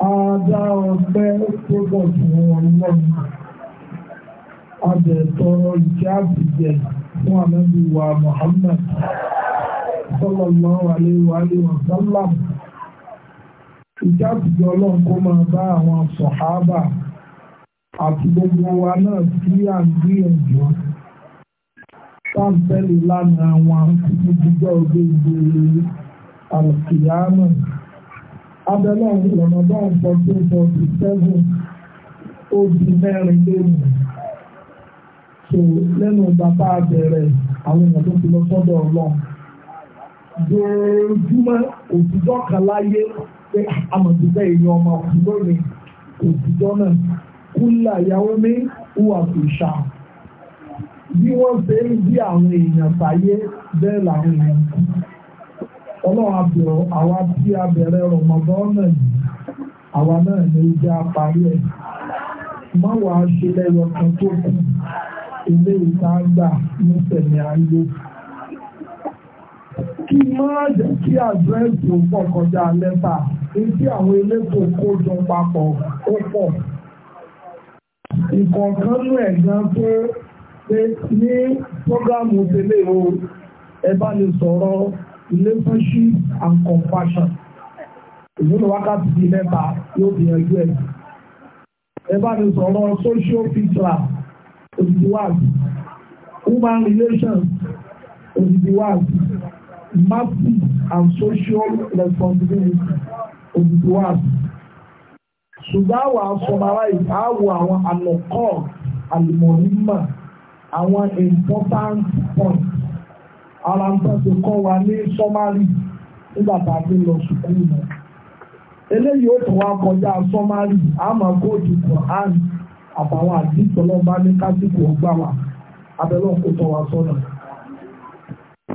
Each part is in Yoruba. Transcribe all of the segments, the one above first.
Adá ọgbẹ́ tó bọ̀ fún ọlọ́run. Adẹ̀tọrọ ìjẹ́ àbìjẹ fún ànábì wa Muhammad sallallahu alaihi wa alihi wa sallam. Ìjẹ́ àbìjẹ ọlọ́run kó máa bá àwọn sọ̀hábà àti gbogbo wa náà sí à ń gbìyànjú. Sáǹtẹ́lì lánàá wọn kúkú jíjọ́ ògbé ìgbèrè àlùkìyámọ̀ abẹ́lẹ́ Ramadan fourteen forty seven ó di mẹ́rin lónìí so lẹ́nu ìgbà tá a bẹ̀rẹ̀ àwọn èèyàn tó ti lọ sọ́dọ̀ ọlọ́run dojúmọ́ òtítọ́ kan láyé pé amọ̀tìtẹ́ èèyàn ọmọ òtítọ́ ni òtítọ́ náà kúlà ìyàwó mi wà tó ṣá bí wọ́n ṣe ń bí àwọn èèyàn sáyé bẹ́ẹ̀ làwọn èèyàn kú ọlọ́run àbẹ̀rọ àwa tí a bẹ̀rẹ̀ rọ̀mọ̀dán náà yìí àwa náà ní ó jẹ́ àparí ẹ̀ má wàá ṣe lẹ́yọ kan tó kù ilé ìta gbà ní sẹ̀mí ayé kí má jẹ́ kí àdírẹ́sì ó pọ̀ kọjá lẹ́tà etí àwọn elétò kó jọ papọ̀ ó pọ̀ ìkọ̀ọ̀kan nú ẹ̀gbọ́n tó ní prógámù tẹ́lẹ̀ o ẹ bá lè sọ̀rọ̀ relationship and compassion ìwúlò wákàtí bíi mẹ́ta yóò bí ẹjọ́ ẹ̀ ẹ bá ní sọ̀rọ̀ social fitra òdìdí wáàbí human relations òdìdí wáàbí massive and social responsibility òdìdí wáàbí ṣùgbọ́n àwọn asọ̀mọ́ra ìfàwọ̀ àwọn àlọ́kọ́ àlùmọ̀ọ́nìmọ̀ àwọn important points. ala ń tẹ́ wa ní sọ́márì nígbà tá lọ náà eléyìí ó tún wá kọjá sọ́márì àmọ́ kóòtù Quran àtàwọn àdìsọ́lọ́ba ní kásìkò ọgbà wa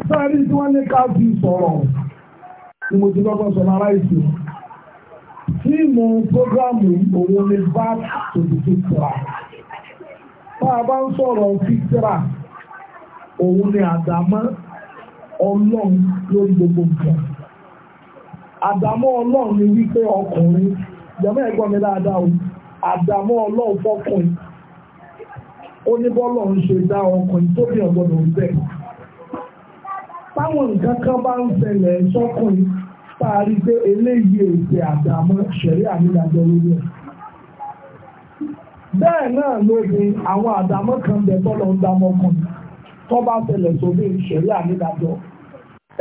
tí ní ká fi ni mo ti sọ lára ìsìn fíìmù prógrámù òun a bá ń ọlọ́run lórí gbogbo nǹkan àdámọ́ ọlọ́run ni wípé ọkùnrin ẹ̀gbọ́n mi dáadáa o àdámọ́ ọlọ́run fọkùnrin ó ní ń ṣe dá ọkùnrin tó bí ọgbọ́dọ̀ ń bẹ̀ táwọn nǹkan kan bá ń ṣẹlẹ̀ sọ́kùnrin parí pé eléyìí àdámọ́ ṣẹ̀rí àmìlàjọ lórí ẹ̀. Bẹ́ẹ̀ náà àwọn àdámọ́ bẹ ń kan bá ṣẹlẹ̀ àmìlàjọ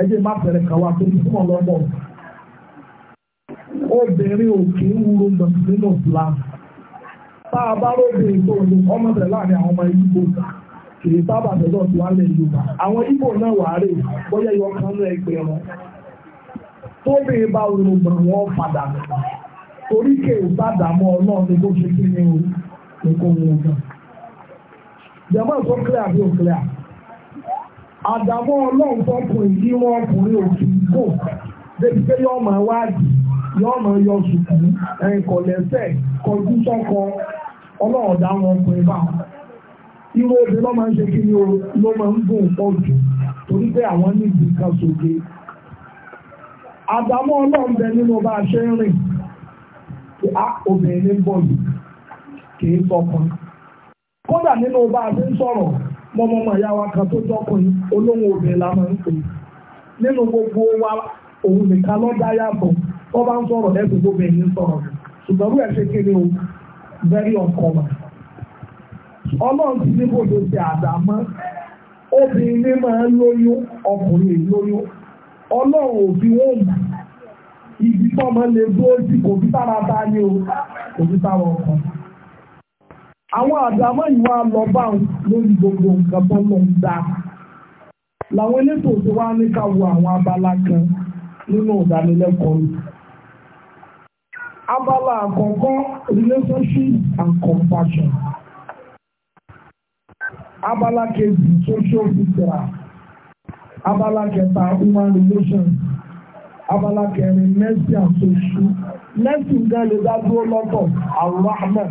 ẹ jẹ́ má bẹ̀rẹ̀ kan wá tó túmọ̀ lọ́mọ́ obìnrin ò kì í wúro nínú Islam tá a bá lóde ètò òní ọmọ bẹ̀rẹ̀ láàrin àwọn ọmọ Ìgbò kì í sábà tẹ̀lé ọ̀tún wálé Yorùbá àwọn Ìgbò náà wà rè bóyá yọ kan náà ẹgbẹ̀rún tóbi bá wúrògbà wọn padà torí kè é sádàmọ́ ọlọ́run ní bó ṣe kí ni o nǹkan wọn gan. jẹ́mọ́ ìfọ́ clear bí o clear. àdàmọ́ ọlọ́run tó kù èyí wọn ọkùnrin òkú ìgbò débi pé yóò máa wádìí yóò sùkú kọjú sọ́kọ ọlọ́run dá wọn ọkùnrin bá wọn. obìnrin ló máa ń ṣe kí ni ló máa ń pọ̀ jù torí pé àwọn kan ọlọ́run bẹ nínú bá a ṣe ń rìn á ah, obìnrin ń bọ̀ mọ́mọ́mọ́ ìyá wa kan tó jọkùnrin olóhùn obìnrin la máa ń pè nínú gbogbo wa òun nìkan lọ́dá yàtọ̀ tó bá ń sọ̀rọ̀ lẹ́sìn gbogbo ẹ̀yìn sọ̀rọ̀ ṣùgbọ́n ṣe o very uncommon ọlọ́run ti ní bòde ṣe àdámọ́ obìnrin ní máa ń lóyún ọkùnrin lóyún lè dúró sí kò o kò àwọn àdámọ́ ìwà lọ́bà lórí gbogbo nǹkan tó lọ ń dá làwọn elétò tó wá ní ká wo àwọn abala kan nínú ìdánilẹ́kọ̀ọ́ yìí abala àkọ́kọ́ relationship and compassion abala kejì social fitra abala kẹta human relations abala kẹrin mercy and social mercy gan lè dá dúró lọ́tọ̀ alrahman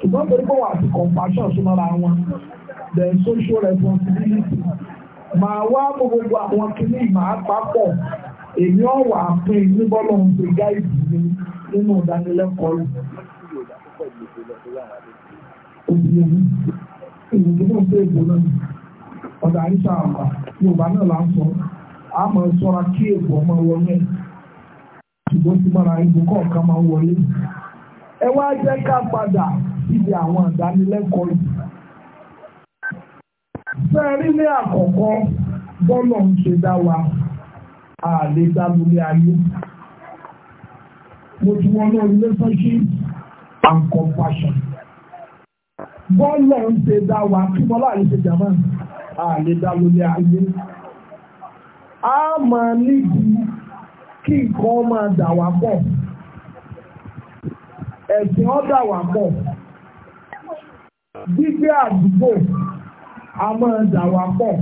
ṣùgbọ́n torí pé wà á ti compassion wọn the social responsibility màá wá gbogbo àwọn kìíní màá papọ̀ èmi ọ̀wà pín in ń gáìdì mi nínú ìdánilẹ́kọ̀ọ́ rẹ̀. Obìnrin náà náà ọ̀dà Yorùbá náà là ń sọ a máa sọ́ra kí èbó ọmọ wọlé ṣùgbọ́n ti mọ́ra ibùkọ́ máa wọlé. Ẹ wá jẹ́ ká padà síbi àwọn ìdánilẹ́kọ̀ọ́ yìí. Fẹ́ẹ́rí ní àkọ́kọ́ bọ́lọ̀ ń ṣe dá wa àlè dálórí ayé. Mo ti wọ́n lọ relationship and compassion. Bọ́lọ̀ ń ṣe dá wa kí bọ́lá àlè ṣe jàmọ́ àlè dálórí ayé. A máa níbi kí nǹkan máa dà wá pọ̀. Ẹ̀sìn ọ́ dà pọ̀ gbígbé àdúgbò a máa dà wá pọ̀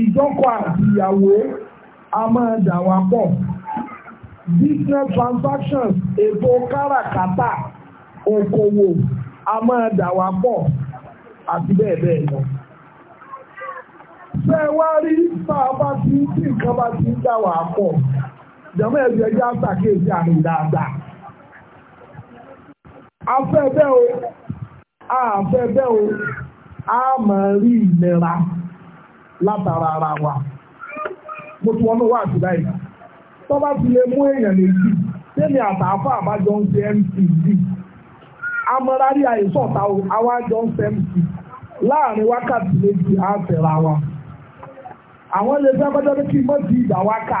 ìjọkọ àti ìyàwó a máa dà wá pọ̀ business transactions ètò káràkátà okòwò a máa dà wá pọ̀ àti bẹ́ẹ̀ bẹ́ẹ̀ lọ. Ṣé ẹ wá rí bá a bá ti tí nǹkan bá ti ń dà wá pọ̀? Ìjọba ẹ̀bí ẹjẹ́ àtàkéèsí àmì dáadáa. Afẹ́ bẹ́ẹ̀ o àfẹ́fẹ́ o a máa rí ìlera látara ara wa mo ti wọnú wá àti báyìí tó bá ti lè mú èèyàn méjì tẹ́lẹ̀ àtàfà àbájọ ń ṣe mcd amọ̀rárí àìsàn ta o ń ṣe mc láàrin wákàtí méjì á wa àwọn ilé iṣẹ́ bá jẹ́ kí mọ́tì ìjà wá kà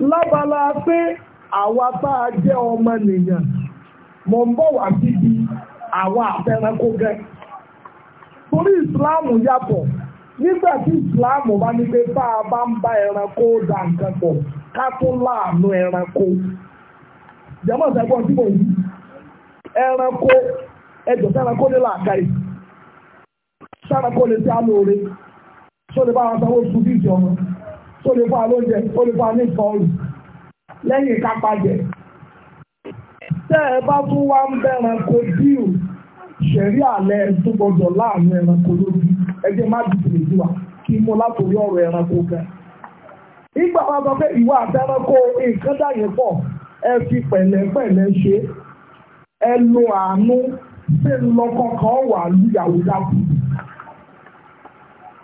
lábala pé àwa tá a jẹ́ ọmọ nìyàn mọ̀ ń bọ̀ wá síbi àwa àfẹ́ránkó gẹ́ torí ìsìláàmù yàtọ̀ nígbà tí ìsìláàmù bá ní pé bá a bá ń bá ẹranko dà nǹkan pọ̀ ká tún láàánú ẹranko jẹ́mọ̀ sẹ́gbọ́n tí mo yí ẹranko ẹjọ́ sẹ́ranko ní làákàyè sẹ́ranko lè ti á lóore bá wọn sanwó sùn bí ìjọba tó lè fún alóúnjẹ ó lè fún alé ìfọ̀ọ̀rù lẹ́yìn ìkápájẹ. tẹ́ ẹ bá tún wá ń bẹ̀rẹ̀ kó díù ṣẹ̀rí àlẹ́ tó gbọdọ̀ láàrin ẹranko lójú ẹgbẹ́ má dìbò lójú wa kí mo látòrí ọ̀rọ̀ ẹranko gan. nígbà wọn sọ pé ìwà àtẹranko nǹkan dàyẹ̀ pọ̀ ẹ fi pẹ̀lẹ́pẹ̀lẹ́ ṣe ẹ lo àánú ṣé lọ́kọ̀ọ̀kan wà lùyàwó dákùn.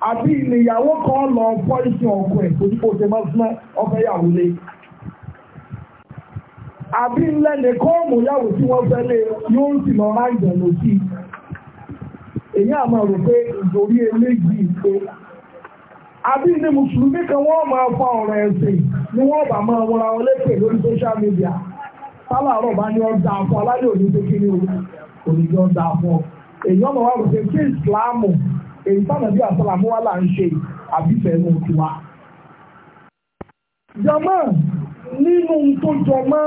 àbí ìnìyàwó kan lọ bọ́ iṣẹ́ ọkọ ẹ̀ máa lé àbí tí wọ́n fẹ́ lé yóò sì lọ sí èyí pé ìdórí eléyìí pé àbí ní mùsùlùmí kan wọ́n máa fa ọ̀rọ̀ ẹ̀sìn ni wọ́n bá máa wọra wọn lépè lórí social media sálàárọ̀ bá ní ọjà kí ni òní èyí sábà bí àṣàlà mú wa là ń ṣe àbífẹ́ ẹnu tiwa. jọmọ nínú tó jọmọ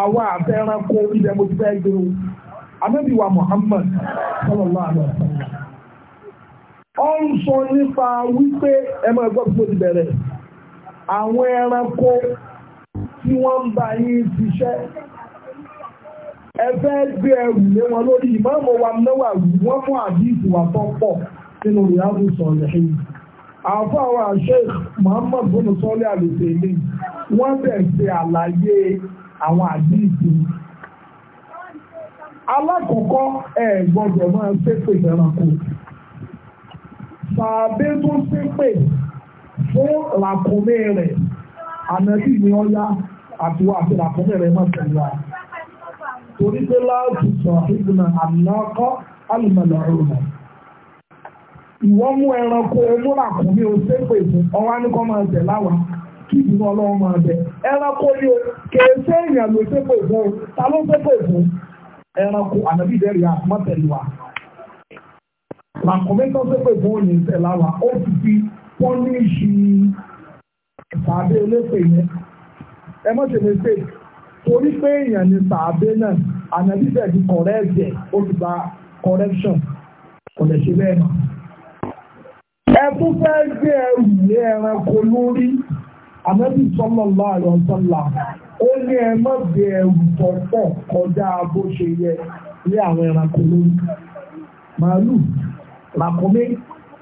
àwa àfẹ́ranko ibẹ̀ mo ti fẹ́ gbé o ànábì wa Muhammad sallallahu alaihi wasallam ọ ń sọ nípa wípé ẹ máa gbọ́ tó ti bẹ̀rẹ̀ àwọn ẹranko tí wọ́n ń bá yín ṣiṣẹ́ ẹfẹ́ gbé ẹrù lé wọn lórí ìmáàmù wa náwà wọ́n mú àdíìsì wà tó pọ̀ nínú ìyáàbù sọ̀rọ̀ ẹ̀yìn àfọ́ àwọn àṣẹ Muhammad bọ́nù sọ́lẹ̀ àlùfẹ́ ilé wọ́n bẹ̀ ṣe àlàyé àwọn àdíìsì alákọ̀ọ́kọ́ ẹ̀ gbọ́dọ̀ máa ṣépè ẹranko sàbẹ́ tó ṣépè fún làkúnmí rẹ̀ ànábì ni ọ́yá àti wà àti làkúnmí rẹ̀ máa tẹ̀lé wa. torí pé láàtù sọ̀hìbìnà ànákọ́ alùmọ̀lẹ̀ ìwọ́n mú ẹranko omúrakùnmí o ṣépè fún ọwá ní kọ́ máa tẹ̀ kí ìdùnnú ọlọ́run máa bẹ ẹranko ni o kèé ṣe fún o ta ló fún ẹranko ànábì ìdẹ́rì torí pé èèyàn ní sàábé náà ànábì bẹ̀ ti kọ̀rẹ́ẹ̀tì ẹ̀ ó ti gba correction kò lè ṣe bẹ́ẹ̀ mọ́. ẹ tún fẹ́ gbé ẹrù lé ẹranko lórí ànábì sallallahu alaihi wasallam ó ní ẹ má gbé ẹrù tó pọ̀ kọjá bó ṣe yẹ lé àwọn ẹranko lórí. màálù làkúnmí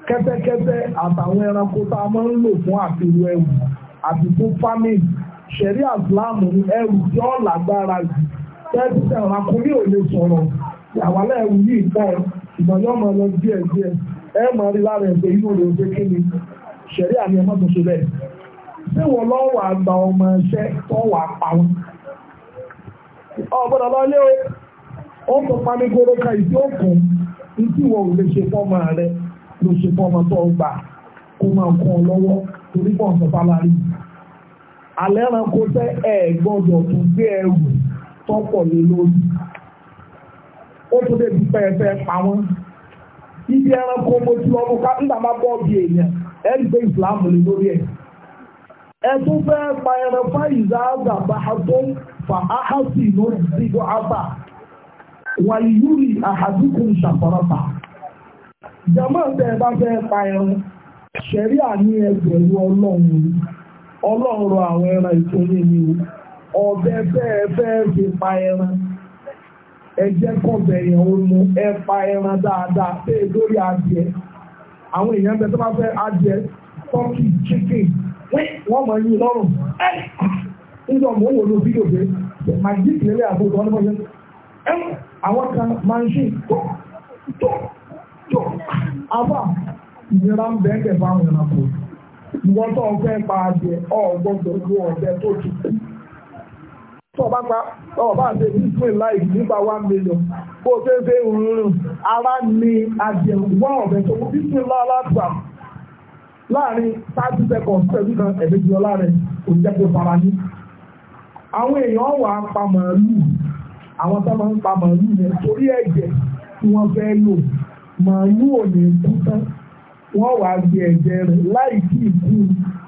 kẹ́tẹ́kẹ́tẹ́ àtàwọn ẹranko tá a máa ń lò fún àfihàn ẹrù àti fún famine ṣẹ̀rí àsìláàmù ẹrù tí ó lágbára jù tẹ́tí sẹ́wọ̀n akúrí ò lè sọ̀rọ̀ àwálẹ̀ ẹrù yìí pọ̀ ìgbọ̀n yóò mọ̀ lọ díẹ̀ díẹ̀ ẹ mọ̀ rí lára inú rẹ̀ kí ni ṣẹ̀rí àmì ẹ̀mọ́ tuntun bẹ́ẹ̀. lọ wà gba ọmọ tó o rẹ ló alẹ́ ẹranko tẹ́ ẹ tó gbé ẹrù tọ́pọ̀ lé lórí ó tún débi pẹ́ẹ́fẹ́ pa ibi ẹranko mo ti lọ mú ká nígbà máa bọ́ bí èèyàn ẹ pé lórí ẹ tún fẹ́ pa ẹran tó fa áhásì ló ẹ bá pa ẹran àní ọlọ́run rọ àwọn ẹran ìtòlé ni o ọ̀bẹ fẹ́ẹ́ fẹ́ẹ́ fi pa ẹran ẹjẹ́ kọ̀bẹ̀ yẹn ó mú ẹ pa ẹran dáadáa bẹ́ẹ̀ lórí adìẹ àwọn èèyàn tó bá fẹ́ adìẹ turkey chicken wọ́n mọ̀ yín lọ́rùn ẹ̀ nígbà ń wò ló fídíò pé magic lélẹ̀ àbúrò àwọn kan máa ń ṣe tó tó tó ìnira ń ìwọ́n tó ń fẹ́ pa àjẹ́ ọ̀gbọ́dọ̀ lu ọ̀bẹ tó ti kú tó bá pa ọba ṣe disney life nípa one million bó ṣe ń ṣe ìrùrùn ara ni àjẹ́ wọ́n ọ̀bẹ tó kú disney lálàgbà láàrin thirty seconds pẹ̀lú kan ẹ̀ẹ́dẹ́gbẹ̀rún ọlá rẹ̀ kò jẹ́ kó fara ní. àwọn èèyàn wà á pa màálù àwọn tó máa ń pa màálù rẹ̀ torí ẹ̀jẹ̀ tí wọ́n fẹ́ lò màálù ò ní kú tán wọ́n wá gbé ẹ̀jẹ̀ rẹ̀ láì tí ì kú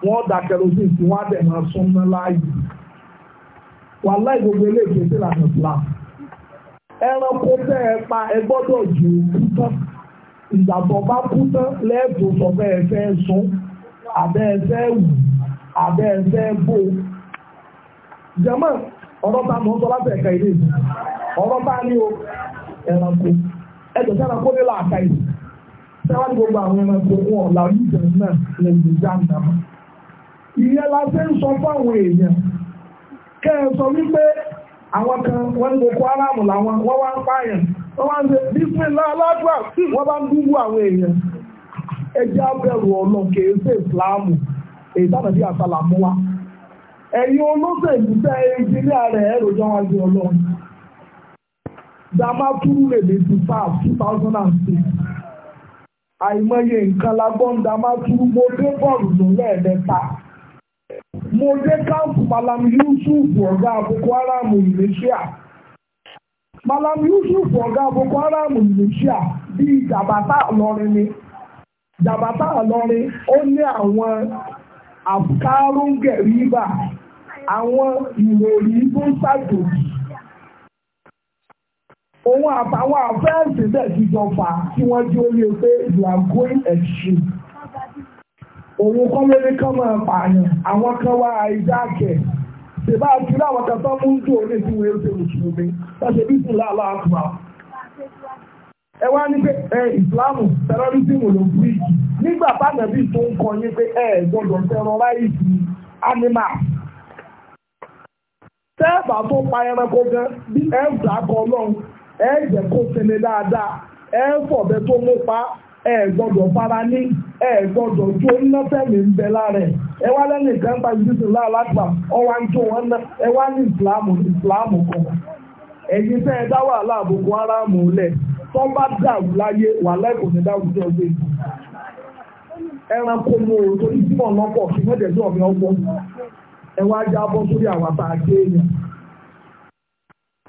wọ́n da kerosene tí wọ́n á dẹ̀ máa sún mọ́ láàyè wà láì gbogbo eléyìí tó lànà fìlà ẹranko tẹ́ ẹ pa ẹ gbọ́dọ̀ jù ú tán ìgbàgbọ́ bá kú tán lẹ́ẹ̀tọ́ sọ bẹ́ẹ̀ fẹ́ sún àbẹ́ ẹ fẹ́ wù àbẹ́ ẹ fẹ́ bò jẹ́mọ́ ọ̀rọ̀ bá mọ́ sọ láti ẹ̀ka ilé ìlú ọ̀rọ̀ bá ní o ẹranko ẹjọ́ sí ẹranko nílò àka ìlú sẹ́wọ́n gbogbo àwọn ẹranko wọn ọ̀la oníjẹ náà lè lè já nàmá. ìyẹn la ṣe ń sọ fáwọn èèyàn kẹ́ ẹ sọ wípé àwọn kan wọ́n ní Boko Haram làwọn wọ́n wá ń pààyàn wọ́n wá ń ṣe bísímìlá aláàdúrà tí wọ́n bá ń dúró àwọn èèyàn ẹjẹ́ abẹ́rù ọ̀nà kìí ṣe ìsìláàmù èyí táwọn ẹbí àtàlà mú wa. ẹ̀yin olóṣèlú tẹ ẹnjìníà rẹ̀ ẹ̀rọ jọ wájú ọlọ́run. damaturu lè lè ti sáà two thousand six àìmọye nǹkan lágbọ́ndà máa tú mo dé bọ́ọ̀lù ló lẹ́ẹ̀mẹ́ta mo dé káàpù Malam Yusuf ọ̀gá Boko Haram Indonesia Malam Yusuf ọ̀gá Boko Haram Indonesia bíi jàbátà lọrin ni jàbátà lọrin ó ní àwọn àkárùngẹ̀ rìbà àwọn ìròyìn tó ń ṣàjòjì òun àtàwọn àfẹ́ẹ̀sì dẹ̀ jíjọ fà kí wọ́n jí ó yẹ pé you are going extreme òun kọ́ lórí kán máa pààyàn àwọn kan wá àìdáàkẹ́ ṣèbá àti láwọn kan tó mú ń dùn òní tí wọ́n ṣe mùsùlùmí wọ́n ṣe bí sùn láàlá àkùrà ẹ wá ní pé ẹ ìsìláàmù tẹrọrìsìmù ló kú yìí nígbà báyìí bí tó ń kọ yín pé ẹ gbọ́dọ̀ tẹrọráìsì animal tẹ́ẹ̀bà tó pa ẹranko gan bí ẹ ń dà lọ́hùn ẹ jẹ́ kó sinmi dáadáa ẹ tó nípa ẹ fara ní ẹ tó nọ́tẹ̀mí ń bẹ lára ẹ̀ ẹ wá lẹ́nu ìkan pa ìdíje ọwá ń tó wọn náà ẹ wá ní kan ẹ̀yin fẹ́ ẹ dá wàhálà àbùkù ara lẹ̀ tó bá dàrú láyé ní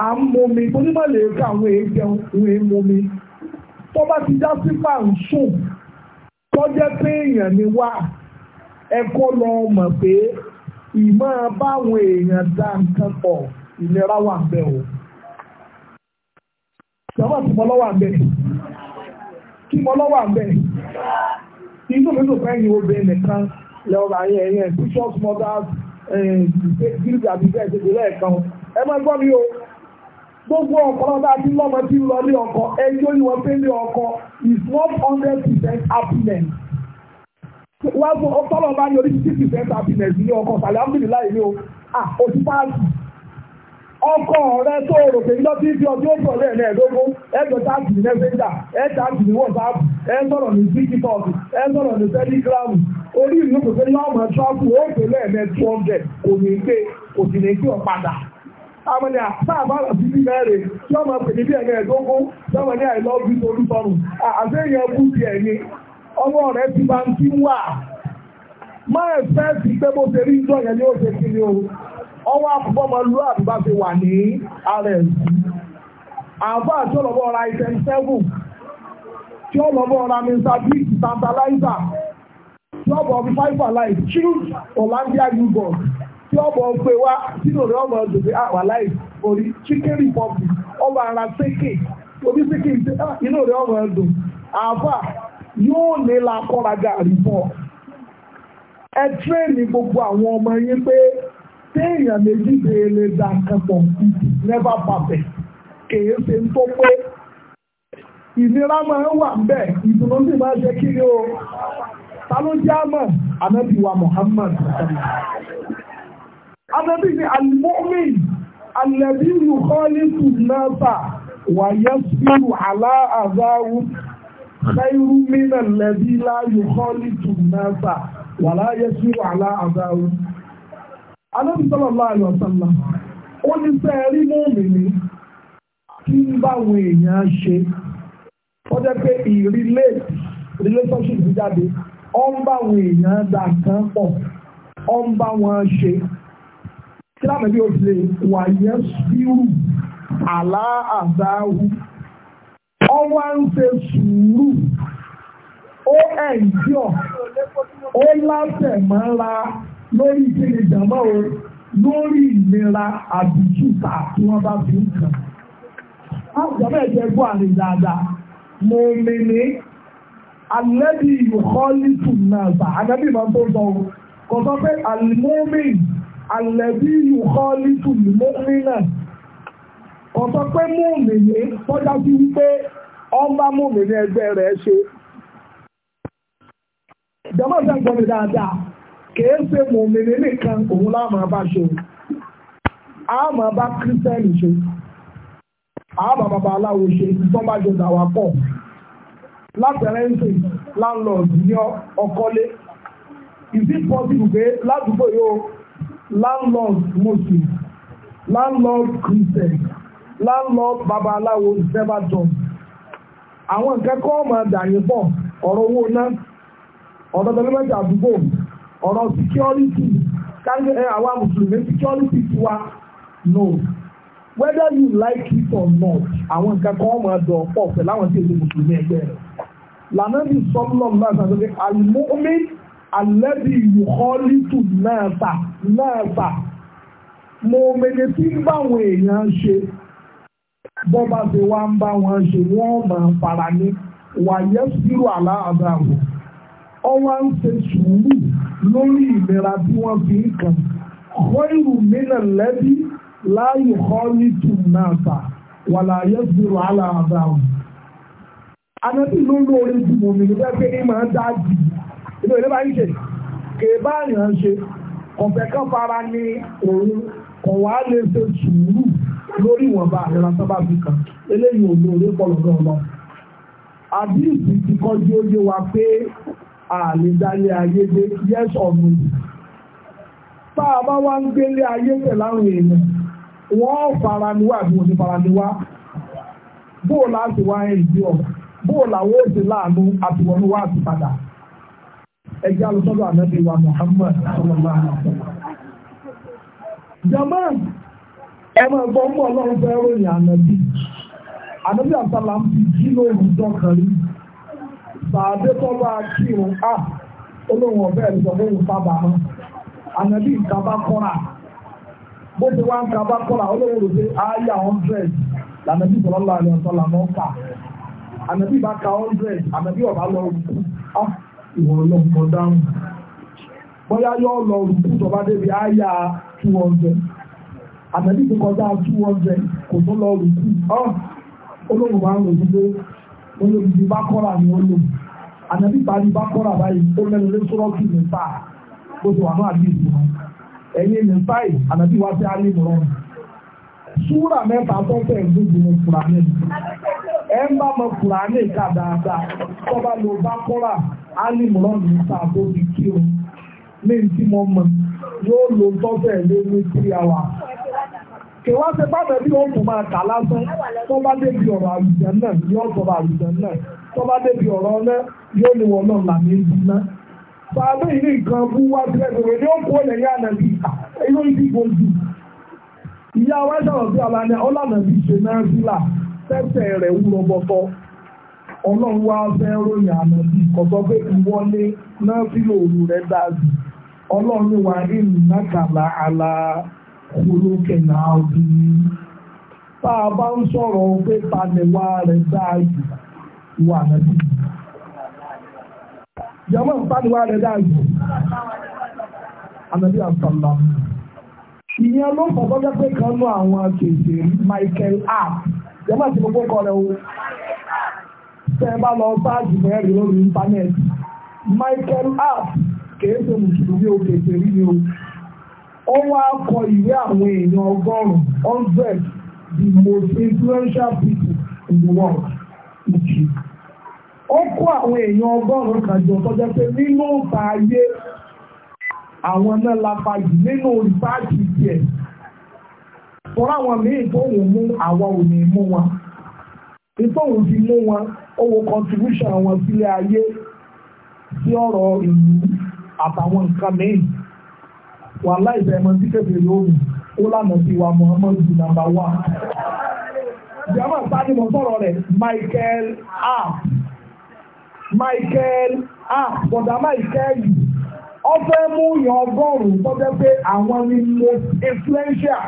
a ń momi tó nígbà lè rí àwọn èèjẹun ìwé momi tó bá ti já sí pà ń sùn tó jẹ́ pé èèyàn ni wá ẹ̀kọ́ lọ mọ̀ pé ìmọ̀ báwọn èèyàn dá nǹkan pọ̀ ìlera wà ń bẹ̀ o. Ìjọba ti mọ lọ́wọ́ àbẹ̀. Kí mọ lọ́wọ́ àbẹ̀. Inú mi ló fẹ́ yin obìnrin nìkan lẹ ọ̀rọ̀ ayé ẹ̀yẹn Bishop Mothers Gilbert Abidjan ṣe lẹ́ẹ̀kan. Ẹ máa gbọ́ mi o, gbogbo ọ̀pọ̀lọpọ̀ àti lọ́mọ tí ọkọ ẹjọ́ ìwọ̀n pẹ́lẹ́ ọkọ is not hundred percent happiness wọ́n sọ ọ̀pọ̀lọpọ̀ bá ní orí percent happiness ní ọkọ tàbí amúlìlá o ah òtí páàkì ọkọ rẹ tó rò pé ní lọ́tí ibi táàkì ní táàkì ní ẹ sọ̀rọ̀ ní ẹ sọ̀rọ̀ ní orí ìlú kò sí àmàlì àtàbára sí mẹ́rin tí ọmọ pẹ̀lú bí ẹ̀rẹ́ ẹ̀dógún lọ́wọ́ ní àìlọ́gbí torí sọ́rùn àṣẹ́yàn bú ti ẹ̀ní ọmọ rẹ̀ ti bá ń kí wà máa ẹ̀fẹ́ ti pé bó ṣe rí ìjọ yẹn ni ó ṣe kí ni o ọwọ́ àkùbọ́ tí ọmọ ọgbẹ́ wa sínú rẹ̀ ọmọ ọdún àwà ah, láì orí chicken republic ọmọ ara sékè orí sékè inú rẹ̀ ọmọ ọdún àbá yóò nílà kọ́ra gàrí bọ̀ ẹ ní gbogbo àwọn ọmọ yín pé téèyàn méjì never kèé ṣe ń tó pé ìnira máa ń wà ìdùnnú sì máa ṣe ta ló jẹ́ àmọ́ wa Muhammad Adébí ni Alimomi, Alẹ́bí Yukhalitu Nasa, wà yẹ́sùrù aláàzáwù, Khairu Mina Lẹ́bí lá Yukhalitu Nasa, wà láyẹ́sùrù aláàzáwù. Adébí sallallahu alaihi wasallam, ó ní sẹ́ẹ̀rí mọ́mì ni, kí ń báwọn èèyàn ṣe, ó jẹ́ pé ìrìlé, relationship jáde, ó ń báwọn èèyàn dà kan pọ̀, ó ń bá wọn ṣe kí láàmì bí ó fi lè wàyẹ sírù aláàzáhù ọwá ń ṣe sùúrù ó ẹ̀ǹdíọ̀ ó lásẹ̀ mọ́ra lórí ìpele ìjàmbá o lórí ìlera àbùtúta tí wọ́n bá fi ń kàn. Àjọba ẹ̀jẹ̀ gbọ́ àrè dáadáa, mo mi ní alẹ́bí ìhọ́lítù náà sà, àgbẹ̀bí máa tó sọ kò sọ pé àlùmọ́mìn àlẹ́bí ìkọ́ lítùlù mọ́mínà ọ̀sọ́ pé mọ́mìnì tọ́já sí wípé ọba mọ́mìnì ẹgbẹ́ rẹ̀ ṣe jọmọ́ ìfẹ́ gbọ́ mi dáadáa kìí ṣe mọ́mìnì nìkan òun láàmà bá ṣe àmà bá kírísítẹ́nì ṣe àmà bàbá aláwo ṣe ìtọ́bàjọ dàwà pọ̀ látẹ̀rẹ́ ń sè láńlọ́ọ̀dù ní ọkọ́lé is it possible pé ládùúgbò yóò landlord muslim landlord christian landlord babalawo ìfẹ́bàtọ̀ àwọn ìkẹ́kọ̀ọ́ ọmọ ẹ̀dàyìn pọ̀ ọ̀rọ̀ owó ná ọ̀rọ̀ tẹlifẹ̀tì àdúgbò ọ̀rọ̀ security káyọ̀ ẹ̀ àwa mùsùlùmí security tiwa no whether you like it or not àwọn ìkẹ́kọ̀ọ́ ọmọ ẹ̀dọ̀ pọ̀ pẹ̀lú àwọn tí èdè mùsùlùmí ẹgbẹ́ rẹ̀ lànà bí sọ́mùlọ́mù náà sàdọ́gbé àlùmọ́ omi alẹ́bí ìyókọ́lítù náàfà náàfà mo mẹ́lẹ̀ tí ń báwọn èèyàn ṣe bọ́ba ṣe wá ń bá wọn ṣe wọ́n máa fara ní wàyẹ́ sírò aláàbàwò ọwọ́ ń ṣe sùúrù lórí ìlera bí wọ́n fi ń kàn kọ́ìrù mílẹ̀ lẹ́bí láàyè kọ́lítù náàfà wàlàyẹ́ sírò aláàbàwò. Anábì ló lóore jùmọ̀ mi nígbà pé ní màá dá jù ìlú ìlú bá ń ṣe kèébá ìrìn ṣe ọ̀fẹ́ kan fara ní òun kọ̀ wá lè ṣe sùúrù lórí ìwọ̀nba àrẹ́ra sábà fi kàn eléyìí ò lóore pọ̀lọ̀dọ̀ lọ. àdìsí ti kọjú oyé wa pé àlèdálé ayé dé yes or no. tá a bá wá ń gbélé ayé tẹ̀ láwọn èèyàn wọ́n fara ni wá àbí wọ́n ti fara ni wá bóòlù àti wá ẹ̀ ìdí ọ̀ bóòlù àwọn òsè láàánú àtiwọ́nú wá àti padà ẹjẹ́ alùsọ́dọ̀ ànábì wa Muhammad sallallahu alaihi wasallam. Jaman ẹ máa gbọ́ mọ́ ọlọ́run fẹ́ ròyìn ànábì. Ànábì àtàlà ń fi jí lóòrùn dọ́kan rí. Sàádé tọ́lá kírun á olóhùn ọ̀bẹ ẹ̀sọ́ lóhùn sábà mọ́. Ànábì ìkàbá kọ́ra. Bó ti wá ń kàbá kọ́ra olóhùn rò pé ááyà hundred lànàbì sallallahu alaihi ìwọ̀n ọlọ́mọ dáhùn bóyá yóò lọ rúkú tọ́ba débi àyà two hundred àtẹ̀lí ti kọjá two hundred kò tó lọ rúkú ọ́ ah! olóhùn máa ń ròyìn pé olóògùn bá kọ́ra ni ó lò àtẹ̀lí parí bá kọ́ra báyìí ó lẹ́nu lé sọ́rọ́kì nípa bó ti wà náà àbí ìlú wọn ẹ̀yìn nípa yìí àtẹ̀lí wá sí alẹ́ ìmọ̀ràn súwúrà mẹ́ta tó fẹ́ gbogbo ní Kùránì ẹ̀ ń bá mọ Kùránì ká dáadáa tó bá lo bá kọ́ra alimran ní sáàbò ní kí o ní tí mo mọ̀ yóò lo tọ́fẹ̀ lé ní three hours. kì wá ṣe bábẹ̀ bí ó tún máa kà lásán tó bá débi ọ̀rọ̀ àwùjẹ́ náà yóò sọ̀rọ̀ àwùjẹ́ náà tó bá débi ọ̀rọ̀ náà yóò ní wọn náà làmì ìlú náà. sáàbò ìní nǹkan bú wá sílẹ̀ lóore ní ó kú òlẹ̀ yá nàbí inú ibi gbòógì. ìyá wa sọ̀rọ̀ sí ọ̀la ni ọ̀lànà ìṣe náà sílà tẹ́sẹ̀ rẹ̀ wúrọ̀ bọ̀tọ̀ ọlọ́run wá fẹ́ ròyìn ànábì ìwọlé náà fi lòrù rẹ̀ ọlọ́run wa ìlú nákàlà àlà olókè náà bí tá a bá ń sọ̀rọ̀ pé palẹ̀ rẹ̀ dájú ìwà ànábì rẹ̀ àtàlà ìyẹn Michael a, àti gbogbo tẹ́ ẹ bá lọ sáàjì mẹ́rin lórí íńtánẹ́ẹ̀tì Michael Hart kìí ṣe mùsùlùmí òkèèrè rí ni o ó wá kọ ìwé àwọn èèyàn ọgọ́rùn-ún hundred the most influential people in the world ìjì ó kó àwọn èèyàn ọgọ́rùn-ún kan jọ tọ́jọ́ pé nínú ìta ayé àwọn náà lápá nínú rìpáàkì tiẹ̀ fọ́nrán àwọn míì tó wù mú àwa ò mú wọn ìtòhùn fi mú wọn owó contribution àwọn sílé ayé sí ọ̀rọ̀ ìlú àtàwọn nǹkan mìíràn wà láìsẹ̀ ẹ̀mọ́ tí kébè lóòrùn ó lànà sí wa Muhammad nàmbà wà. rẹ̀ Michael R. Michael Bọ̀dà Michael yìí ọ mú yàn ọgọ́rùn-ún pé àwọn ni most influential.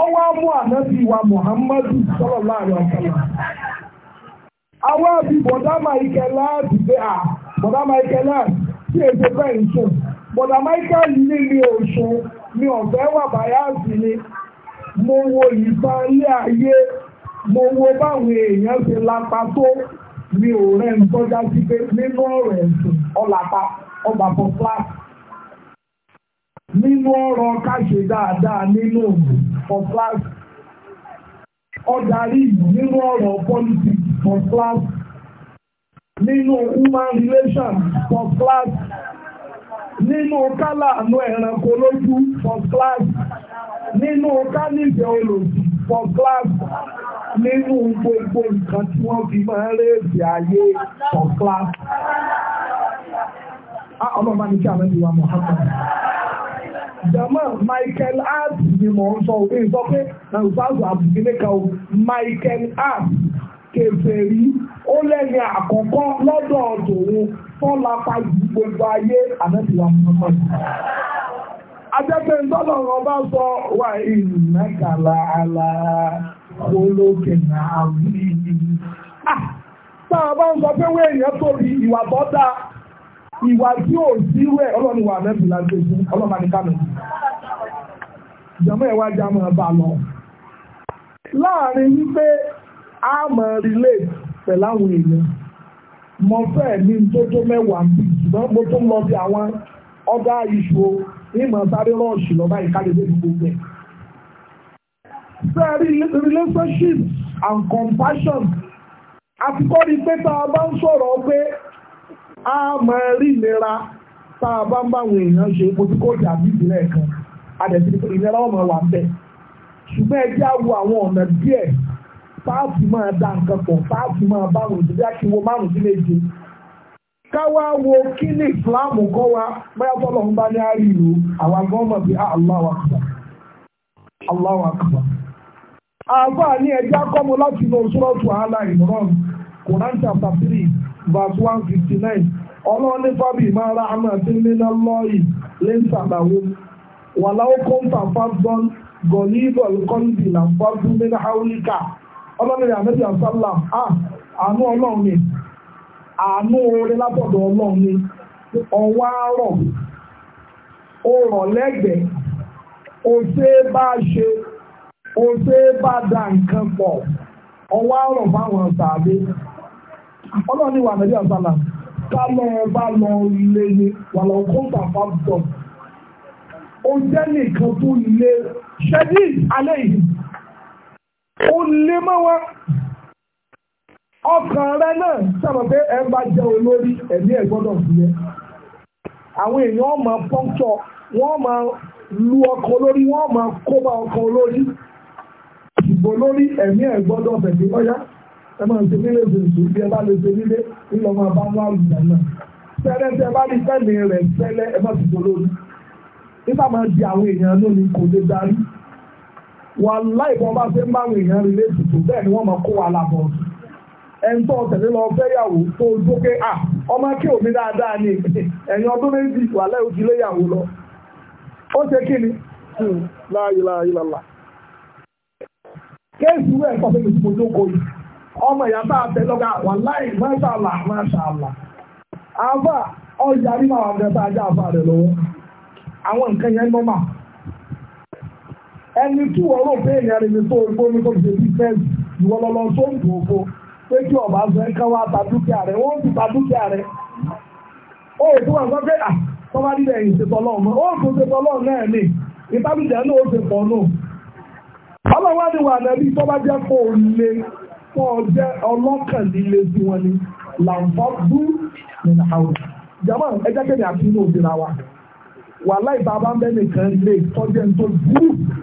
Ọwọ́ awa bi bọ̀dá Michael láti pé à bọ̀dá Michael láti sí èdè bẹ́ẹ̀ ń bọ̀dá Michael ní mi ò ni mo wo ìtàn ilé ayé mo wo báwọn èèyàn lápá tó mi ò rẹ̀ ń pé nínú ọ̀rọ̀ ẹ̀sìn ọ̀làpá ọgbà fún nínú ọ̀rọ̀ káṣe dáadáa nínú òògùn class nínú ọ̀rọ̀ politics for class nínú human relation for class nínú kálà àánú ẹranko lójú for class nínú kánìfẹ̀ olòdì for class nínú gbogbo nǹkan tí wọ́n fi máa ń rèéfì ayé for class. Ah, ọlọ́ọ̀bá ní kí àwọn ènìyàn Muhammad jama Michael Hart ni mò ń sọ òfin sọ pé na ìfáàzù àbùkí níkà o Michael Hart kèfèrí ó lẹ́ni àkọ́kọ́ lọ́dọ̀ ọ̀dọ̀wọ́ tọ́lápá yìí gbogbo ayé àmẹ́bíwá muhammad ajẹ́pẹ́ ìtọ́lọ̀ ọ̀rọ̀ bá sọ wà ìlú mẹ́kàlá àlà olókè náà rí tá a bá ń sọ pé wọ́n èèyàn torí ìwà tó dáa ìwà tí ò sí rẹ̀ ọlọ́ni wà mẹ́bìlá tó fún ọlọ́mà ní kánò jọmọ́ ẹ̀wà jámọ́ ẹ̀ bá lọ láàrin wípé á mọ̀ relate pẹ̀láwọn èèyàn mo fẹ́ ní tó mẹ́wàá bí ṣùgbọ́n mo tún lọ sí àwọn ọgá ìṣó ìmọ̀ sáré rọ́ọ̀ṣì lọ́ba ìkálẹ̀ lórí gbogbo ẹ̀. sẹ́ẹ̀rí relationship and compassion àti kọ́ ni pé tá a bá ń sọ̀rọ̀ pé a mọ̀ rí ìlera tá a bá ń báwọn èèyàn ṣe mo ti kó ìjà bí ìbílẹ̀ kan adẹ̀sí ìlera ọmọ wà ń bẹ̀ ṣùgbọ́n ẹ jẹ́ àwọn ọ̀nà díẹ̀ táàtì máa da nǹkan pọ̀ táàtì máa bá wọn ìdílé kí wo márùn sí méje káwá wo kí ní ìsìláàmù wa bóyá tọ́lọ̀ ń bá ní àárí ìlú àwọn gọ́ọ̀mọ̀ bíi ah, Allahu Akbar Allahu Akbar àbá láti àhálà ìmọ̀ràn Quran chapter three verse one fifty nine ọlọ́run ní máa ra wàláwó ọlọ́mìnira àmẹ́bí àṣálà àánú ọlọ́run ni àánú oore látọ̀dọ̀ ọlọ́run ni ọwọ́ àárọ̀ ó rọ̀ lẹ́gbẹ̀ẹ́ ó ṣe é bá ṣe ó ṣe é bá da nǹkan pọ̀ ọwọ́ àárọ̀ fáwọn sàbẹ̀ ọlọ́run ni wà àmẹ́bí àṣálà kálọ̀ ọba lọ lé ní wàlọ́ kóńtà fábùtọ̀ ó jẹ́ nìkan tó lé ṣẹ́dí alẹ́ yìí. ó mawa mọ́ wa ọkàn rẹ náà sábà pé ẹ bá jẹ olórí ẹ̀mí ẹ̀ gbọ́dọ̀ fúyẹ́ àwọn èèyàn máa pọ́ńtọ̀ wọ́n lu ọkọ̀ olórí wọ́n ma kóbá ọkọ̀ olórí ìbò lórí ẹ̀mí ẹ̀ gbọ́dọ̀ bẹ̀rẹ̀ lọ́yá ẹ máa ṣe nílé ìṣèlú bí ẹ bá lè ṣe nílé máa bá wọn náà bá ní rẹ̀ ẹ má ti bò lórí nígbà máa di wà láìpọ̀ bá ṣe ń bá àwọn èèyàn tuntun bẹ́ẹ̀ ni wọ́n máa kó wa lábọ̀ ẹni tó tẹ̀lé lọ fẹ́yàwó tó dókè à ọmọ kí omi dáadáa ní ẹ̀yìn ọdún méjì lọ ó ṣe kí ni láàyè láàyè lọ́la kéèsì wẹ̀ sọ pé yìí ọmọ ìyá tá a tẹ lọ́gà àwọn ẹni tí wọ́n rò pé èèyàn rẹ̀ tó orí ní kó ṣe bísẹ́ẹ̀sì ìwọ lọ lọ sóhùn tó pé kí ọba sọ ẹ káwá ta dúkìá rẹ̀ wọ́n ti ta dúkìá rẹ̀ ó tó wà sọ pé tọ́ba dídẹ̀ yìí ṣe tọ́lọ́ ọmọ ó tó ṣe tọ́lọ́ náà ní náà ó ṣe pọ̀ náà wà tọ́ba jẹ́ kó o lé kó o jẹ́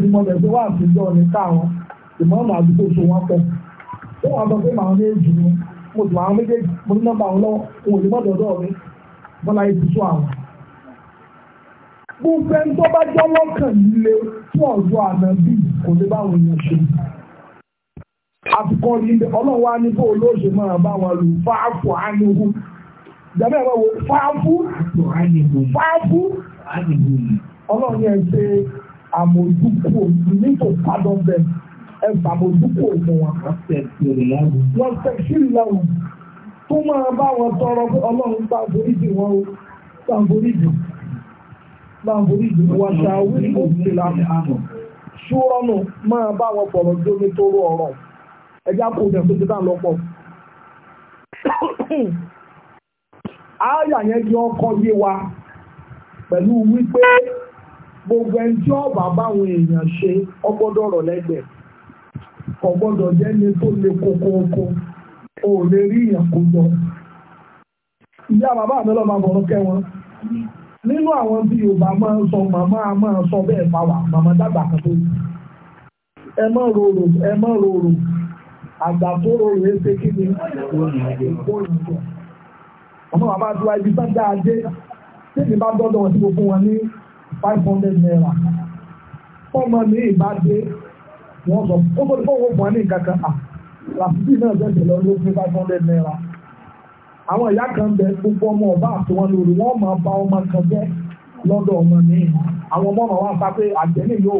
ìmọ̀lẹ̀ tó wà àtijọ́ ní káwọn ìmọ̀ọ́mọ̀ àdúgbò tó wọ́n pọ̀ wọ́n wá sọ pé màá ní èjì ni mo sì máa ń méjèèjì mo ní nọ́mbà àwọn lọ́wọ́ òun ò lè mọ́dọ̀ọ́dọ́ mi bọ́lá yìí ti tó àwọn. gbogbo ẹni tó bá jọ lọ́kàn líle fún ọ̀dọ́ ànábì kò lè báwọn èèyàn ṣe. àtùkọ́ yìí ni ọlọ́run wá ní bó olóòṣè máa bá wọn lò fáàfù ánìhù ìjàmbá ẹ̀rọ wo fáàfù fáàfù ọlọ́run yẹn ṣe àmójúkúrò nípò pardon them ẹ fàmójúkúrò fún wọn. wọ́n tẹ̀síìrì lẹ́wọ̀n tó máa bá wọn tọrọ pé ọlọ́run bá foríjì wọn o bá foríjì bá foríjì wọn ṣàwí òkèlà ṣúrọ́nù máa bá wọn bọ̀rọ̀ jómi tó ọ̀rọ̀ ẹja kò jẹ́ pé títà lọ́pọ̀. ààyà yẹn jẹ́ ọkọ̀ yé wa pẹ̀lú wípé gbogbo ẹni tí ọba báwọn èèyàn ṣe ọgbọ́dọ̀ ọ̀rọ̀ lẹ́gbẹ̀ẹ́ ọgbọ́dọ̀ jẹ́ ní tó le kókóókó o ò lè rí èèyàn kó jọ. ìyá bàbá mi lọ́ọ́ máa bọ̀rọ̀ kẹ́wọn nínú àwọn tí Yorùbá máa ń sọ màmá máa sọ bẹ́ẹ̀ fáwà màmá dàgbà kan tó ẹ mọ́ rorò ẹ mọ́ rorò àgbà tó rorò ẹ ṣe kí ni ọmọ bàbá àdúrà ibi sá dáadé tẹ́lẹ̀ bá gbọ́dọ̀ wọn sí gbogbo wọn ní five hundred naira fọ́ọ̀mù mi ìbá dé wọ́n sọ ó tó ní fọ́ọ̀mù fún ẹ ní kankan à làtúntì náà tẹ̀sẹ̀ lọ ló fún five hundred naira àwọn ìyá kan bẹ gbogbo ọmọ ọba àti wọn lórí wọn máa bá ọmọ kan jẹ lọ́dọ̀ ọmọ mi àwọn ọmọ ọmọ wa sá pé àjẹ́ nìyí o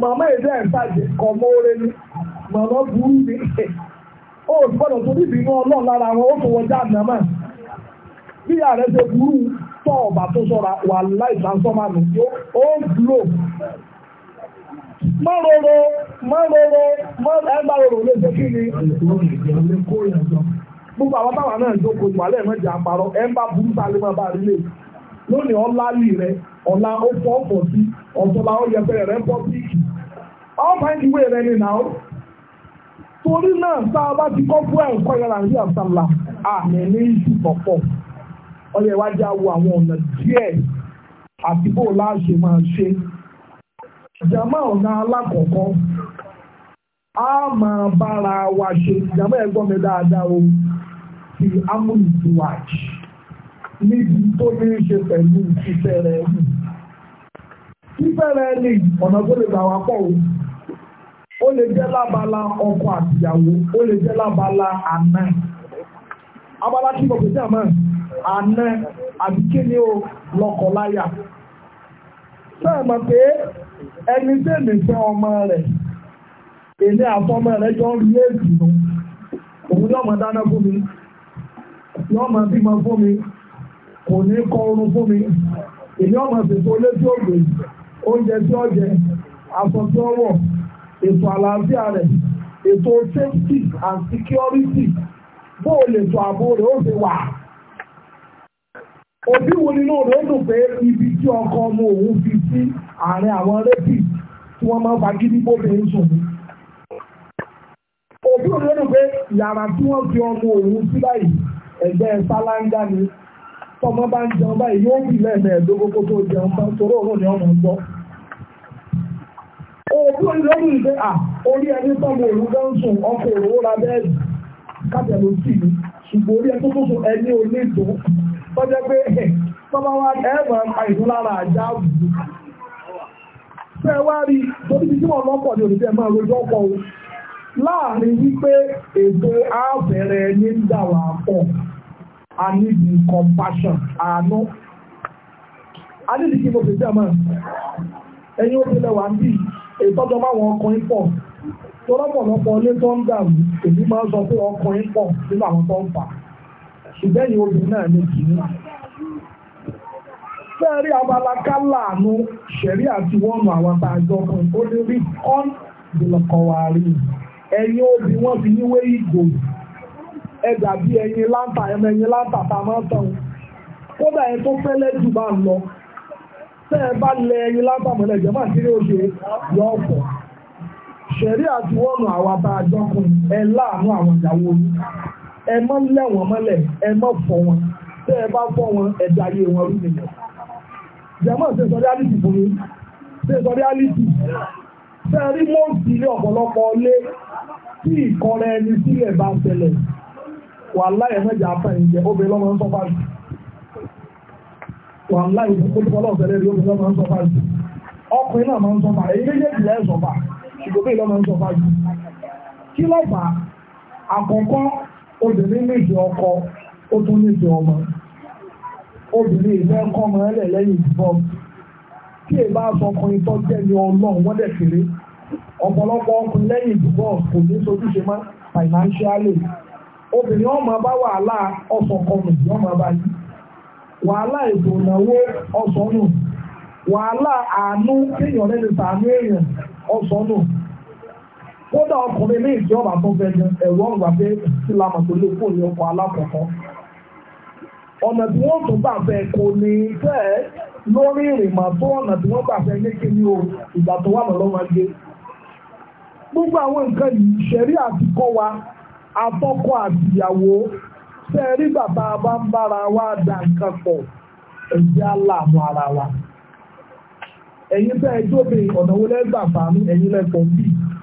màmá èdè ẹ̀ bàjẹ́ kọ́ mọ́ọ́rẹ́ ni màmá burú ni ó gbọ́dọ̀ tó níbi inú ọlọ́ọ̀ lára wọn ó tó wọjá àná mà bí ààrẹ ṣe burú tọ́ ọ̀bà tó sọ́ra wà láì ó ń mọ́rọ̀rọ̀ mọ́rọ̀rọ̀ ẹgbàrọ̀rọ̀ lè ṣe kí ni gbogbo àwọn táwọn náà jókòó ìwàlẹ̀ na àparọ́ ẹ ń bá máa bá rílé lónìí ọlá lì rẹ ọ̀la ó sí ó rẹ pọ̀ sí ìwé rẹ ni torí náà sáà bá ti kọ́ fún àmì ní ọyẹ wájú àwọ àwọn ọ̀nà díẹ̀ àti bó láṣẹ máa ṣe jàmá ọ̀nà alákọ̀ọ́kọ́ a máa bára wa ṣe jàmá ẹ̀gbọ́n mi dáadáa o ti amúlùdíwájì níbi tó ní í ṣe pẹ̀lú ìfẹ́rẹ̀ ẹ̀mí ìfẹ́rẹ̀ ẹ̀mí ọ̀nà tó lè gbà wá pọ̀ o ó lè jẹ́ lábala ọkọ àtìyàwó ó lè jẹ́ lábala àná abala kí n bọ̀ pé sí àmọ́ Ana e, ni ó lọ́kọ̀láyà sẹ́ẹ̀mọ̀ pé ẹni tí èmi fẹ́ ọmọ rẹ̀ èmi àfọmọ rẹ̀ jọ ń rí èdè nù òun yọ̀mọ dáná fún mi yọ̀mọ bímọ fún mi kò ní kọ orun fún mi èmi ọmọ ṣètò olé tí ó oúnjẹ tí ó jẹ aṣọ tí ó wọ̀ ètò àlàáfíà rẹ̀ ètò safety and security bóòlù rẹ̀ ó òbí wo nínú rẹ̀ dùn pé ibi tí ọkọ ọmọ òun fi sí àárín àwọn rẹ́pì tí wọ́n máa ń fagídí bóbìnrin sùn ní. òbí wo nínú pé yàrá tí wọ́n fi ọmọ òun sí báyìí ẹgbẹ́ sálángá ni tọmọ bá ń jẹun báyìí yóò bì lẹ́ẹ̀mẹ́ẹ̀dógún tó jẹun tán torí òun ni ọmọ ń gbọ́. òbí wo nínú rẹ̀ pé à orí ẹni tọmọ òun gan sùn ọkọ òun ra bẹ́ẹ̀dì tọ́jẹ́ pé tọ́bá wá ẹ̀mọ̀ àìsàn lára àjá òjò fẹ́ wá rí torí tí wọ́n lọ́pọ̀ ní òdìdẹ́ máa rojọ́ pọ̀ o láàrin wípé ètò àbẹ̀rẹ̀ ní ń dà wà pọ̀ a need the compassion àánú a need the kí mo fèsì àmà ẹ̀yin ó tilẹ̀ wà bí ìtọ́jọ́ máwọn ọkùnrin pọ̀ tọ́lọ́pọ̀lọpọ̀ ilé tó ń dàrú èmi máa ń sọ pé ọkùnrin pọ̀ nínú àwọn tó ń fà á ṣùgbọ́n ni obìnrin náà ní kìíní. fẹ́ẹ̀rí abalakálà àánú ṣẹ̀rí àti wọ́ọ̀nù àwọn tá a jọ fún un ó ní rí ọ́n ìdìlọ̀kọ̀wárí ẹ̀yin obì wọ́n fi yíwé ìgò ẹ dàbí ẹ̀yin láǹtà ẹ̀mọ ẹ̀yin láǹtà tá a máa ń tàn kódà ẹ̀ tó fẹ́lẹ́ jù bá lọ tẹ́ bá lẹ ẹ̀yin láǹtà mọ́lẹ̀ jẹ́ máa kéré oṣù yọ ọ̀pọ̀ ṣẹ̀rí àti wọ́ọ̀nù àwọn tá a jọ láàánú àwọn ìyàwó yìí ẹ má lẹ̀ wọ́n mọ́lẹ̀ ẹ má fọ́ wọn tẹ́ ẹ bá fọ́ wọn ẹ darí wọn rú nìyẹn. jẹ́mọ̀ ṣe sọ reality fún mi ṣe sọ reality ṣe rí mọ́ọ̀sì ní ọ̀pọ̀lọpọ̀ ilé tí ìkọrẹ ẹni sílẹ̀ bá ṣẹlẹ̀ wà láyé mẹ́jọ apáyín jẹ obìnrin lọ́mọ ń sọ́fà jù wà láyé olùkọ́lọ́ ọ̀sẹ̀lẹ̀ rí obìnrin lọ́mọ ń sọ́fà jù ọkùnrin náà máa ń sọ́fà èyí méjèèjì lẹ́ sọ́fà ìgbòmí lọ́mọ ń sọ́fà jù kí lọ́fà àkọ́kọ́ obìnrin méjì ọkọ ó tún méjì ọmọ obìnrin ìfẹ́ kọ́mọ ẹlẹ̀ lẹ́yìn ìbọn tí èbá sọkùnrin tó jẹ́ ní ọlọ́run wọ́n dẹ̀ kéré ọ̀pọ̀lọpọ̀ ọkùnrin lẹ́yìn ìbọn kò ní sojúṣe mọ́ financially obìnrin ọmọ bá wàhálà ọ̀sọ̀kọ̀nù ọmọ wàhálà ètò ìnáwó wàhálà àánú kéèyàn lẹ́nu sàánú èèyàn kódà ọkùnrin ní ìjọba tó fẹ́ jẹ ẹ̀rọ ọ̀rọ̀ àbẹ́ ìsìlámà tó lè fún ìyọkọ̀ alákọ̀ọ́kọ́ ọ̀nà tí wọ́n tún gbà kò ní fẹ́ lórí ìrìnmà tó ọ̀nà tí o ìgbà tó wà gbogbo àwọn nǹkan yìí ṣẹ̀rí àti kọ́ wa wa dà nǹkan pọ̀ ẹ̀jẹ̀ aláàmú ara wa ẹ̀yin fẹ́ ẹjọ́ bẹ́ẹ̀ ọ̀nà wo ẹ̀yin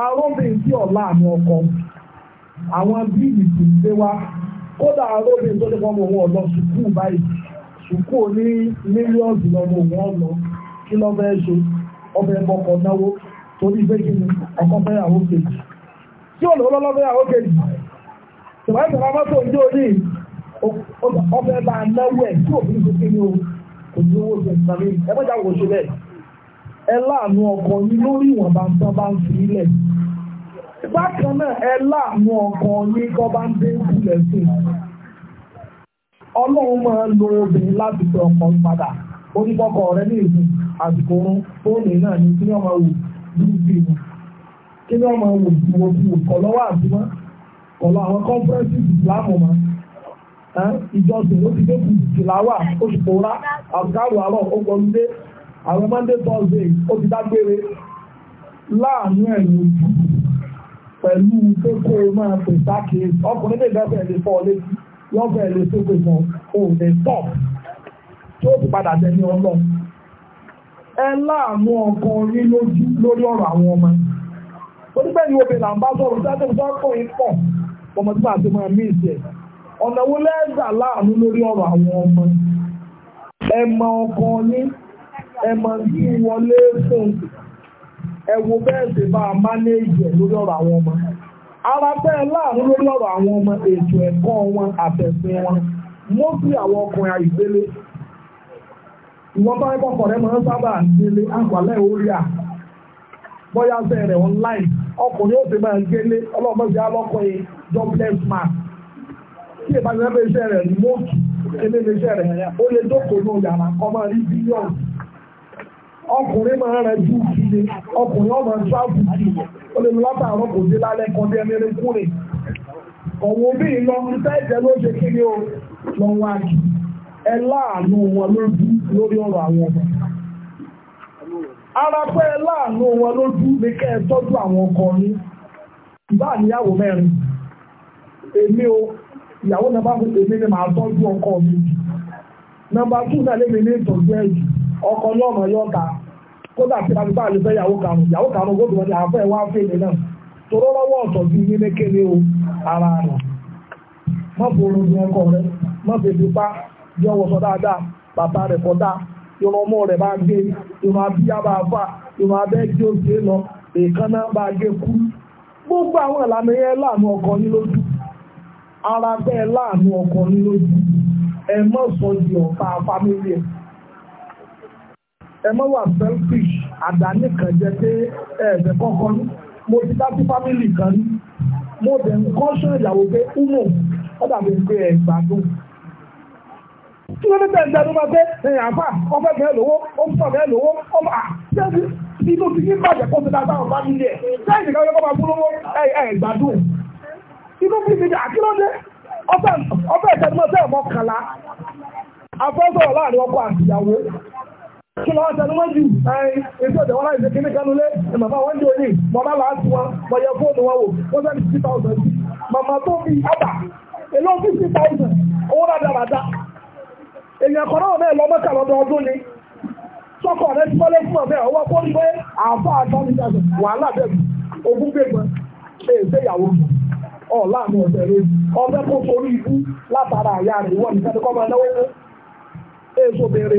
arọ́bìn tí ọ̀la àmì ọkọ àwọn bíìlì tó ń gbé wá kódà arọ́bìn tó dẹ́kun ọmọ òun ọ̀lọ́ sùkúù báyìí sùkúù ní mílíọ̀nù lọ́mọ òun ọ̀lọ́ kí lọ́ fẹ́ ṣe ọbẹ̀ ẹ̀kọ́kọ̀ náwó torí pé kí ni ọkọ fẹ́ yàwó kejì tí ò lọ́wọ́ lọ́fẹ́ yàwó kejì tìwáyé tìwá mọ́tò ń jó ní ọbẹ̀ bá náwó ẹ̀ tí òfin kò kí ni o kò ní owó ṣe ìsàlẹ̀ ẹgbẹ́jà wò ṣe bẹ́ẹ̀ ẹ láàánú ọkọ yín lórí ìwọ̀nba tó bá ń fi ilẹ̀ bákan náà ẹ láàánú ọkọ yín tó bá ń dé ìpìlẹ̀ sí ọlọ́run máa ń lo obìnrin láti fi ọkọ padà oníkọkọ rẹ ní ìlú àsìkò oorun fóònù náà ní kí ni ọmọ wò dúró sí ìlú kí ni ọmọ wò wò wò kọ lọ́wọ́ àtúmọ̀ kọ̀lọ̀ àwọn kọ́nfẹ́rẹ́sì ìsìláàmù ma ìjọsìn ló ti dé kù ìsìláwà oṣù kòrá àbúkárù àárọ̀ ó gbọ́lúdé àwọn monday thursday ó ti dágbére láàánú ẹ̀ lójú pẹ̀lú kókó máa pè sáàkì ọkùnrin lè gbẹ́fẹ̀ lè fọ́ létí lọ́fẹ̀ẹ́ lè fún òun lè tí ó ti padà jẹ ní ọlọ́ ẹ ọkàn lórí ọ̀rọ̀ àwọn ọmọ onígbẹ́ ni obìnrin sọ̀rọ̀ tí pọ̀ ọmọ tí ti máa mí ìṣẹ̀ ọ̀nà ọmọ ọkàn ẹmọ tí wọlé fún ẹwọ bẹ́ẹ̀ sì bá a mánéèjì lórí ọ̀rọ̀ àwọn ọmọ ara bẹ́ẹ̀ láàánú lórí ọ̀rọ̀ àwọn ọmọ ètò ẹ̀kọ́ wọn àtẹ̀sìn wọn mọ́sí àwọn ọkùnrin àìgbélé ìwọ́n bá ẹgbọ́n kọ̀ọ̀rẹ́ máa sábà ń gbélé orí à ọkùnrin ó máa ń gbélé jobless man tí ilé ó lè dókòó ní rí ọkùnrin máa rẹ̀ jù kiri ọkùnrin ọmọ tíráàbù kiri ó lè látàárọ̀ kò dé lálẹ́ kan bí ẹni kúrin ọ̀wọ́ bí lọ ló ṣe kí ni ó lọ wá kí ẹ láàánú wọn lójú lórí ọ̀rọ̀ àwọn ọmọ ara pé ẹ láàánú wọn lójú ní o ìyàwó náà bá fún èmi ni màá tọ́jú ọkọ mi náà ọkọ lọ́nà kódà tí a ti bá ìyàwó karùn ìyàwó wọn ni àfẹ́ wá fèlè ọ̀tọ̀ ní o ara rẹ̀ má fòrò ọkọ rẹ̀ má fèsì pa bí ọwọ́ sọ bàbá rẹ̀ ọmọ rẹ̀ bá abíyá bá fà abẹ́ tí ó lọ gbogbo àwọn ìlànà yẹn láàánú ọkọ lójú ara bẹ́ẹ̀ láàánú ọkọ lójú ẹ mọ́ wà selfish àdáni kan jẹ́ pé ẹ̀ẹ́dẹ̀ kọ́kọ́ ní mo ti dá sí fámìlì kan ní mo dẹ̀ ń kọ́ṣọ́ ìyàwó pé umu ọ̀dà mi pé ẹ̀ gbádùn. kí ló dé tẹ̀ ń dẹnu máa pé ẹ̀ àfà ọ̀fẹ́ bẹ́ẹ̀ lówó ó ń sọ̀ bẹ́ẹ̀ lówó ọmọ àtẹ́sí inú ti ní bàjẹ́ kó ti dá sáwọn fámìlì ẹ̀ sẹ́yìn nìkan yóò kọ́ máa búlówó ẹ̀ gbádùn. inú bí mi àkílódé ọ̀fẹ́ ìtẹnumọ́sẹ́ ọ̀mọ́kànlá afẹ́sọ̀rọ̀ láàrin ọkọ àtìyàwó kí lọ́wọ́ tẹnu wọ́n jù ẹ̀yìn ètò ọ̀dẹ̀ wọn láìsẹ̀ kíní kanú lé màmá wọn jò ní màmá láti wọn mọ̀yẹ fóònù wọn wò wọ́n sẹ́ni six thousand màmá tó fi àbà èlò fifty thousand owó rà dáradá èèyàn kan náà náà lọ mọ́kà lọ́dọ̀ ọdún ni sọ́kọ̀ rẹ ti mọ́lé fún ọ̀bẹ ọwọ́ kó ní pé àfọ àtọ́ni dàgbà wàhálà bẹ́ẹ̀ ogún gbẹ̀gbọ́n ṣe é ṣèyàwó ọ̀làánú ọ̀sẹ̀ lórí ọbẹ̀ kó torí ibú látara àyà rẹ̀ wọ́n nìkan ní kọ́ máa náwó fún èso béèrè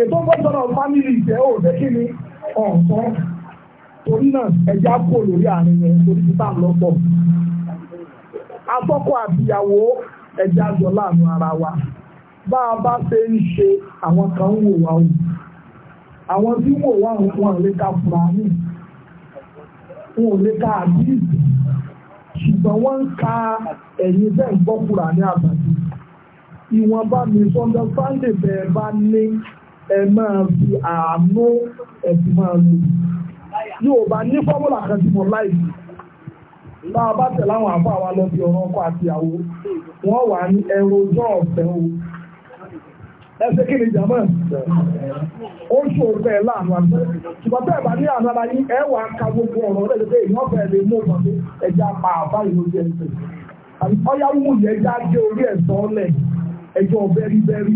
ètò gbọ́sọ̀rọ̀ fámìlì ìjẹ́ ò jẹ́ kí ni ọ̀sán torí náà ẹja kò lórí àárín yẹn lórí títà lọ́pọ̀ afọ́kọ̀ àbíyàwó ẹja jọ láàánú ara wa bá a bá ṣe ń ṣe àwọn kan ń wò wá o àwọn tí wò wá òun wọn lè ka fúlàní wọn ò lè ka àbíyèsí ṣùgbọ́n wọ́n ń ka ẹ̀yin bẹ́ẹ̀ gbọ́ fúlàní àbàdì ìwọ̀nba mi sọ́ndọ̀ sáńdẹ̀ bẹ́ẹ̀ bá ní ẹ máa fi àánú ẹ̀sì máa lò yóò bá ní fọ́múlà kan tí mo láì bá a bá tẹ̀ láwọn àbá wa lọ bí ọ̀rọ̀ ọkọ àti ìyàwó wọ́n wà ní ẹrojọ́ ọ̀fẹ́ o ẹsẹ̀ kí ni jàmọ́ ó ṣò fẹ́ láàánú àti ṣùgbọ́n tẹ́ bá ní àná ara yín ẹ wà ká gbogbo ọ̀rọ̀ rẹ̀ lẹ́gbẹ̀ẹ́ ìyàn ọ̀fẹ́ lè mú ọ̀fẹ́ ẹja pa àbá ìlójú ẹsẹ̀ ọyá wù yẹn já gé orí ẹ̀sán lẹ̀ ẹjọ́ bẹ́rí bẹ́rí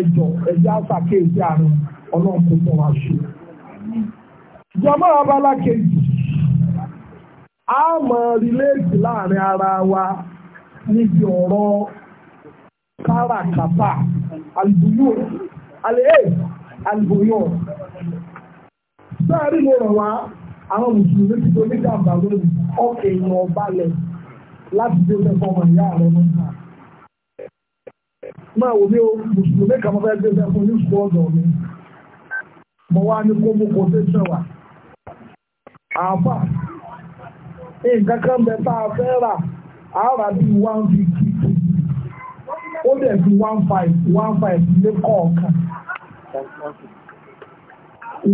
ẹjọ́ ẹjẹ́ àṣàkéèsì àrùn ọlọ́run kò fún wa ṣe. jọmọ́ abala kejì a mọ̀ rìlẹ́ẹ̀tì láàrin ara wa níbi ọ̀rọ̀ káràkátà àlùbùyọ̀ àlẹ́ẹ̀ àlùbùyọ̀ sáàrí mo rọ̀ wá àwọn mùsùlùmí ti tó nígbà bàbá mi ọkẹ̀ èèyàn ọbalẹ̀ láti dé fẹ́ fọmọ ìyá rẹ̀ mọ́ta. máa wò ní mùsùlùmí kàmọ́ fẹ́ gbé fún ní spọ́ọ̀dọ̀ mi mo wá ní kó mú kó tẹ́ sàn wá àfà nǹkan kan a fẹ́ rà á rà one fifty ó dẹ̀ one five one five lé kọ̀ọ̀kan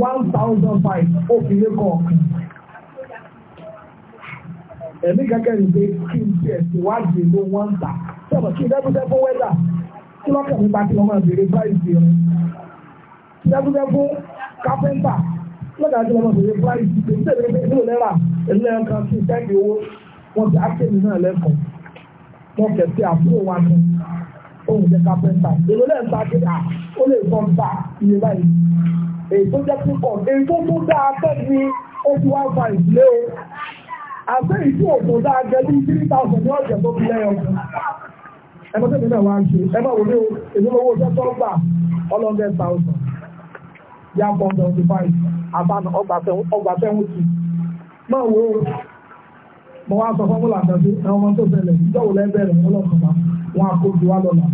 one thousand five ó fi lé kọ̀ọ̀kan ẹ̀mí kankan rè pé kí n tí wọ́n kàn mí bá ti wọ́n máa béèrè price yẹn dẹ́kúdẹ́kú kápẹ́ńtà lọ́dà tí wọ́n máa béèrè price yẹn tí èdè ìlú náírà ilé ẹ̀ka sí tẹ́ǹkì owó wọn ti ákéèmì náà lẹ́kọ̀ọ́ wọn kẹ̀sí àbúrò wa ni òun jẹ́ kápẹ́ńtà èlò lẹ́ẹ̀ta ti à ó lè sọ ta iye báyìí èyí tó jẹ́ púpọ̀ èyí tó tún dáa tẹ́ ni ó ti wá fa ìdílé o àbẹ́ ìdí òkò dáa gẹ́lú three thousand ní ọ̀jẹ̀ tó fi lẹ́yọ̀ ẹgbẹ́ tẹ̀lé náà wá ń ṣe ẹ máa wò ní o èmi owó sẹ́tọ́ gbà ọlọ́dẹ thousand yá four seventy five abáná ọgbà fẹ́hún tì máa wò ó mo wá sọ fọ́múlà àtàkì àwọn ọmọ tó ṣẹlẹ̀ ìjọwò lẹ́bẹ̀rẹ̀ ọlọ́sọ̀fà wọn kó ju wá lọ́la.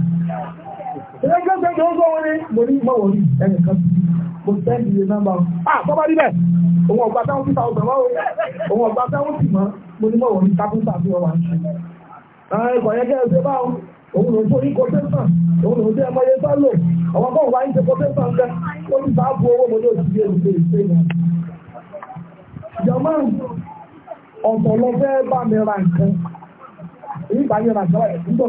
ilé gbèsè tó ń sọ wọn ni mo ní mọ̀wọ́ rí ẹnìkan mo send you the number ah bọ́bá rí bẹ́ẹ̀ òun ọ̀gbà seventy thousand wá o òun ọ̀gbà seventy mọ́ mo ní mọ̀wọ́ rí kápẹ́ńtà fi ọ̀wà ń ṣe. ẹ̀kọ́ yẹn kẹ́ ẹ̀ òun ló ń tó ní kọ́tẹ́sà òun ló ń tó ẹmọ yẹn bá lò àwọn kan wáyé ṣe kọ́tẹ́sà ń bẹ ó ti bá bu owó mọ́lẹ́ òsì bí èrùpé ìpé wọn. jọ̀mọ́ ọ̀tọ̀ lọ fẹ́ bá mi ra nǹkan èyí bá yẹra jọ ẹ̀ nígbà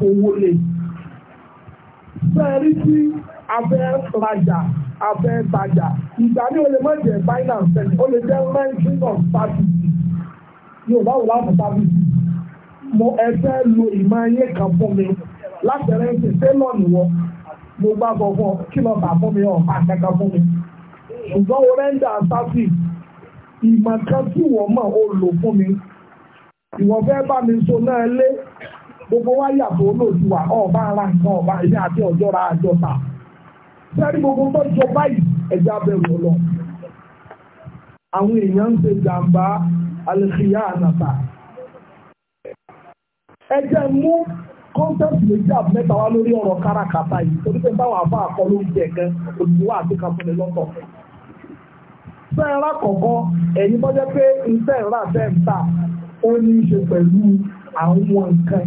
tí sí fẹ́ẹ̀rí tí abẹ́ rajà abẹ́ tajà ìgbà ní o lè má jẹ́ binance o lè jẹ́ mention of service yóò bá wò láti service mo ẹ fẹ́ lo ìmọ̀ ayé kan fún mi láti rẹ́ǹtì tẹ́lọ̀ nìwọ mo gbá bọ̀ fún ọ kí lọ bà fún mi ọ̀ bá kẹ́kẹ́ fún mi ṣùgbọ́n o rẹ́ǹdà service ìmọ̀ kan tí wọ́n mọ̀ o lò fún mi ìwọ̀n fẹ́ bá mi so náà lé gbogbo wa yàtọ̀ olóòtú wa ọba ara nǹkan ọba èmi àti ọjọ́ ra àjọ ta sẹ́ni gbogbo tó jọ báyìí ẹ̀jẹ̀ abẹ́rù ọlọ. àwọn èèyàn ń ṣe jàǹbá alẹ́kìyà ànàtà. ẹ jẹ́ mú concept méjì àbí mẹ́ta wá lórí ọ̀rọ̀ káràkátà yìí torí pé báwọn àbá àkọlù ń jẹ gan olùdíwà àti kàfúnni lọ́tọ̀. sẹ́ẹ̀rà kọ̀ọ̀kan ẹ̀yin bọ́jẹ́ pé ń sẹ́ẹ̀rà sẹ́ẹ̀ ń ta ó ní í ṣe pẹ̀lú àwọn nǹkan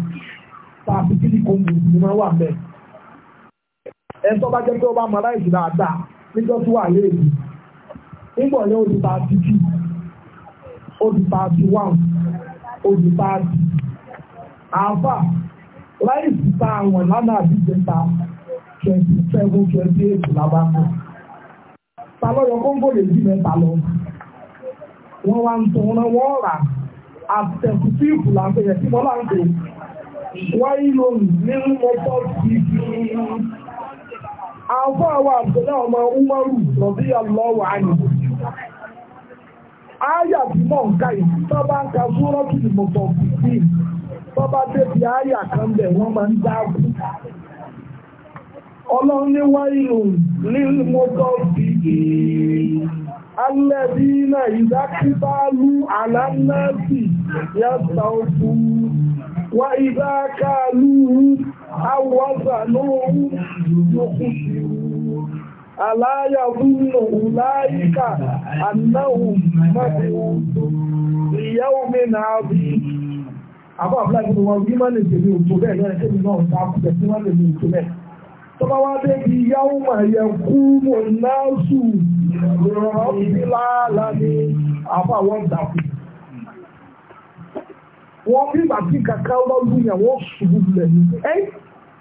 tàbí kí ni kò ń gbòòdì máa wà mẹ́. ẹ tó bá jẹ́ pé ó bá mọ aláìsí dáadáa níjọ́ tó wà léèdì nígbà yẹn ó di thirty two ó di thirty one ó di thirty àáfà láìsí tá àwọn lánàá àdìjẹ ta twenty seven twenty eight làbákan ta lọ́yọ̀ kóńgò lè di mẹ́ta lọ wọ́n wá ń tọ́ wọn wọ́n rà àtẹ̀kùtì ìfúlàfẹ́yẹ tí wọ́n là wáyílò nínú mọ́tọ́ ti fi àwọn àwọn àbúdá ọmọ umaru lọ́bí àlọ́wà ní ayà tí mọ́ nǹka yìí tọ́bá ń ka súrọ́tù ìmọ̀tọ̀ sí tọ́bá débi ayà kan bẹ̀ wọ́n máa ń dáàbò ọlọ́run ní wáyílò nínú mọ́tọ́ ti fi alẹ́bí náà lú wà ìbá kààlúurú awọ́sà lóòrú yókù sí aláyà fúnnà láyíká annáhùn mẹ́fẹ́wò ìyá omi náà bí àbá àbúlájú wọn bí má lè tèmi òtò bẹ́ẹ̀ lọ́rẹ́ tèmi náà ta kùbẹ̀ tí wọ́n bí bàbí kàkà wá lùyàn wọ́n ṣubú lẹ̀ ẹ́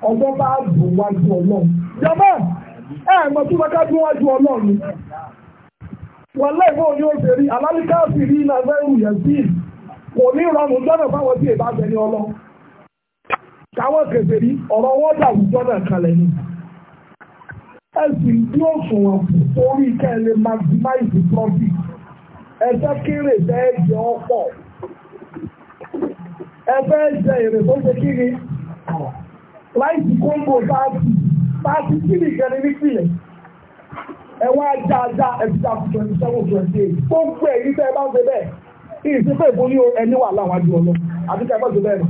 ọgbọ́n bá dùn wájú ọlọ́run jọba ẹ mọ̀ tó bá ká dùn wájú ọlọ́run wọn lẹ́ẹ̀mọ́ ni ó ṣe rí alálíkà sì rí iná fẹ́rù yẹn sí kò ní rọrùn jọ́nà fáwọn tí èbá bẹ ní ọlọ́ káwọn kẹsẹ̀ rí ọ̀rọ̀ wọn dàrú jọ́nà kalẹ̀ ni ẹ sì ń bí òṣùwọ̀n torí kẹ́lẹ́ maximize profit ẹ jẹ́ kéré bẹ́ẹ̀ jẹ́ ọ̀pọ̀ ẹgbẹ́ jẹ èrè tó ṣe kiri láìsí kóńgò táàtì táàtì kiri gẹ̀rẹ́ nípìnlẹ̀ ẹwọ́n ajá ajá ẹ̀fíjà twenty seven twenty eight tó ń pè èyí tẹ́ ẹ bá ń ṣe bẹ́ẹ̀ ìsìn pé ìbò ní ẹni wà láwájú ọlọ́ àti kẹ́ ẹ bá ṣe bẹ́ẹ̀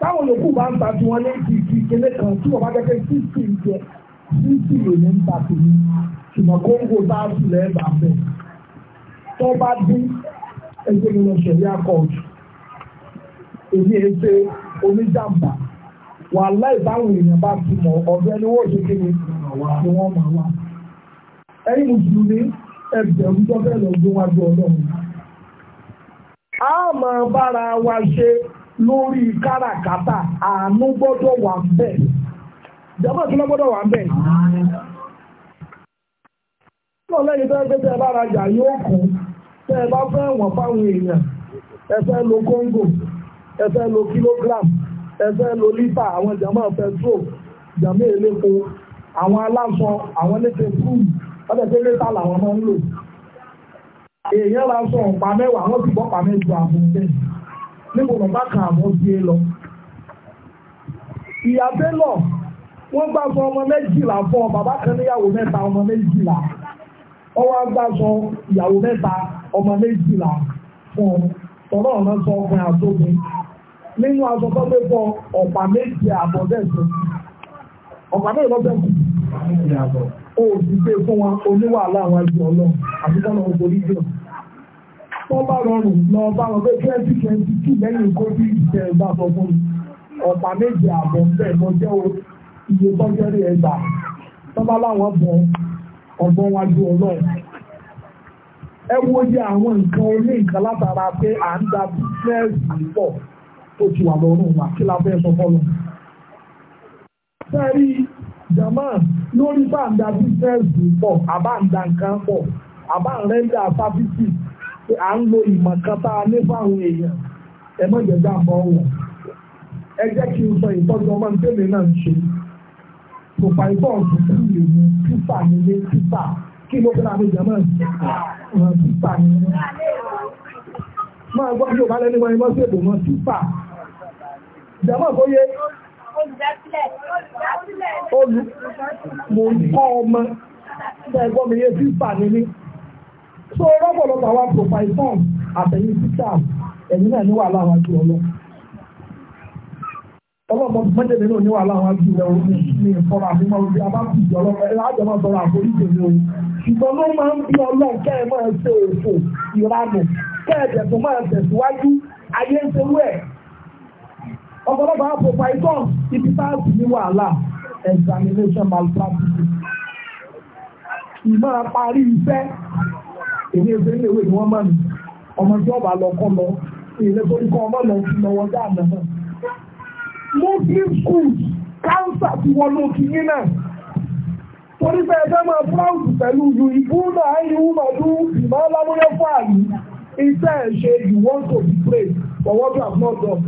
táwọn yòókù bá ń ta tí wọ́n ní kìkì kéde kan tí wọ́n bá jẹ́ pé sísì ń jẹ sísì lè ní ta tèmi ṣùgbọ́n kóńgò táàtì lẹ́ẹ̀ bá bẹ́ẹ̀ èmi ẹ ṣe oníjàmbá wàhálà ìbáwọn èèyàn bá ti mọ ọdún ẹni wọ́n ṣe kíni ni wọ́n máa wá. ẹ̀yin mùsùlùmí ẹgbẹ̀rún tó bẹ́ẹ̀ lọ gbé wájú ọlọ́run. a máa bára wa ṣe lórí káràkátà àánú gbọ́dọ̀ wà ń bẹ̀. ìjọba ìtura gbọ́dọ̀ wà ń bẹ̀. náà lẹ́yìn tó ẹgbẹ́ tẹ́ ẹ bá rajà yóò kún tẹ́ ẹ bá fẹ́ wọ̀n fáwọn èèyàn ẹ fẹ́ lo kóńgò ẹ fẹ́ lo kílógíráàmù ẹ fẹ́ lo lítà àwọn jàmọ́ pẹtrò jàmọ́ elépo àwọn aláṣọ àwọn léṣe fúlù ọ̀dẹ̀ṣẹ́ lẹ́tà làwọn máa ń lò èèyàn ra sọ ọ̀pá mẹ́wàá wọ́n sì bọ́ pa mẹ́jọ àbò bẹ́ẹ̀ níbo lọ bá kà àmọ́ sí é e lọ. ìyá bélọ̀ wọ́n gbà sọ ọmọ méjìlá fún ọ bàbá kan níyàwó mẹ́ta ọmọ méjìlá ọwọ́ agbá sọ ìyàwó mẹ́ta ọmọ méjìlá fún ọ tọ́lọ́ ọ̀nà sọ ọkùnrin àtòkùn nínú aṣọ tó lé fọ ọ̀pá méje àbọ̀ dẹ́sẹ̀ ọ̀pá méje lọ́bẹ̀ kù ó ti gbé fún wọn oníwàhálà àwọn ẹgbẹ́ ọlọ́run àti tọ́nà ògbórí jù wọ́n bá rọrùn lọ bá wọn pé twenty twenty two lẹ́yìn covid ṣe é bá sọ fún mi ọ̀pá méje àbọ̀ bẹ́ẹ̀ mọ jẹ́ iye tọ́jọ́rì ẹgbà tọ́ba láwọn bọ̀ ọ̀gbọ́n wájú ọlọ́run ẹ wo yẹ àwọn nǹkan oní nǹkan tó ti wà lọ́rùn wa kí la fẹ́ sọ fọ́lọ́. sẹ́rí jama lórí bá ń da bísẹ́ẹ̀sì pọ̀ àbá ń nǹkan pọ̀ àbá ń à ń lo ìmọ̀ kan tá a ní fáwọn èèyàn ẹ mọ̀ jẹ́jà mọ́ wọn. ẹ jẹ́ kí n sọ ìtọ́jú ọmọ ìtẹ́lẹ̀ náà ń ṣe. Tòpá ìtọ́ ọ̀sùn kúrò lè mú pípà nílé pípà kí ló fẹ́ra mi jẹ́mọ́ ọ̀rọ̀ pípà nílé. Máa gbọ́ bí ò bá lẹ́nu wọn ni wọ́n ṣètò wọn pípà Ìjọba kó yé. Olù, mo kọ́ ọmọ, ẹgbọ́n mi yé sísà ní mí. So rọ́pọ̀lọpọ̀ àwọn profaifọ́n àtẹ̀yìn sísà ẹ̀yìn náà ní wàhálà àwọn àjò ọlọ́. Ọlọ́pọ̀ mọ́jẹ̀ nínú ní wàhálà àwọn àjò rẹ̀ orí ní ìfọ́nà àfihàn orí abákùnjẹ ọlọ́pọ̀ ẹ̀rọ àjọmọ́ sọ̀rọ̀ àforíjì ní orí. Ṣùgbọ́n ló máa ń bí ọlọ́ọ̀ kẹ́ ẹ máa ṣe òfò ìranù kẹ́ ẹ̀ tẹ̀sùn máa tẹ̀síwájú ayé ń ṣerú ẹ̀ ọ̀pọ̀lọpọ̀ àpò python ibi táàbù ní wàhálà examination malpractice ìmọ̀ parí iṣẹ́ èmi èsè ní ìwé ni wọ́n mọ̀ mí ọmọ tí ọba lọ kọ́ lọ ilé tó ní kọ́ ọmọ lọ sí lọ́wọ́ dáàbò náà muslim schools kánsà tí wọ́n ló kí yín náà torí pé ẹgbẹ́ máa fúláwùsì pẹ̀lú yù ìbú náà ń yù màdú ìmọ̀ ọlámúyẹ́ fún àyè iṣẹ́ ẹ̀ṣẹ̀ you want to be praised for what you have not done.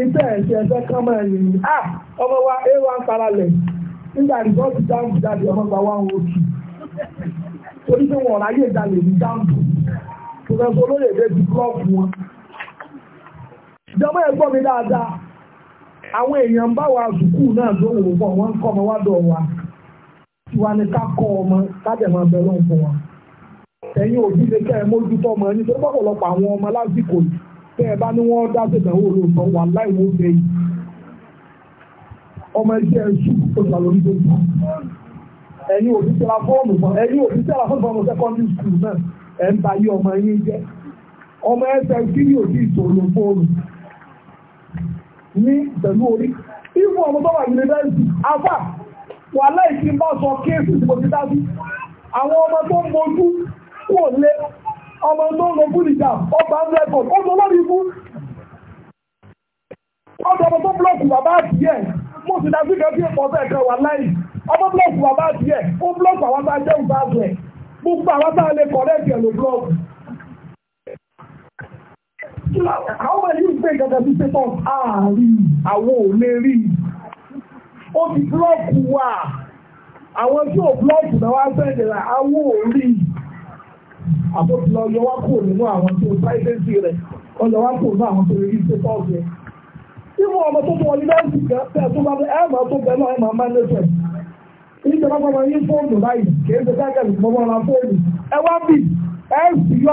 iṣẹ́ ẹ̀ṣẹ̀ ẹ̀ṣẹ̀ kan máa yìn a, ah! à ọmọ wa a1 parallel nígbà rìsọ́ọ̀tì dáàbò jáde ọmọ gba one o oh two torí pé wọn ráyè dalè ní dáàbò pòfẹ́sọ olóyè dé ti wọn. ìjọba mi dáadáa àwọn èèyàn bá wa sùkúù náà tó wò wọ́n kọ́ ọmọ dọ̀ wa tiwa ni ká kọ́ ọmọ máa fún bẹ́ẹ̀ bá ní wọ́n dá sí ìdánwò lóòótọ́ wà láì wọ́n fẹ́ yìí ọmọ ẹgbẹ́ ẹ̀ṣù tó gbà lórí tó gbà ẹ̀yin fọ́ọ̀mù fún ẹ̀yin fọ́ọ̀mù fún secondary school náà ẹ̀ ń bayé ọmọ yín jẹ́ ọmọ ẹsẹ̀ kí ni òbí ìṣòro fóònù ní orí ìfún ọmọ tó wà yunifásitì wà láì bá ọmọ tó ń lọ fún ìjà ọba ń rẹ́kọ̀d ó lọ lórí ikú ọdọ ọmọ tó búlọ́ọ̀kù bàbá àdìyẹ mo sì dájú kan bí ẹ̀pọ̀ bẹ́ẹ̀ wà láì ọmọ búlọ́ọ̀kù bàbá àdìyẹ ó búlọ́ọ̀kù àwọn tá a jẹ́ ìgbà àgbẹ̀ gbogbo àwọn tá a lè kọ̀rẹ́ẹ̀kì ẹ̀ ló búlọ́ọ̀kù àwọn ọmọ yìí gbé ìgbàgbà sí pé àárín àwọn ò lè rí ó ti búlọ́ọ̀kù wà àwọn tí ò búlọ́ọ̀kù náà wá fẹ́ àbótilọ yọ wá nínú àwọn tó sáyẹ́ǹsì rẹ̀ ọyọ wá nínú àwọn tó rí sẹ́tọ́ọ̀sì rẹ̀. Ìmọ̀ ọmọ tó tún wọlé lẹ́sìn kan bẹ́ẹ̀ tó bá bẹ ẹ̀ tó bẹ́ẹ̀ náà ẹ̀ máa lẹ́sẹ̀. Ìjọba bá máa yí fóònù ṣe fóònù. Ẹ wá bì ẹ sì yọ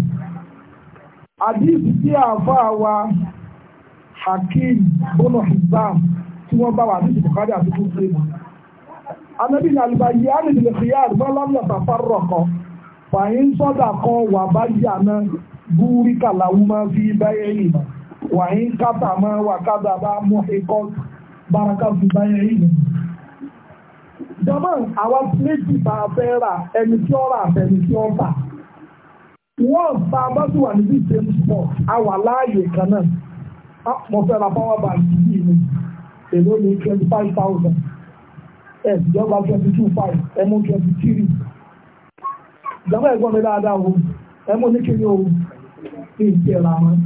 àdìsí tí àfà wa Hakim bono Hizam tí wọ́n bá wà ní ìbùkádà àti tó fún mi anabi ní alibayi alìdìlẹ̀ fìyàrì bá lámìlẹ̀ tàfàrọ̀ kan fàyín sọ́dà kan wà bá yà náà búrí kàlàwú máa fi báyẹ̀ ìlà wàyín kátà máa wà kádà bá mú ikọ́ báraka fi báyẹ̀ ìlà jọmọ́ àwọn méjì bá fẹ́ rà ẹni tí ó rà àtẹni tí ó tà wọ́n bá bá sì wà níbi ìṣe ń pọ̀ a wà láàyè kan náà ah, mo fẹ́ ra power bank yìí ni èló ní twenty five thousand ẹ̀ ìjọba twenty two five twenty three ìjọba ẹ̀gbọ́n mi dáadáa ní kíni o ní ìjẹ̀ra wọn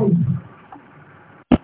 o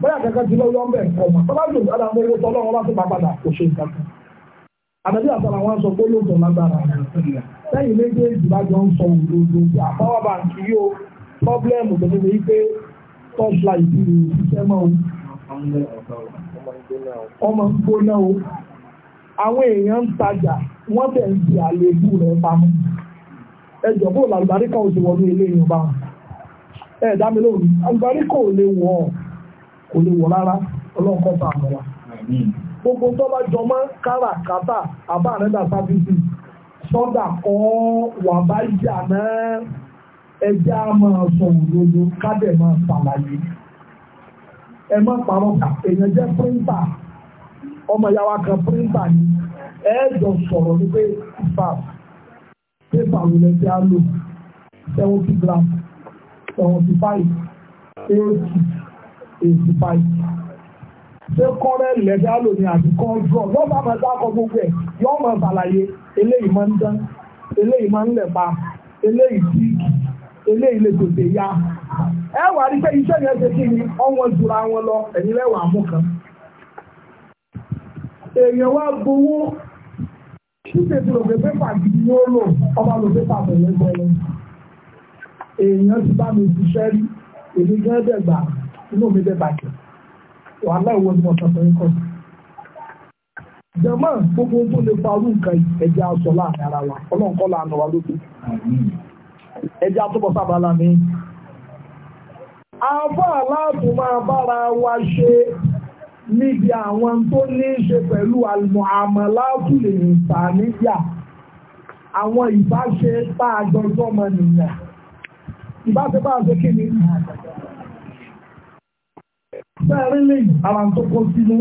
bóyá kankan ti lọ́wọ́ ń bẹ̀ nǹkan ọ̀mà tọ́lá yóò dára mọ́ owó tọ́lọ́ wọn bá tún bá padà kò ṣe nǹkan kan. àdàbí àtàrà wọn sọ pé lóòótọ́ lágbára méjèèjì bá jọ ń sọ òdodo yóò pọ́blẹ́mù tó iṣẹ́ mọ́ ọmọ o àwọn èèyàn ń tajà wọ́n tẹ̀ ń rẹ̀ pamọ́ ilé bá wọn àlùbáríkà ò kò lè wọ̀ rárá ọlọ́run kọ́ sàánú wa. gbogbo tó bá jọmọ́ káràkátà àbá àrẹ́dà sábìsì sọ́dà kọ́ wà bá yà náà ẹjẹ́ á máa sọ òdodo kádẹ̀ máa ṣàlàyé ẹ má parọ́ kà èèyàn jẹ́ píríntà ọmọ ìyá wa kan píríntà ni ẹ jọ sọ̀rọ̀ ní pé ìfà pépà ló lẹ́jẹ́ á lò seventy grams seventy five eighty eighty five ṣé kọ́rẹ́ lẹ́dá lò ní àti kọ́ńtrọ̀ yóò bá máa dákọ̀ gbogbo ẹ̀ yóò máa ṣàlàyé eléyìí máa ń dán eléyìí máa ń lẹ̀ pa eléyìí tí eléyìí lè tètè ya ẹ wà rí pé iṣẹ́ yẹn ṣe kí ni ọ̀wọ́n jura wọn lọ ẹ̀yin lẹ́wàá mú kan. èèyàn wá gbowó ṣíṣe tí lò pé pépà gidi yóò lò ọba lò pépà bẹ̀rẹ̀ bẹ̀rẹ̀ èèyàn ti bá mi ṣiṣẹ́ rí èmi gẹ́gẹ́ dẹ̀gbà inú mi bẹ́ bàjẹ́ wàhálà ìwọ ni mo sọ fún yín kọ́ sí. jama gbogbo tó lè farú nǹkan ẹja aṣọ láàrin ara wa ọlọ́nkọ́ làánà wa lókè ẹja túbọ̀ sábà lámì. àbá aláàbò máa bára wa ṣe níbi àwọn tó ní í ṣe pẹ̀lú àmàlàtú lè rìn sà níyà àwọn ìbáṣe tá a jọjọ́ mọ nìyà ìbáṣe bá a ṣe kí ni. Bẹ́ẹ̀rin lè ara tó kó sínú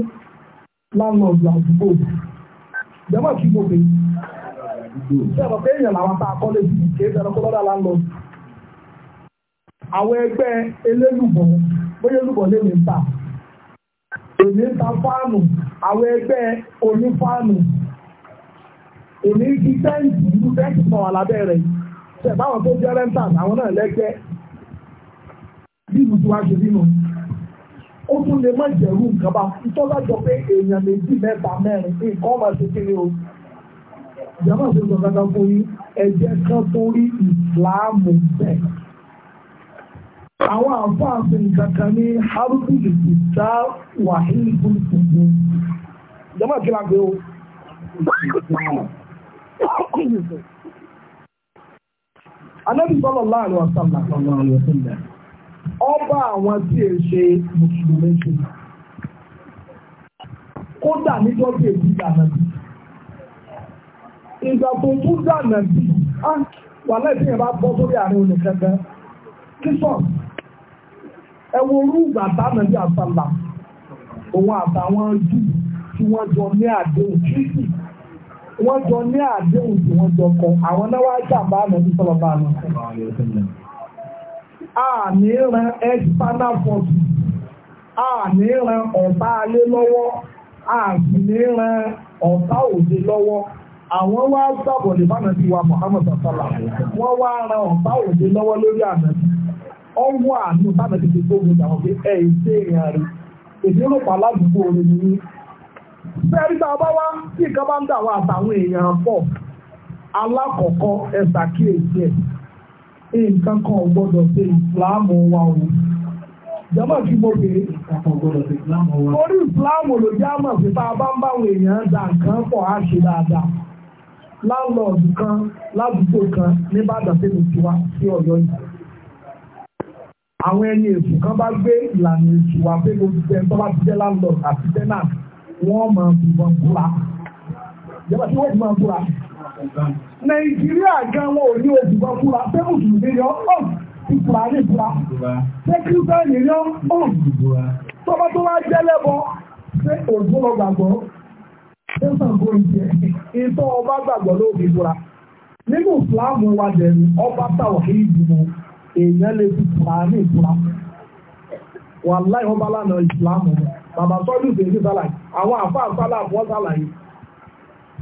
láńlọ́ọ̀dù àdúgbò. Jẹ́mọ̀ kí mo bèèrè. Sẹ́wọ̀n pé èèyàn làwọn tá a kọ́ lè fi kéé sẹ́nu kó lọ́dà láńlọ́ọ̀dù. Àwọn ẹgbẹ́ elélùbọ̀, bóyá elúbọ̀ lè mi ta. Èmi ń ta fáànù, àwọn ẹgbẹ́ onífáànù. Èmi ń fi tẹ́ǹtì, ìlú tẹ́ǹtì náà wà lábẹ́ rẹ̀. Sẹ̀báwọn tó jẹ́ rẹ́ńtà àwọn náà lẹ́gbẹ́. Bí ìlú tí wàá ṣe bínú ó tún lè má jẹ̀rú nǹkan bá ìtọ́lá jọ pé èèyàn méjì mẹ́ta mẹ́rin ní nǹkan ọmọ ṣe kí ni o ìjọba ṣe sọ kankan fún yín ẹ̀jẹ̀ kan tó rí ìsìláàmù bẹ́ẹ̀ àwọn àfáàfin kankan ní harubu ìsìtá wàhíì gbùgbùgbù ìjọba kí la gbé o anábì sọlọ láàrin wa sàlá ọba àwọn tí è ṣe mùsùlùmí ṣe kódà níjọ́ tí èyí dànà bí ìgbà tó tún dànà bí ah, wà lẹ́sìn yẹn bá bọ́ sórí àárín oníkẹ́kẹ́ kíṣọ̀ ẹ wo orú ìgbà dànà bí àsàlà òun àtàwọn jù tí wọ́n jọ ní àdéhùn títì wọ́n jọ ní àdéhùn tí wọ́n jọ kọ àwọn náwó ajá bá àmọ́ bí sọ̀rọ̀ bá a ran external forces a ran ọ̀tá alé lọ́wọ́ a ran ọ̀tá òde lọ́wọ́ àwọn wá gbàbọ̀lẹ̀ bánà sí wa Muhammad sàtàlà wọ́n wá ran ọ̀tá òde lọ́wọ́ lórí ọwọ́ ti fi a bá wá sí ìkan ń dà wá àtàwọn èèyàn pọ̀ nǹkan kan ò gbọ́dọ̀ ṣe ìsìláàmù wa o jọmọ kí mo bèrè orí ìsìláàmù ló jẹ́ àmọ̀ sí pa a bá ń báwọn èèyàn da nǹkan pọ̀ á ṣe dáadáa láńlọ́ọ̀dù kan ládùúgbò kan nìbàdàn tí mo ti wá sí ọ̀yọ́ yìí àwọn ẹni èsù kan bá gbé ìlànà èsù wá pé gbogbo ẹni tó bá ti jẹ́ láńlọ́ọ̀dù àti tẹ́nà wọ́n máa ń bíbọn búra jọba tí wọ́n máa búra nàìjíríà gan wọn ò ní òjùbọ fúra pé mùsùlùmí yọ ọ̀n ti fura ní fura pé kírísítẹ́nì yọ ọ̀n tọ́mọ tó wá jẹ́ lẹ́bọ pé òjò lọ gbàgbọ́ pé sàǹkó ìjẹ ìtọ́ ọba gbàgbọ́ ló fi fura nínú ìsìláàmù wa dẹ̀rù ọba táwọn kì í dìbò èèyàn lè fi fura ní fura wàláì ọba lánàá ìsìláàmù bàbá sọ́dún tèmi sálàyé àwọn àfáà sálàmù wọn sálàyé.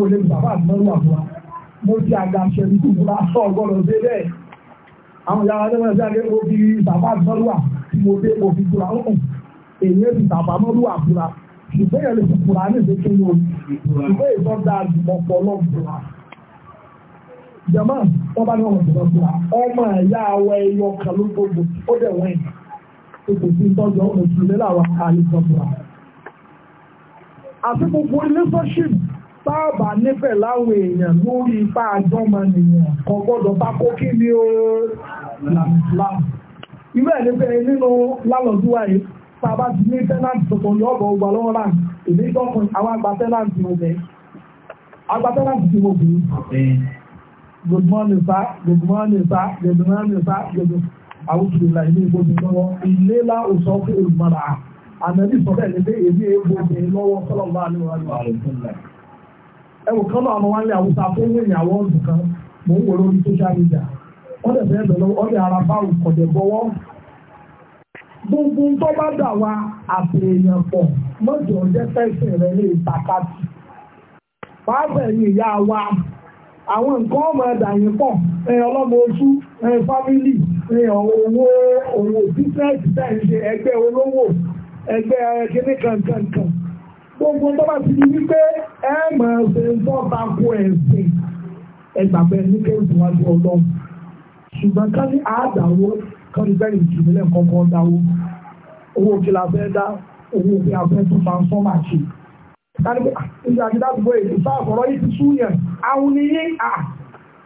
o lè bàbá àgbọ̀rù àbúrà mo ti àga ṣẹlú kúkú bá sọ ọgọ́dọ̀ dé bẹ́ẹ̀ àwọn ìyára tó wọ́n ṣe àgbẹ̀ mo fi bàbá àgbọ̀rù à tí mo dé mo fi kúra ọ̀hún èyí ti bàbá àgbọ̀rù àbúrà ṣùgbọ́n yẹn lè fi kúra ní ìṣe kéwọ́ ṣùgbọ́n ìtọ́ da ọ̀pọ̀ ọlọ́ọ̀bùrà jama wọn bá ní ọmọ ìjọba fún wa ọmọ ẹ̀yà awọ ẹyọ kan ló gbogbo ó dẹ̀ wọ́n ẹ̀ kò sí tọ́jú ọmọ ìṣúlẹ̀ làwọn àlejò fún wa. àti gbogbo relationship sáàbà nífẹ̀ láwọn èèyàn lórí ipá àjọmọ nìyàn kan gbọ́dọ̀ bá kó kí ni ó làmùsùlám irú ẹ̀ nífẹ̀ nínú lálọ́dúwà yìí sábà ti ní tẹ́láǹtì tuntun ní ọ̀bọ̀ ọgbà lọ́wọ́ rà èmi tọkùn àwọn àgbà tẹ́láǹtì mo bẹ̀ àgbà tẹ́láǹtì tí mo bẹ̀ good morning sir good morning sir good morning sir good morning àwọn òṣèlú ilé ìgbòmí lọ́wọ́ ilé lá òṣọ́ fún olùmọ̀ràn àmẹ́bí sọ́kẹ́ ní pé èmi ègbòmí lọ́wọ́ sọ́lọ́mọ́ àlè ẹwù kan náà wọn lé àwùjọ àfọwọ́ ìyàwó ọ̀dùn kan mò ń wò lórí social media wọ́n dẹ̀ fẹ́ bẹ̀rẹ̀ ọ̀dẹ̀ ara bá òkòdè bọ́wọ́ gbogbo tó bá dà wá àtẹ̀yàn pọ̀ mọ́jọ jẹ́ fẹ́sẹ̀ pàtàkì pàápàá wa àwọn nǹkan ọmọ ẹ̀dà yìí pọ̀ ọlọ́mọ oṣù owó tẹ̀ gbogbo tó bá ti di wípé ẹ mọ̀ ẹ̀sẹ̀ ìtọ́ta kó ẹ̀sìn ẹgbàgbẹ́ ní kéwìtì wá sí ọlọ́run ṣùgbọ́n ká ní àádáwó kan ní bẹ́ẹ̀ ìjìnlẹ̀ kọ́kọ́ dáwó owó òkè la fẹ́ dá owó òkè afẹ́ tó máa ń sọ́ máa ṣe nígbà ah, tí dáàbò èdè sáàfọ̀rọ̀ yìí ti sú yẹn àwọn oníyí à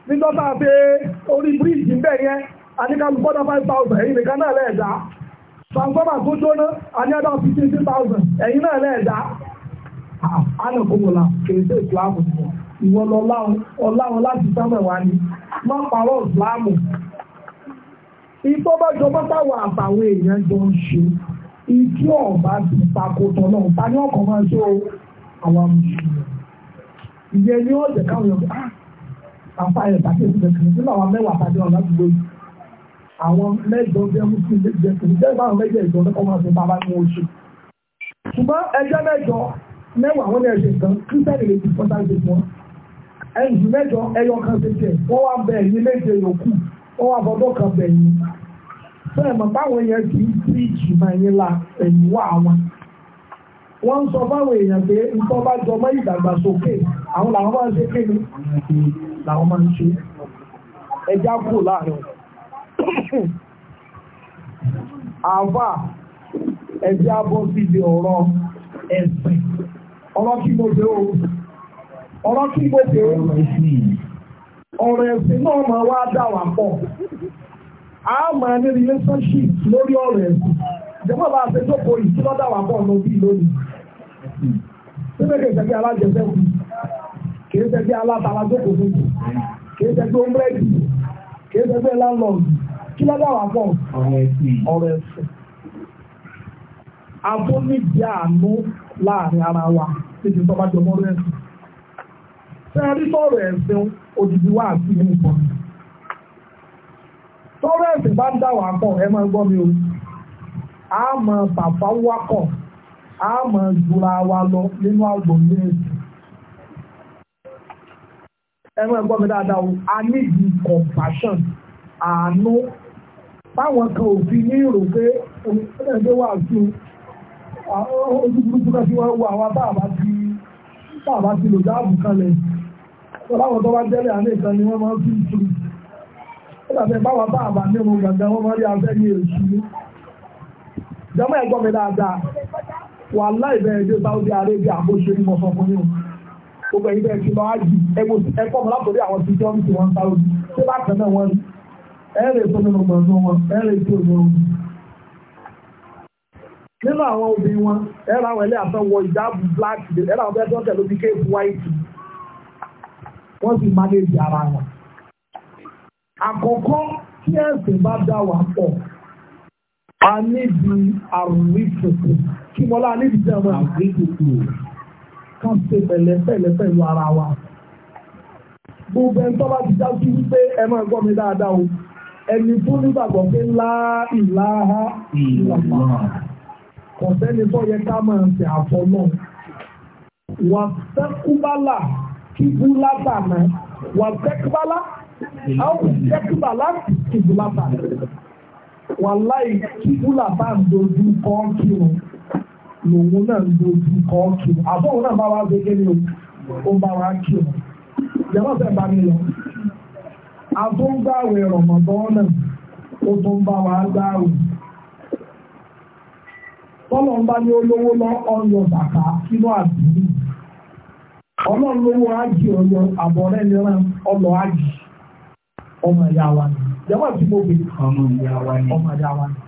nígbà tá a fẹ́ orí bíríìjì ń bẹ̀ yẹn àníkàlù bọ́dá five thousand ẹ̀yìn nìkan náà lẹ́ẹ̀dá transformer tó jóná àníyàdá fifteen thousand ẹ̀yìn náà lẹ́ẹ̀dá àánà kòmòlà kèsè ìsìláàmù ìwọ lọ́láwọn láti sámẹ̀ wá ní má parọ́ ìsìláàmù ìtọ́ bá jọba táwọn àtàwọn èèyàn jọ ń ṣe ìtí ọ̀bá ti takòtọ̀ náà ta ní ọkọ̀ máa ṣe àwọn mùsùlùmí ìyẹn ní ọ̀jẹ̀ káwọn yọ̀ ah, àfa ẹ̀ tàkìsì kẹ̀kẹ́ nínú àwọn mẹ́wàá tàbí ọ̀nà àdúgbò yìí àwọn mẹ́jọ jẹ́ mùsùlùmí jẹ́ kìrìtẹ́ báwọn mẹ́jọ ìjọ ṣùgbọ́n ẹjẹ́ mẹ́jọ mẹ́wàá wọn lẹ́ẹ̀ṣẹ̀ kan kírísítẹ́nì lè ti fọ́tà ṣe fún ọ. ẹ̀yìn mẹ́jọ ẹyọ kan ṣe tiẹ̀ wọ́n wá bẹ̀ ẹ̀yìn méje yòókù wọ́n wá fọdọ́ kan bẹ̀ ẹ̀yìn. fẹ́ẹ̀ mọ̀ báwọn yẹn ti ń tí ìjìmọ̀ yẹn la ẹ̀yìn wá wọn. wọ́n ń sọ báwọn èèyàn pé nǹkan bá jọ mọ́ ìdàgbàsókè àwọn làwọn máa ń ṣe kéde làwọn máa ń ṣe ẹja kúrò láàrin àfà ẹja bọ́ síbi ọ̀rọ̀ ọ̀rọ̀ kí mo o ọ̀rọ̀ kí mo dé o ọ̀rọ̀ ẹ̀sìn náà máa wá dà wá pọ̀ a máa ní relationship lórí ọ̀rọ̀ ẹ̀sìn ìjọba bá a ṣe jókòó yìí tí wọ́n dà wá pọ̀ lórí lónìí síbẹ̀ kì í ṣẹ́gbẹ́ alájẹsẹ́kù kì í ṣẹ́gbẹ́ alátàlájókòó kì í ṣẹ́gbẹ́ ombrẹ́dì kì í ṣẹ́gbẹ́ landlord kí ló dà wá níbi tó bá jọ ẹ̀sìn. sẹ́ẹ̀rí sọ̀rọ̀ ẹ̀sìn òdìdí wà sí ní ìbọn. sọ̀rọ̀ ẹ̀sìn bá ń dà wá pọ̀ ẹ máa gbọ́ mi o. a máa bàbá wákọ̀ a máa jura wa lọ nínú àgbọ̀nlé ẹ̀sìn. ẹ máa gbọ́ mi dáadáa o a níbi compassion àánú báwọn kan ò fi ní ìrò pé òun ẹgbẹ́ wà sí ojú burúkú náà fi wá wà wá bá àbá ti tàbá ti lò dáàbù kalẹ̀ láwọn tó bá jẹ́lẹ̀ àmì ìkan ni wọ́n máa ń fi ìtúrù ó dàbẹ̀ báwa bá àbá ní ọmọ gàgà wọ́n máa rí afẹ́ ní èṣù ní jẹ́mọ́ ẹ̀gbọ́n mi dáadáa wà láìbẹ̀ ẹ̀dẹ́ Saudi Arabia bó ṣe ní mọ̀sán fún yóò gbogbo ẹ̀yìn bẹ́ẹ̀ ti lọ ájì ẹgbẹ́ ẹ̀kọ́ mọ̀ látòrí àwọn tí jọ́ ń ti wọn Saudi tí bá kẹ́ náà wọn ẹ̀rẹ́ tó nínú gbọ̀ngàn wọn ẹ̀rẹ́ tó nínú nínú àwọn obìnrin wọn ẹ̀rọ àwọn ẹlẹ́yà fẹ́ wọ ìjáàbù black ẹ̀rọ àwọn ẹgbẹ́ tọ́tẹ̀ ló fi kéèkù white wọ́n sì manage ara wọn. àkọ́kọ́ tí ẹ̀sìn bá dá wà pọ̀ a níbi àrífòfò kí mọ́lá níbi tí àwọn àrífòfò kan ṣe pẹ̀lẹ́pẹ̀lẹ́ pẹ̀lú ara wa. gbogbo ẹni tó bá ti já sí wípé ẹ máa gbọ́ mi dáadáa o ẹni tó nígbàgbọ́ pé ńlá ìlàhà ìlàhà kò sẹ́ni tó yẹ ká máa ń sìn àfọlọ́ wà sẹ́kúbálà kíbu látàná wà sẹ́kúbálà àwọn sẹ́kúbálà kíbu látàná wà láì kíbu látàná dojú kọ́ kírun lòun náà ń dojú kọ́ kírun àbọ̀wọ̀n náà bá wá gbégé ní o ń bá wá kírun ìjọba fẹ́ bá mi lọ àtúngbàwẹ̀ rọ̀mọ̀dọ́ náà ó tún bá wá gbáwẹ̀. tọ́lọ̀ ni olowo olówó lọ ọyọ bàtà sínú àdúgbò ọlọ́run lówó ọyọ àbọ̀rẹ́ níran ọlọ́ ájì ọmọ ìyá wa ni jẹ́wọ́ tí mo gbé ọmọ wa ni ọmọ wa ni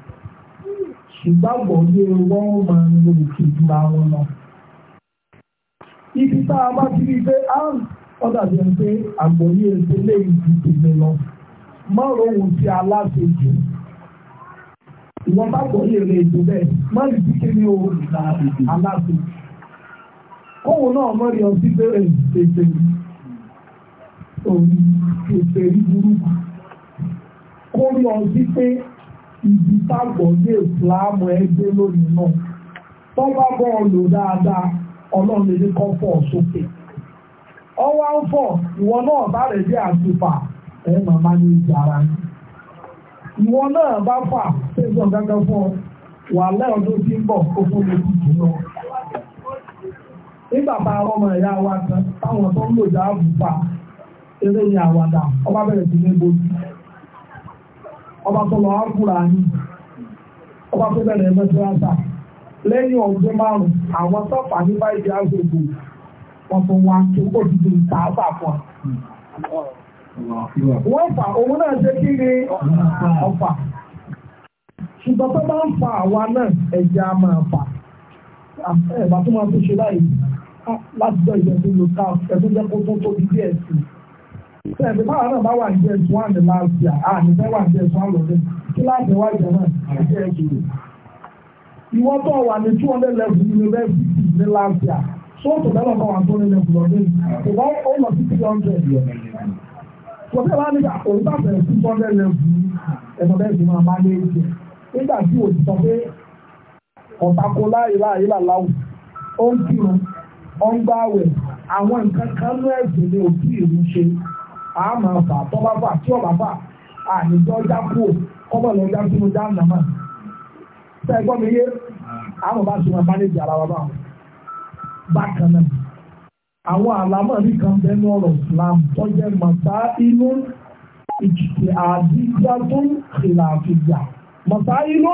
ṣùgbọ́n a bá ti rí i pé áàrùn pé àgbọ̀nyé ẹ̀ṣẹ̀ lè ju ìwọ́n bá gbọ́ yèrè ètò bẹ́ẹ̀ má lè bí kí aláàbò kóhùn náà mọ́ rí ọtí bẹ́ẹ̀ tètè òun tètè pé ibi tágbọ̀ ní ìsìláàmù ẹgbẹ́ lónìí náà tó bá bọ́ọ̀lù dáadáa ọlọ́run lè kọ́ fọ́ sókè ọwọ́ ìwọ náà bá ara ní. ìwọ náà bá fà tẹ̀sán gángan fún ọ wà tí ń bọ̀ kó fún mi jù lọ. nígbà ọmọ ìyá wa kan táwọn tó ń lò já eré àwàdà ọba bẹ̀rẹ̀ sí ní ọba tó lọ ní ọba tó bẹ̀rẹ̀ lẹ́yìn ọdún márùn-ún àwọn tọ́pà ní báyìí wọn tó Wọ́n fà òun náà ṣe kí ni ọ̀fà. Ṣùgbọ́n tó bá ń fa àwa náà ẹja máa fà. Ẹ̀bà tó máa tó ṣe láì láti jọ ìjẹ́ tó lo káà ẹ̀tún jẹ́ kó tó tóbi díẹ̀ sí i. Ṣẹ̀bí báwa náà bá wà ní jẹ́ ẹ̀sùn àmì láti à á ní fẹ́ wà ní ẹ̀sùn àlọ́dẹ. Kí láti wá ìjẹ́ náà ẹ̀jẹ̀ ẹ̀jẹ̀ Ìwọ́ tó wà ní two hundred level university ní láti à. Sọ́ọ̀tù bẹ́ẹ̀ lọ́kọ̀ wà tó ní level ọ̀dẹ́. Ìwọ́ ó lọ sí three kò tẹ́ bá nígbà òun bá bẹ̀rẹ̀ sí bọ́ọ̀dẹ̀ lẹ́bù ẹ̀sọ́ bẹ́ẹ̀ sì máa máa lé ìjẹ nígbà tí o ti sọ pé ọ̀tako láìláì làláwù ó ń kírun ó ń gbáwẹ̀ àwọn nǹkan kan ní ẹ̀sìn ni òbí ìlú ṣe àmọ́ fà tọ́ba fà tí ọ̀bà fà àníjọ́ já kú kọ́bọ̀ lọ já sínú já nàmà sẹ́gbọ́n mi yé ah. àwọn bá ṣe máa máa lé ìjẹ àwọn àlámọ̀rí kan bẹ́nu ọ̀rọ̀ Islam tó jẹ́ mọ̀tá inú ìjìkì àdíjá tó ń kìlà àfìjà mọ̀tá inú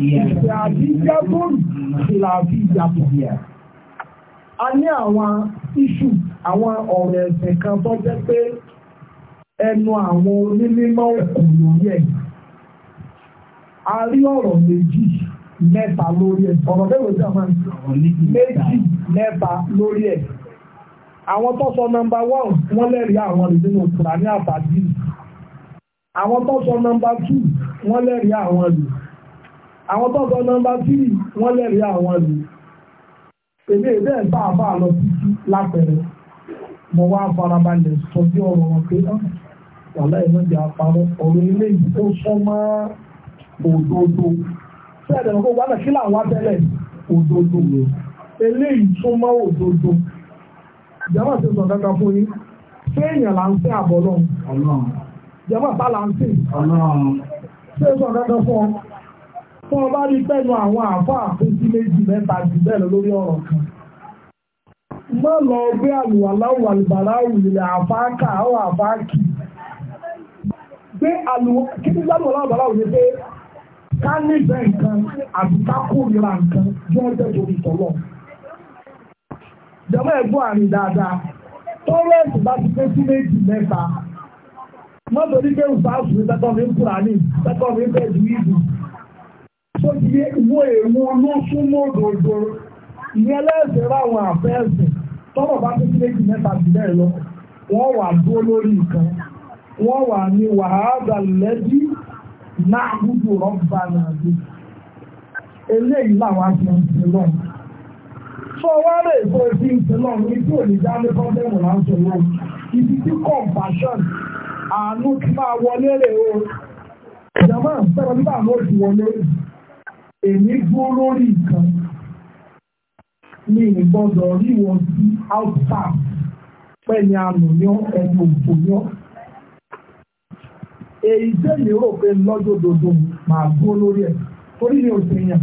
ìjìkì àdíjá tó ń kìlà àfìjà tó yẹ. a ní àwọn iṣu àwọn ọ̀rọ̀ ẹ̀sìn kan tó jẹ́ pé ẹnu àwọn onímọ̀ òkú lórí ẹ̀ a rí ọ̀rọ̀ méjì mẹ́ta lórí ẹ̀ ọ̀rọ̀ bẹ́ẹ̀ ló jẹ́ àwọn méjì mẹ́ta lórí ẹ̀ àwọn tó sọ nọmba one wọ́n lẹ́rìí àwọn rẹ̀ nínú kùránì àtàdì àwọn tó sọ nọmba two wọ́n lẹ́rìí àwọn rẹ̀ àwọn tó sọ nọmba three wọ́n lẹ́rìí àwọn rẹ̀ èmi èdè ẹ̀ bá bá lọ títí lápẹ̀rẹ̀ mo wá farabalẹ̀ sọ bí ọ̀rọ̀ wọn pé ah, wàhálà ìmọ̀jẹ̀ àparọ̀ ọ̀rọ̀ ilé yìí ó sọ mọ́ òdodo sẹ́ẹ̀dẹ̀ mọ̀ kó gbọ́dọ̀ kí làwọn wá tẹ́lẹ̀ òdodo eléyìí tún mọ́ òdodo jàmbá ti sọ kankan fún yín ṣé èèyàn là ń sẹ́ àbọ̀ náà jàmbá bá là ń sìn ṣé sọ kankan fún ọ tó o bá rí pẹ̀lú àwọn àfọ àkóso méjì mẹ́ta jù bẹ́ẹ̀ lọ lórí ọ̀rọ̀ kan má lọ gbé àlùwàláwù àlùbàláwù ilẹ̀ àfáàkà àwọn àfáàkì gbé àlùwàláwù ni pé ká nífẹ̀ẹ́ nǹkan àbí ká kórìíra nǹkan jọ́ jẹ́ torí tọ́lọ́ jọmọ ẹ̀gbọ́n àrùn dáadáa tọ́lẹ̀tì bá ti pé sí méjì mẹ́ta mọ́tò ní pé ìfàásù ní tẹ́kọ̀ọ́mí kùránì tẹ́kọ̀ọ́mí bẹ́ẹ̀dù ìbù tó ti yé ìwó èèwọ̀ ló súnmọ́ òdòdó ìyẹn lẹ́sẹ̀ ráwọn àfẹ́ẹ̀sì tọ́lọ̀ bá pé sí méjì mẹ́ta jù bẹ́ẹ̀ lọ wọ́n wà dúró lórí nǹkan wọ́n wà ní wàhálà lẹ́bí náà gbúdú rọ́bà náà dé eléyìí làwọn àti ọ̀sẹ̀ lọ́nà fọ́ wá rè fún ẹbí ìtẹ́lọ̀ ní tí ò ní já ní pọ́ńdẹ́mù láǹtọ̀ náà ibi tí compassion àánú ti máa wọlé rè o ìjàmbá sọ̀rọ̀ nígbà náà ti wọlé èmi dúró lórí ìkan ní ìgbọ́dọ̀ rí wọn sí outback pẹ̀lú àlùyọ́ ẹni òfòyọ́ èyí tẹ́lẹ̀ rò pé lọ́jọ́ dodo màá dúró lórí ẹ̀ torí mi ò sèyàn.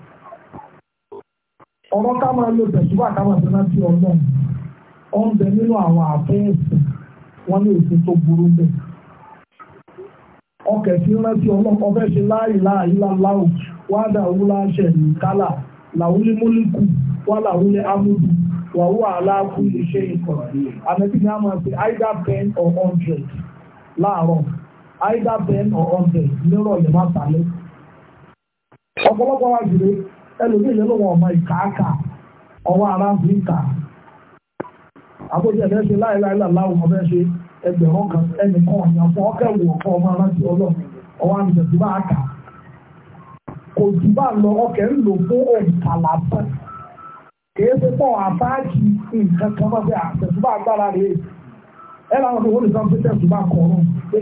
ọ̀rọ̀ ká máa lo tẹ̀síwá ká máa sẹ́nà tí ọlọ́run ó ń bẹ nínú àwọn àfẹ́ẹ̀sì wọn ní èsì tó burú bẹ́ẹ̀. ọkẹ̀ tí ńlá tí ọlọ́run ọfẹ́ ṣe láàyè láàyè láláwù wádà wúlá ṣẹ̀lú kálà làwúlé mólíkù wà làwúlé amúdù wàhù àlàáfù iṣẹ́ ikọ̀ àmẹ́bí ni a máa pe either ten or hundred láàárọ̀ either ten or hundred nírọ̀lẹ́ má sálẹ̀ ọ̀pọ̀lọpọ̀ wá jùlọ ẹlòmíì lè lọ́wọ́ ọmọ ìkàákà ọwọ́ ara ń fi kà àbójà ẹ̀ ọmọ ẹ̀ ṣe kan ẹnì kan ọ̀yàn fún ọkẹ́wò ọ̀fọ́ ọmọ aráńtì àmì kò jù bá lọ ń lò fún òǹkàlà kìí ṣe nǹkan kan agbára ẹ pé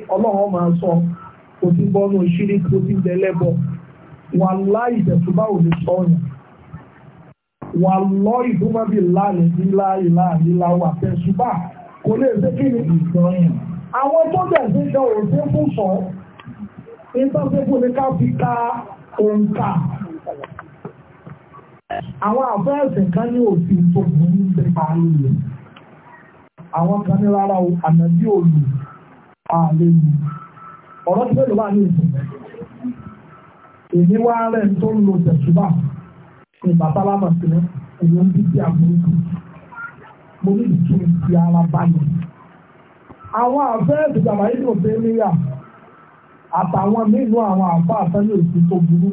máa sọ òtí bọ́ọ̀nù ìṣírí tó ti ń wà láì ìdẹ̀túbá ò lè sọ ọ̀yàn wà lọ ìdúmọ̀bí láàrin nílá ìlà nílá wà tẹ̀súbà kò lè ṣe kí ni ìsọ̀yàn. àwọn tó dẹ̀ sí ṣe òfin fún sọ ìtọ́sẹ́kù ní ká fi ka òǹkà àwọn àfẹ́ẹ̀sẹ̀ kan ní òfin tó burú nípa àlùyẹ̀ àwọn kan ní rárá ànàbí òlù àlejò ọ̀rọ̀ tí mélòó wà ní ìsìn èmi wá rẹ̀ tó ń lo tẹ̀sùbà ìbátálámà sílẹ̀ èyí ń bí sí àbúrúkú mo ní ìtú ti ara báyìí. àwọn àfẹ́ẹ̀sì bàbá yìí kò fẹ́ àtàwọn mélòó àwọn àfọ àtẹ́lẹ̀ òsì tó burú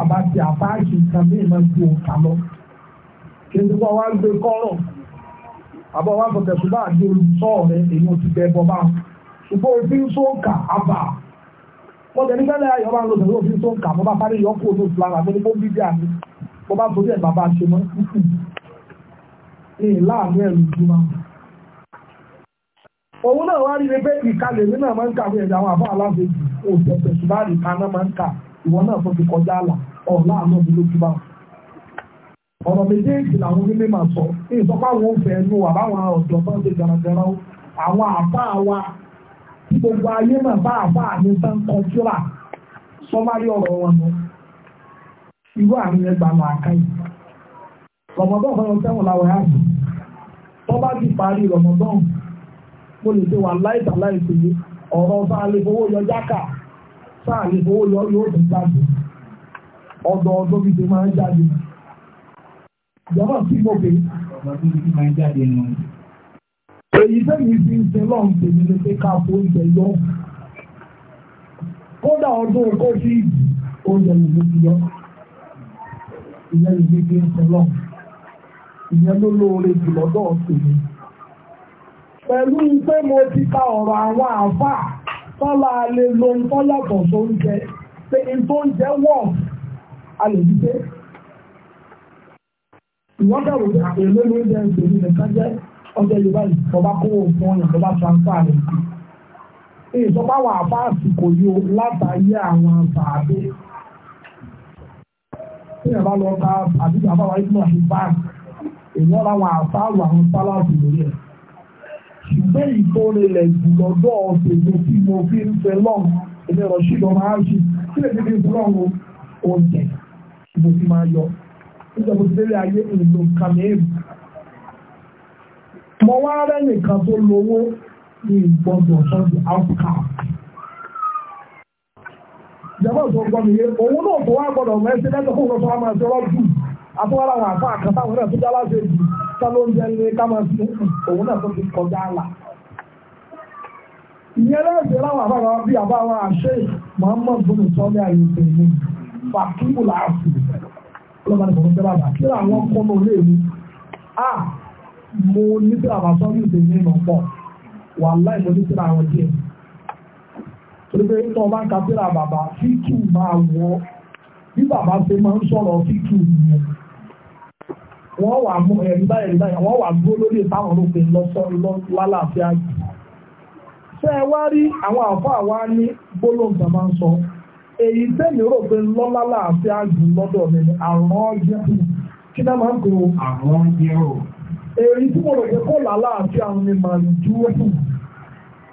a bá ti àfáàkì kan bí wọ́n tẹ̀lé fẹ́lẹ́ ayọ̀ bá ń lo sẹ̀lẹ́ òfin tó ń kà mọ́ bá parí yọ ojú fúlára tó ní kó bíbí àmì mo bá torí ẹ̀ bàbá ṣe mọ́ ní láàánú ẹ̀rù ìjúmọ́. òun náà wá rí i pé ìkalẹ̀ mi náà máa ń kàwé ẹ̀dá àwọn àbá aláfẹ́ òṣèṣẹ̀ ṣùgbọ́n ìka máa ń kà ìwọ náà tó ti kọjá àlà ọ̀ láàánú mi lójú bá ọ̀rọ̀ méjèèjì làwọn onílé máa sọ ní ìsọpá àwọn òfin ẹnu àbáwọn ọ̀dọ́ tó ń ṣe jàràjàrà àwọn àbá wa gbogbo ayé mà bá àbá mi bá ń kọ síra sọmárí ọ̀rọ̀ wọn nù irú àárín ẹgbàá nù àkáyì rọmọdún ọ̀hún sẹ́wọ̀n làwọn yà sí tó bá ti parí rọmọdún mo lè ṣe wà láìsà láìsè ọ̀rọ̀ sáà lè fowó yọ jákà sáà lè fowó yọ yóò tún jáde ọdọọdún bí ti máa ń jáde. ìjọba sí gbòkè. ọ̀dọ́ bí ti máa ń jáde nù èyí sẹ́yìn fi ń ṣe lọ́n tèmi ló pé ká fún oúnjẹ yọ kódà ọdún kó oúnjẹ ìlú ti yọ ìyẹn ìlú ti ń ṣe lọ́n ìyẹn ló lóore jù lọ́dọ̀ tèmi pẹ̀lú pé mo ti ka ọ̀rọ̀ àwọn àáfàá tọ́lá lè lo nǹkan yàtọ̀ sóúnjẹ pé nǹkan oúnjẹ wọ̀ a lè dúpẹ́ ìwọ́n dàrú èlé lóúnjẹ ìṣèlú nìkan jẹ́ ọjọ́ yorùbá yìí ọba kówó fún ọyàn ọba transfer rẹ̀ sí. èyí sọ báwọn àbá àsìkò yìí o látàyé àwọn sàádé. téèyàn bá lọ ta àdúgbò àbáwá ìgbìmọ̀ àti báńkì èyí ọ̀rọ̀ àwọn àṣàrò àwọn sálàbù lórí ẹ̀. ṣùgbọ́n ìtòrẹ̀lẹ̀ jùlọ́dọ̀ ọ̀sẹ̀ mo fi mo fi ń fẹ́ lọ́n èmi ọ̀rọ̀ sí lọ́mọ áṣì kí lè fi fi lọ́n o oúnjẹ mo fi máa yọ. nígbà mo ti délé ayé ìlú kàmíìrì mo wá rẹ́ nìkan tó lówó ní ìgbọ́dọ̀ sọ́dọ̀ outcast ìjọba tó gbọ́ mi yé òun náà tó wá gbọ́dọ̀ mọ́ ẹsẹ̀ lẹ́tọ̀ fún ọ̀sán àmà ẹ̀sẹ̀ rọ́ọ̀dù àtúwárà àwọn àfa àkàtà àwọn ẹ̀sẹ̀ tó aláṣẹ jù tá ló ń jẹ ní kámá sí òun náà tó ti kọjá àlà. ìyẹn lẹ́sẹ̀ láwọn àbá wa bí àbá wa àṣẹ Muhammad bin sọ́ọ́lì àyùsẹ̀ ní fàkíkù mo ní síra àwọn pọ̀ wà láì mo ní àwọn díẹ̀ torí pé bá ń ka síra bàbá máa wọ bí bàbá ṣe máa ń sọ̀rọ̀ fíkù nìyẹn wọ́n wà mú ẹ̀rí báyìí ẹ̀rí wọ́n wà dúró lórí ìtàwọn olóògbé lọ́sọ́ àwọn ní gbólóǹgbà máa ń sọ èyí tẹ́mi rò pé jù lọ́dọ̀ mi àrùn kí máa ń pè ó àrùn èyí tí mo rò pé kò lálàáfíà ni màndúrù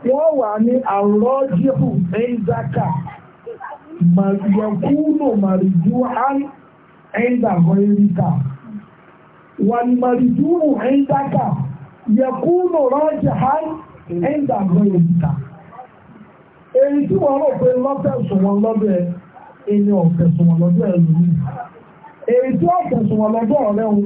wọ́n wà ní àrọ́jìhù ẹ̀ńdáka yẹkúnù màrìjúhán ẹ̀ńdàgọ́ eríta wà ní màrìjúhù ẹ̀ńdáka yẹkúnù rọ́jìhán ẹ̀ńdàgọ́ eríta èyí tí wọ́n rò pé lọ́fẹ̀sùn wọn lọ́dọ̀ ẹ̀ ẹni ọ̀fẹ̀sùn wọn lọ́dọ̀ ẹ̀ lónìí èyí tí ọ̀fẹ̀sùn wọn lọ́dọ̀ ọ̀rẹ́ wọn.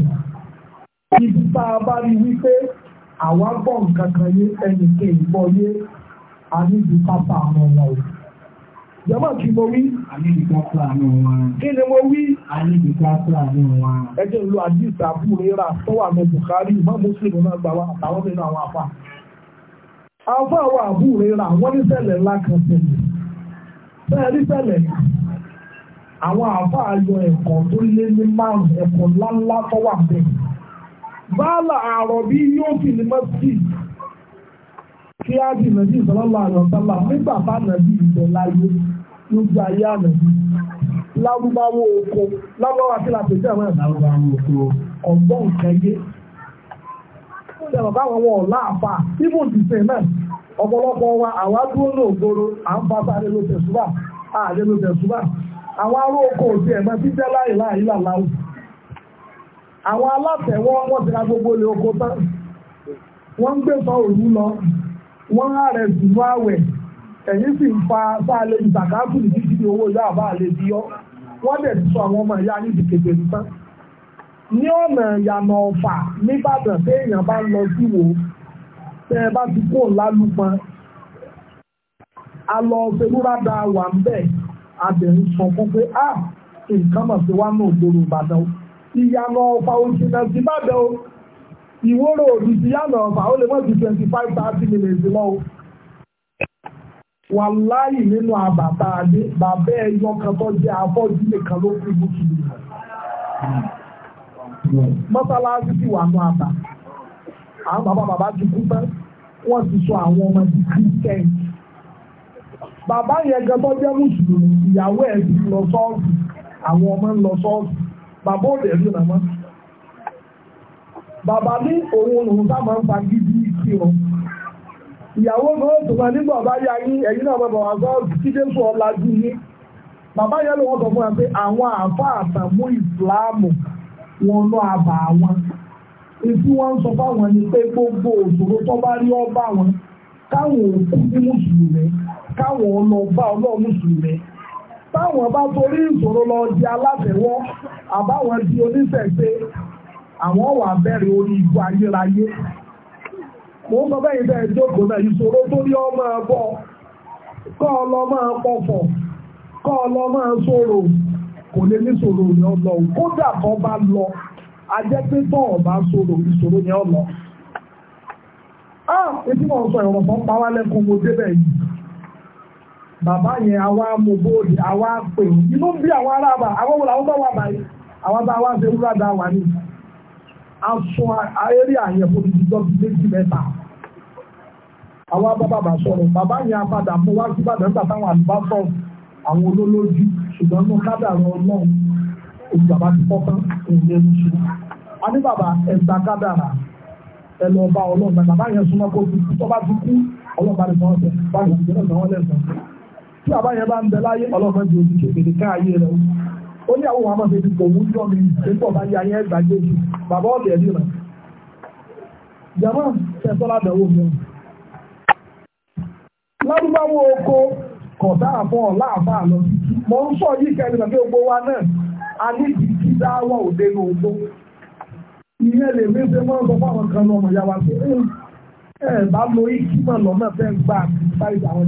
ibi tá a bá rí wípé àwa gbọ́ nǹkan kan yé ẹnì kejì gbọ́ yé a níbi pápá àwọn ọmọ rẹ̀. Jọba kí mo wí. A níbi pápá àwọn ọmọ rẹ̀. Kí ni mo wí? A níbi pápá àwọn ọmọ rẹ̀. Ẹ jẹ́ ìlú Àdìsá Búre rà tó wà ní Bùkárí, ìmọ̀ Mùsùlùmí náà gbà wá àtàwọn nínú àwọn àfà. Àfà wa Búre rà wọ́n ní ṣẹlẹ̀ ńlá kan ṣẹlẹ̀. Bẹ́ẹ̀ ní ṣẹlẹ̀ àwọn àfà ayọ̀ ẹ̀kọ́ tó lé ní márùn-ún ẹ̀kọ́ ńláńlá tó wà báàlà àrọ̀bí yóò fi lè mọ́sí kí á di nàbí ìsọlọ́lá àyọ̀sálà nígbà bá nàbí ìbẹ̀ láyé lójú ayé ànàbí lárúbáwó oko lárúbáwá sí la pèsè àwọn ìdárúbáwó oko ọ̀gbọ́n kẹyé ìjọba àwọn ọmọ ọ̀la àfà even the same man ọ̀pọ̀lọpọ̀ wa àwa dúró lóògbòrò à ń fata àlelóṣèṣúbà àlelóṣèṣúbà àwọn aróko òsì ẹ̀mọ́ títẹ́ láìláìláìláwò àwọn alátẹ̀wọ́ wọ́n ti ra gbogbo ilé oko tán wọ́n ń gbé sọ òru lọ wọ́n ń rẹ̀ sùnú àwẹ̀ ẹ̀yìn sì ń fa sáàlẹ̀ ìtàkàtù ní títí ní owó ìyá àbá àlè bí yọ́ wọ́n dẹ̀ ti sọ àwọn ọmọ ìyá yìí ti kéde nìkan ní ọ̀nà ìyànà ọ̀fà nígbàdàn tí èèyàn bá ń lọ sí wo tẹ́ ẹ bá ti kó lálùpọn a lọ ṣerúra da wà ń bẹ̀ a bẹ̀ ń sọ fún pé ah nǹkan mọ̀ sí wa náà gbòòrò Ìbàdàn ìyànà ọ̀fà òjìnà sí bàbẹ̀ o ìwóró òdì sí ìyànà ọ̀fà ó lè mọ́ ju twenty five thirty minutes lọ o. wàláì nínú àbàtà àdé bàbá ẹyọ kan tó jẹ afọ́jú nìkan ló kú ibú kiri mọ́sálásí sì wà nù àbà àwọn bàbá bàbá ti kú tán wọ́n ti sọ àwọn ọmọ di christian bàbá yẹn gan tó jẹ́ mùsùlùmí ìyàwó ẹ̀ ti lọ sọ́ọ̀sì àwọn ọmọ ń lọ sọ́ọ̀sì bàbá ò lè rí nàmọ́ bàbá ní òun òun tá máa ń fa gidi sí wọn ìyàwó náà tó máa nígbà bá yá yín ẹ̀yìn náà bàbá wà sọ́ọ́ kí jésù ọ̀làjú yín bàbá yẹn ló wọ́n sọ fún wa pé àwọn àfa àtàmú ìsìláàmù wọn lọ àbà wọn èsì wọn sọ fáwọn ni pé gbogbo òṣòro tó bá rí ọba wọn káwọn òkú ní mùsùlùmí káwọn ọlọ ọlọ́ọ̀ mùsùlùmí táwọn bá torí ìṣòro lọ di aláfẹ̀wọ́ àbáwọn di oníṣẹ̀ṣe àwọn wà bẹ̀rẹ̀ orí ibu ayérayé mo ń sọ bẹ́yìn bẹ́ẹ̀ jókòó náà ìṣòro tó rí ọmọ ẹ̀bọ kọ́ ọ lọ máa pọ̀fọ̀ kọ́ ọ lọ máa sọ̀rọ̀ kò lè ní sọ̀rọ̀ ní ọlọ kódà kan bá lọ ajẹ́ pé tọ́ bá sọ̀rọ̀ ìṣòro ní ọlọ. ah etí mo ń sọ ìrọ̀pọ̀ pa wá lẹ́kùn mo débẹ̀ yìí bàbá yẹn àwa mobóòdì àwa pè inú bí àwọn aráàbà àwọn wòlò àwọn bá wà báyìí àwọn bá wá ṣe wúrà dá wà ní aṣọ eré àyẹ̀fò ìdíjọ́ méjì mẹ́ta àwọn bá bàbá sọ̀rọ̀ bàbá yẹn apadà mú wá sí bàbá nígbà táwọn àlùbáfọ̀ àwọn olólójú ṣùgbọ́n mú kádàrọ̀ ọlọ́run òun bàbá ti fọ́kàn òun lè ṣe a bàbá ẹgbà kádàrà ẹ lọ bá ọlọ́run bàbá yẹn súnmọ́ kó tó bá ti kú ọlọ́run bá ti sọ ọ́ sẹ́ bá ti sọ ọ́ sẹ́ tí bàbá yẹn bá ń bẹ láyé ọlọ́mọ ti ojú kékeré káàyè rẹ̀ ó ní àwọn àmọ́ fèsì kò wú jọ mi nípò bá yẹ ayé ẹgbà jésù bàbá ọ̀bẹ̀ ẹ̀rí rẹ̀ jẹ́mọ́ tẹ̀sọ́ ládàáwò mi ládùbáwò oko kọ̀tà àfọ̀ láàfà lọ mọ̀ ń sọ yìí kẹ́lí lọ́kẹ́ gbogbo wa náà a ní ìdí dáwọ̀ òde ní ogbó ìyẹn lè mí ṣe mọ́ ń sọ fáwọn kan lọ́mọ yá wa pé ẹ bá lo ikí mọ̀ lọ́mọ fẹ́ gbà àti báyìí àwọn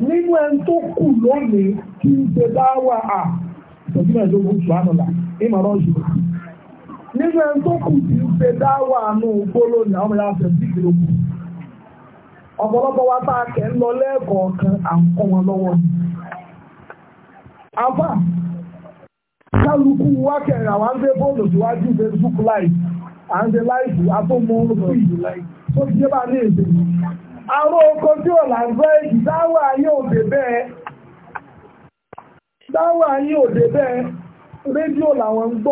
nínú tó kù lónìí kí n ṣe bá wà á ìtọ́jú náà ló ìmọ̀ràn nínú tó kù kí n ṣe dá wà ánú gbóló ní wa a kẹ́ ń lọ lẹ́ẹ̀kọ̀ọ̀kan à ń kọ́ wọn lọ́wọ́ ni. àbá kálukú wa kẹrin àwọn àǹdé bọ́ọ̀lù síwájú Facebook àwọn oko tí ò làgbọ́ èjì dáwà ayé òdè bẹ́ẹ̀ dáwà ayé òdè bẹ́ẹ̀ rédíò làwọn ń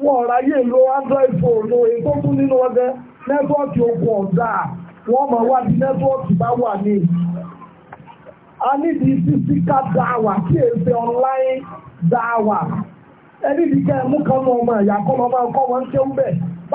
wọ́n èkó nínú ọgẹ́ nẹ́tíwọ́ọ̀kì ogun ọ̀dà wọ́n mọ̀ wá bí bá wà ní a nídìí sísíkà dáwà kí èsè online dáwà ẹni ìdíkẹ́ mú kan náà ọmọ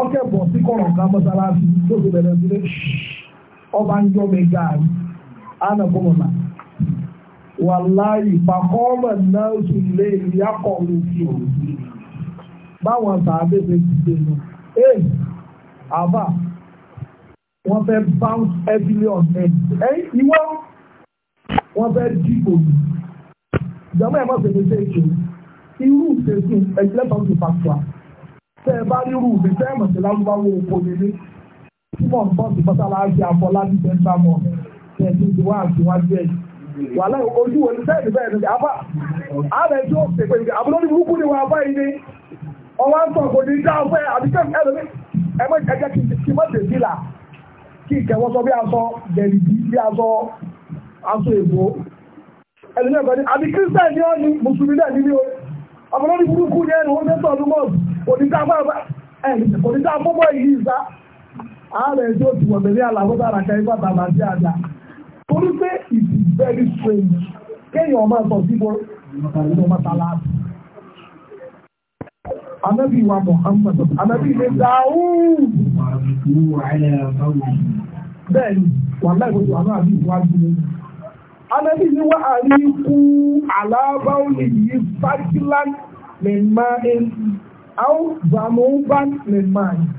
ọkẹ́ bọ̀ sí kọ̀rọ̀ ká mọ́sálásí tó ti bẹ̀rẹ̀ sílé ọba ń jọ́ mi gaari ánàkọ́mọ̀lá wà láàyè pàkọ́ọ̀mọ̀ náà sùn lé ìyàkọ̀ mi sí òun báwọn sàábé ṣe ti dé lọ ee àbá wọ́n fẹ́ bounce heavily on men ẹ ìwọ wọ́n fẹ́ dí òun ìjọba ẹ̀ mọ̀ ṣe ṣe ṣe irú ìṣesùn ẹgbẹ́ bá ń ṣe pàṣẹ tẹ́ ẹ bá rí rú mi tẹ́ ẹ mọ̀ sí lárúbáwò òpó nílé tí mò ń bọ́ sí mọ́sálásí àfọlábí tẹ́ ń bá mọ̀ tẹ́ ẹ ti ti wá àti wá jẹ́ wàhálà ojú wo ni sẹ́ẹ̀dì bẹ́ẹ̀ ni àbá àbẹ̀ tí ó pèpè ní àbúrò ní burúkú ni wà á báyìí ni ọwọ́ ń sọ̀kò ní dá ọ̀fẹ́ àbíkẹ́ ẹ̀rọ ẹgbẹ́ ẹgbẹ́ kí n má dé sílà kí ìkẹwọ́ sọ bí aṣọ gẹ̀rì bí aṣọ aṣọ èbó ẹ̀rọ ní àbí kírísítẹ̀ ni ó ní mùsùlùmí náà ní ní o ọmọ lórí burúkú ní ẹnu wọ́n tẹ́tọ̀ ọdún mọ́ọ̀sì òdìdá àpọ́pọ̀ yìí ìsá ààrẹ tí ó ti wọ̀ bẹ̀rẹ̀ àlàkóta àràkà ipá bàbá sí àjà torí pé it is very strange kéèyàn ọmọ sọ síbò ìlú mọ́tàláàbù anabi wa muhammad anabi ni daoud bẹ́ẹ̀ni wàhálà ìwé wàhálà àbí ìwádìí Anábì ní wá àrí kú àlábáwò lè yí Fájìlán lè máa ń áwò Zàmúbá lè máa yìí.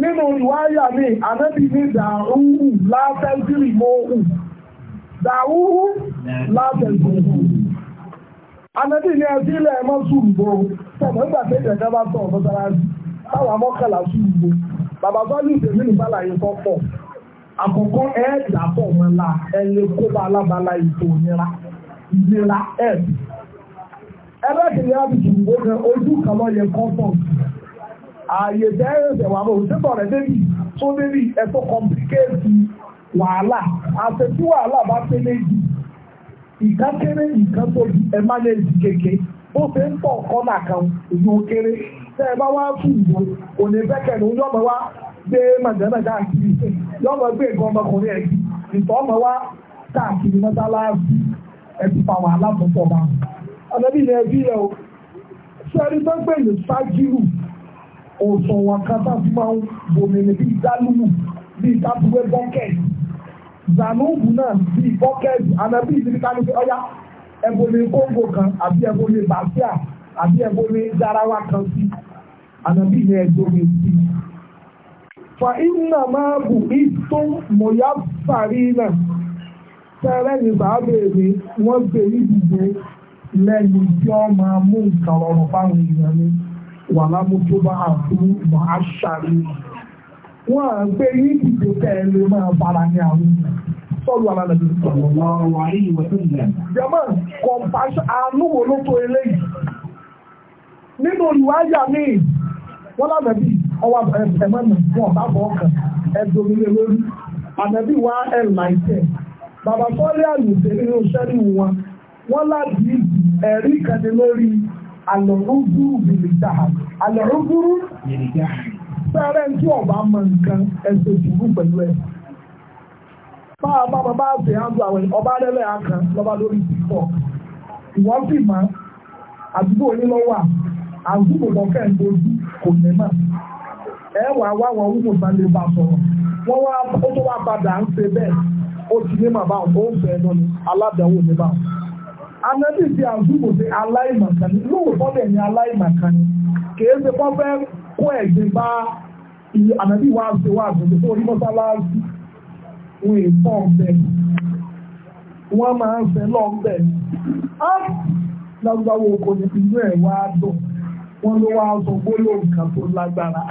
Nínú ìwáyà ní Anábì ní Dàúhù látẹ́sírì mọ́hù. Dàúhù látẹ́sírì mọ́hù. Anábì ní ẹbí ilẹ̀ ẹmọ́ sùgbò sọ̀rọ̀ nígbà tí ìjẹ̀jẹ̀ bá sọ̀rọ̀ mọ́sálásí. Táwọn amọ́kànlá sùgbò. Bàbá Sọ́lù ìdèmí nìbálàyé tó pọ̀ àkọ́kọ́ ẹ̀ dàpọ̀ wọn la ẹ lè kó bá alábala ètò ìnira ìnira ẹ̀ ẹlẹ́sìn yà bìtì ìwé kan ojú kan lọ yẹ kọ́ńtọ̀n ààyè tẹ́ ẹ̀ ṣẹ̀ wà lóhùn sípò rẹ̀ débi tó débi ẹ̀tọ́ kọ̀mplikéètì wàhálà àtẹ̀tí wàhálà bá tẹ́lẹ̀ jù ìkan kéré ìkan tóbi ẹ̀ má lè di kéke bó ṣe ń pọ̀ kọ́nà kan ìlú tẹ́ ẹ bá wá fún ìwé òní bẹ́kẹ̀ ní ojú ọ̀gbẹ́ wá gbé màdàmà káàkiri yọmọ gbé nǹkan ọmọkùnrin ẹ̀kí ìtọ́ ọmọ wa káàkiri mọ́tálásí ẹ̀sìn pàwọ́ aláfọ̀fọ̀ bá ọ̀nàbí ilẹ̀ ẹbí rẹ̀ o sẹ́ni tó ń pè ní sájírù òṣùwọ̀n kan tá a fi máa ń bomi ní bíi dálùmù bíi tábúwé bọ́kẹ́ẹ̀tì zanubu náà bíi bọ́kẹ́ẹ̀tì ànàbí ìdílé ká ní pé ọ̀yá ẹ̀bùnmi kóńgò kan àbí ẹ̀bùnmi bàṣíà àbí ẹ̀bùnmi garawa kan sí ànàbí ilẹ̀ ẹ̀dọ́ mi sí i fa iná máa bù ìtò mọ̀yá fàrí náà tẹ́rẹ́ ní sàábèrè wọ́n bèrè dìde lẹ́yìn tí wọ́n máa mú nǹkan fáwọn èèyàn ni wà lámútó bá àfún màá ṣàrí wọn à ń gbé yín dìde tẹ́lẹ̀ máa bára ní àwọn èèyàn sọ́lù sọ̀rọ̀ lọ́wọ́ àrí ìwẹ̀ tó ọwọ́ ẹ̀mọ́ nù fún ọ̀bá bọ̀ ọkàn ẹ̀dùn ilé lórí ànábì wa ẹ̀ láìpẹ́ bàbá sọ́ọ́lì àlùfẹ́ nínú sẹ́rí wọn wọ́n láti ẹ̀rí ìkànnì lórí àlọ́rúgbúrú bìrì dáhà àlọ́rúgbúrú bìrì tí ọ̀bá mọ nǹkan pẹ̀lú ẹ báwa bàbá ọba lórí ìwọ́n àdúgbò yín lọ́wọ́ àdúgbò ń dojú kò ní Ewa wà wá wọn wúkú bá wọ́n wá ó tó wá padà ń bẹ́ẹ̀ ó ti ní màbá ó ń fẹ́ ẹnu ni aládàáwò ní báwọn. Anabi ti àzúgbò sí aláìmàkánì lóòótọ́ dẹ̀ ní aláìmàkánì kìí ṣe kọ́ kó ẹ̀gbin bá Anabi ṣe wá fún wọ́n ló wá sọ gbóló nǹkan tó lágbára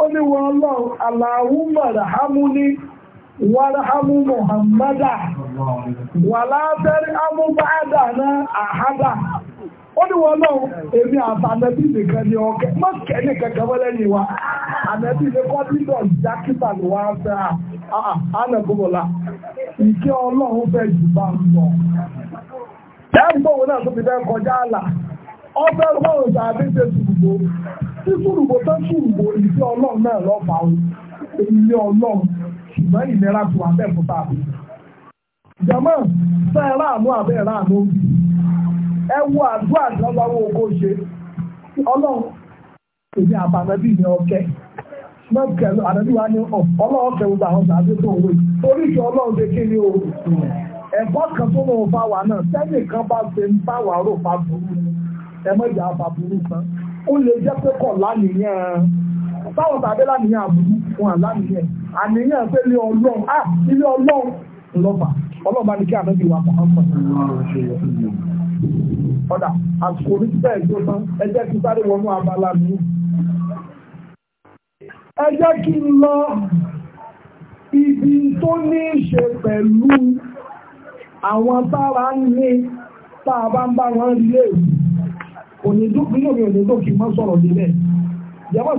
ó ní wọn lọ aláwùmọ̀ rahamu ní wàrahamu muhammada wàlátẹ́rí amúbáàdà náà àhádà ó ní wọn lọ èmi àtànẹ́bí nìkan ní ọkẹ́ mọ́kẹ́ ọbẹ̀ ọlọ́run tàbí ṣe ṣùgbò tí ṣùgbò tó ṣùgbò ìdí ọlọ́run náà lọ́pàá o ilé ọlọ́run ṣùgbọ́n ìnira tó wà bẹ́ẹ̀ fúta àbí. jọmọ sọ ẹ ráàánú àbẹ ráàánú òbí ẹ wo àdúrà ìjọlọwọ oko ṣe ọlọ́run èmi àbànàbí ni ọkẹ mọ́kẹ́ àdàbí wa ni ọlọ́run kẹ gbogbo àwọn tàbí tó ń wé oríṣi ọlọ́run ṣe kí ni o ẹ̀kọ́ kan tó lọ́wọ́ bá wa náà sẹ́nìkan bá ṣe ń bá wa rò bá burú ni ẹ mọ̀jà àbàbùrú kan ó lè jẹ́ pé kọ̀ lánìyàn táwọn tàbí lánìyàn àbùrú wọn lánìyàn àníyàn pé ilé ọlọ́run à ilé ọlọ́run lọ́fà ọlọ́run bá ní kí ànábì wà pọ̀ ọ̀dà àsìkò ní títà ẹ̀jọ́ tán ẹ jẹ́ kí sáré wọnú abala mi ẹ jẹ́ kí n lọ ibi tó ní í ṣe pẹ̀lú àwọn tára ń ní tá a bá ń bá wọn rí léèrè onídùúgbìnú mi ò ní lókè mọ́ sọ̀rọ̀ nílẹ̀ ìyàwó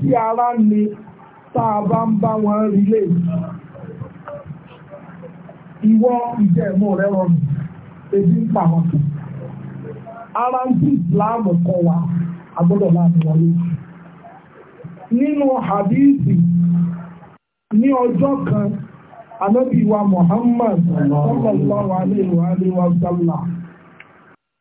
sí ara ni tá ń bá wọn rílé ìwọ ìjẹ́ ẹ̀mú rẹ rọrùn ń pa ara ń tí ìsìláàmù kọ wa agbọ́dọ̀ láti wọlé nínú hadithi ní ọjọ́ kan anábìwa Muhammad sallallahu alaihi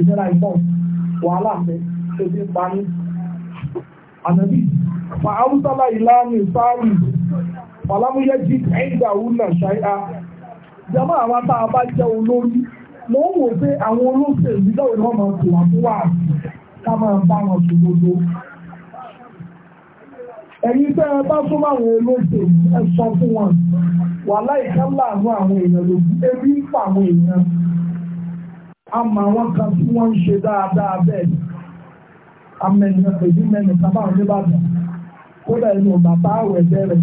ìnira ìmọ̀ wàhálà fẹ́ tó ti ń parí. Ànàbí fa Arúsálà ìlànà ìsáàrì Fàlámúyẹ́ jí ẹ̀yìndà wúnà ṣáíà. Jẹ́mọ́ àwọn tá a bá jẹ́ olórí, mo ń wò pé àwọn olóṣèlú lọ́wọ́ náà máa tò wá tó wà ká máa bá wọn tó gbogbo. Ẹ̀yin tẹ́ ẹ bá tún àwọn olóṣèlú ẹ sọ fún wọn. Wàhálà ìkálà àwọn èèyàn lòdì, ebi ń pa àwọn èèyàn àmọ́ àwọn kan tí wọ́n ń ṣe dáadáa bẹ́ẹ̀ amẹnìyàn pẹ̀lú mẹ́nu sábà oníbàdàn kódà inú bàbá àwẹ̀ bẹ̀rẹ̀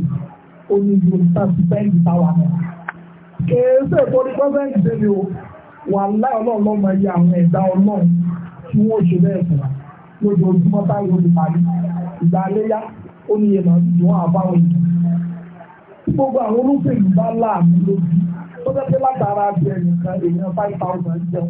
oníbi olùtàkì bẹ́ẹ̀ni táwa náà. kèéṣe torí pọ́sẹ́ǹtì tẹ̀lé o wà láì ọlọ́ọ̀lọ́ mọ iye àwọn ẹ̀dá ọlọ́run tí wọ́n ṣe bẹ́ẹ̀ fún wa lójoojúmọ́ táwọn olùpàdé ìgbà aléyá ó ní ìlànà ìwọ̀n àbáwọn èèyàn. gbogbo àwọn olóṣèlú bá láàmú lójú tó tẹ́ pé látara bí ẹnìkan èèyàn five thousand jẹun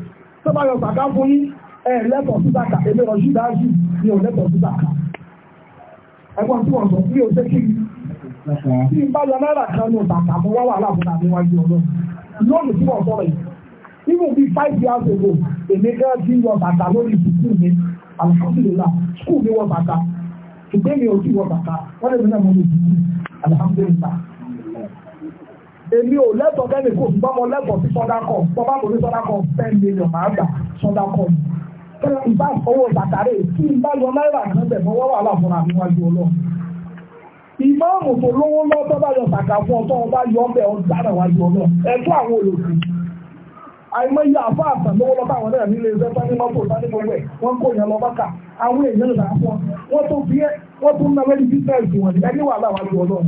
tó bá yọ sàká fún yín ẹ lẹ́tọ̀ọ́ sí sàká èmi rọ̀ ṣùdájú mi ò lẹ́tọ̀ọ́ sí sàká ẹgbọ́n tí wọ́n sọ mi ò sé kí tí n bá yọ náírà kan ní sàká mo wá wàhálà fún àmì wájú ọlọ́run lónìí tí wọ́n sọ̀rọ̀ yìí even bí five years ago èmi gan ti yọ sàká lórí ìsìnkú mi alhamdulilah school mi wọ sàká ṣùgbọ́n mi ò tí wọ sàká wọ́n lè èmi ò lẹ́tọ̀ọ́ kẹ́lẹ̀ kó ṣùgbọ́n mo lẹ́tọ̀ọ́ sí sọ́dákọ̀ bọ́bá mo ní sọ́dákọ̀ ten million máa gbà sọ́dákọ̀ mi kẹ́lẹ́ ìbá owó bàtàrẹ́ tí n bá yọ náírà kan bẹ̀ mọ́ wọ́wọ́ aláfọ̀rọ̀ àmì wájú ọlọ́ ìmáàmù tó lówó lọ́tọ́ bá yọ sàkà fún ọtọ́ ọba yọ ọbẹ̀ ọ̀dára wájú ọlọ́ ẹ̀tọ́ àwọn olùkù àìmọye àfọ àtàn lówó lọ́tọ́ àwọn náà nílé ẹgbẹ́ tání mọ́tò tání gbogbo ẹ̀ wọ́n kó yẹn lọ bákà àwọn èèyàn lọ́tà fún wọn tó fi ẹ́ wọ́n tún náwó ní bísíǹsì wọn ẹni wà láwájú ọlọ́run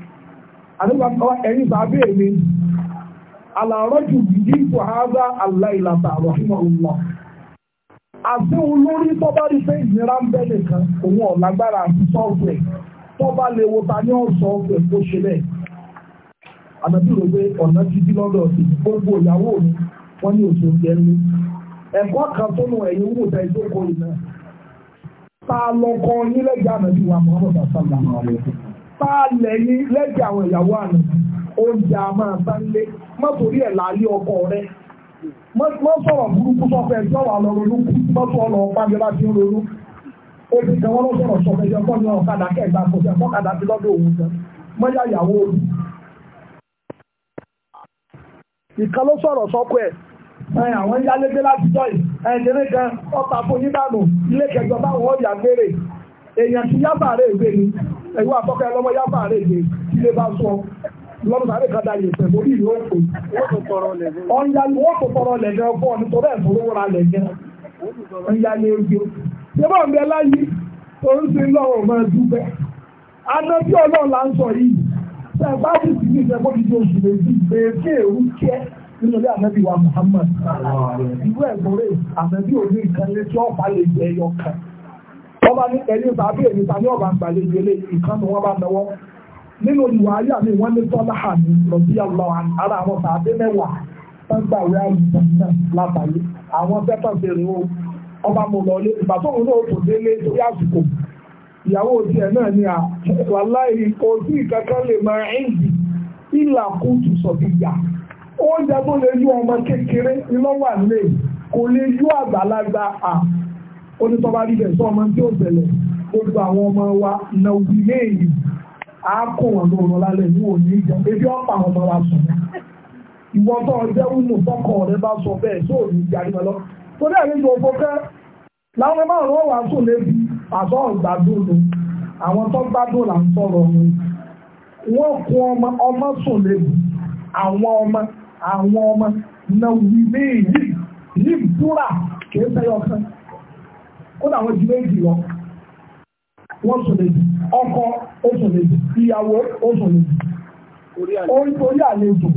àdúgbàkọ́ ẹ̀yìn sàbí èmi alàrọ́jù yìí kò háza aláìlàtà àròhìmọ̀ àti olórí tó bá rí pé ìnira ń òun ọ̀lágbára àti sọ́ọ̀fẹ̀ tó bá lè wo ta ní ọ̀sọ̀ ọ̀fẹ̀ tó ṣe bẹ́ẹ̀ àdàbí rò pé ọ̀nà ti dí lọ́dọ̀ sí gbogbo ìyàwó mi wọ́n ní òṣèlú jẹ́ ní ẹ̀kọ́ kan tó nu ẹ̀yìn owó ta ìjókòó sáàlẹ̀ ní lẹ́gbẹ̀ẹ́ àwọn ìyàwó àná oúnjẹ a máa sánlé má ẹ̀ lálé ọkọ rẹ̀ má burúkú sọ́fẹ́ tí ọ̀wà lọ ronú má ọ̀nà ọ̀pá mi ti ń ronú obì kan wọ́n lọ sọ̀rọ̀ sọ̀fẹ́ jẹ́ ọkọ ọ̀kadà kò jẹ́ lọ́dọ̀ òun mọ́yá ìyàwó ìkan ló sọ̀rọ̀ sọ́kọ ẹ̀ àwọn yálégbé kan ni ẹ̀yọ́ àtọ́kẹ́ lọ́mọ yá fàárẹ̀ èdè ilé bá sọ lọ́mọ sáré kan dá yẹ̀fẹ̀ mórí ìlú òkú ọ̀nyàlú wọ́n tó tọrọ lẹ̀gẹ́ ọkọ̀ nítorí ẹ̀sùn owó ra lẹ̀gẹ́ ọ̀nyàlú ege ṣé bá ń bẹ láyé torí sí lọ́rọ̀ máa dúpẹ́ aná bí ọlọ́run là ń sọ yìí sẹ́gbàdì sí ní ìṣẹ́gbọ́n ti di oṣù méjì bèèké èrú kíẹ́ nínú ilé àmẹ́bí wa Muhammad ìwé ẹ̀gbọ́n rẹ̀ àmẹ́bí òní ìkànnì tí ọ̀pá lè jẹ ẹyọ kan wọ́n bá ní ẹ̀yìn tàbí èyí tàbí ọ̀bà gbàlejò ilé ìkan ni wọ́n bá náwọ́ nínú ìwà ayé àmì wọ́n ní tọ́lá àmì lọ́bí ara àwọn tàbí mẹ́wàá tán gbàwé àlùfọ́n náà látàlé àwọn tẹ́tàn ṣe rìn o ọba mo lọ lé ìgbà tóun náà tó délé tó yá àsìkò ìyàwó tiẹ̀ náà ni à wàláì kò sí kankan lè máa ń dì ìlà kùtù sọ̀bìyà oúnjẹ tó lè yú ọmọ kékeré ni lọ́wọ́ kò lè yú àgbàlagbà à ó ní tọ́ba rí bẹ̀rẹ̀ sọ ọmọ tí ó ṣẹlẹ̀ gbogbo àwọn ọmọ wa na òbí léèrè á kó wọn lóorun lálẹ́ ní òní ìjà ebi ọ̀pá àwọn ọmọ wa sùn ìwọ tó ọjọ́ wúlò tọkọ rẹ bá sọ bẹ́ẹ̀ tó ò ní jarí wọn lọ tó dẹ̀ ní gbogbo kẹ́ láwọn márùn-ún wà sùn lébi àtọ́ ọ̀gbádùn lò àwọn tó gbádùn là ń sọ̀rọ̀ wọn wọ́n kún ọmọ ọmọ sùn lébi àwọn ọmọ àwọn ọmọ na wílé yìí yìí kódà wọ́n ju méjì lọ wọ́n sùn lèdì ọkọ ó sùn lèdì ìyàwó ó sùn lèdì orí àlejò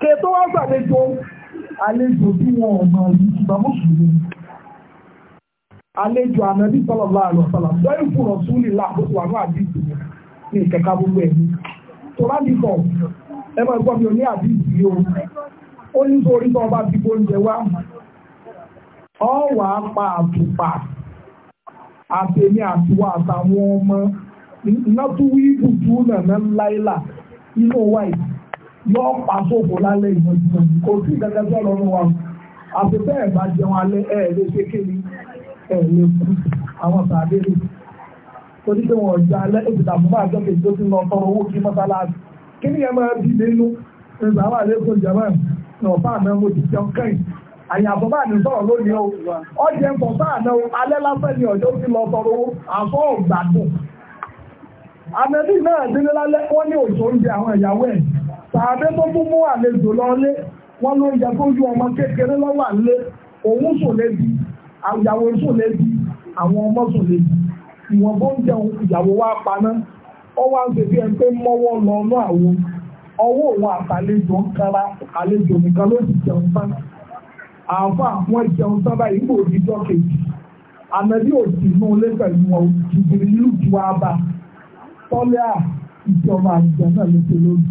kètò wọ́n gbàlejò àlejò bí wọn ò mọ̀ ní ṣùgbọ́n mùsùlùmí àlejò ànábì sọlọ́lá àlọ́sọlá lọ́yìn fún ọ̀túnlì láàkóso àwọn àdìsí ní ìkẹ́kà gbogbo ẹ̀mí tó bá dìbò ẹ máa gbọ́ mi ò ní àdìsí o ó ní sórí tó ọba dìbò oúnjẹ wá ọ wàá pa àtùpà àtẹ̀mí àtiwọ́ àtàwọn ọmọ látúwí ibùdó nàná láìlà inú wa yìí yóò pa sóko lálẹ́ ìmọ̀jùmọ̀ kò sí gẹ́gẹ́ bí ọlọ́run wa àfẹ́fẹ́ ẹ̀ bá jẹun alẹ́ ẹ̀ lè ṣe kéde ẹ̀ lè kú àwọn tàbí rè torí pé wọn jẹ alẹ́ èbìtà fún bá àjọkè tó ti lọ tọrọ owó kí mọ́sálásí kí ni ẹ máa bí nínú ẹ̀sán àwọn àlékún jẹ̀mọ́ náà bá àná mo ti jẹun kẹ́yìn àyàbọ̀ bá ní sọ̀rọ̀ lónìí o ọjẹ́ ń sọ sáà náà alẹ́ lásán ni ọjọ́ ti lọ sọ̀rọ̀ owó àfọ́ ògbàdùn àmẹ́bí náà délé lálẹ́ wọ́n ní òṣò oúnjẹ àwọn ìyàwó ẹ̀ sàbẹ́ tó tún mú àlejò lọ́lé wọ́n ló ń jẹ tó ju ọmọ kékeré lọ́wọ́ àlé òun sùn lébi ìyàwó sùn lébi àwọn ọmọ sùn lébi ìwọ̀n bó ń jẹun ìyàwó wa paná ọwọ́ àgbè bí ẹni pé mọ́wọ́ lọ ọlọ́ àwọn ọwọ́ òun àtàlejò ń kára àlejò nìkan ló ti jẹun sáà àǹfà wọn jẹun sábà ìgbò òdìjọ́ kejì ànàbí òsì inú ilé pẹ̀lú wọn jìbìrì ìlú ju abá tọ́lẹ́ à ìjọba àjọ náà ló ṣe lórí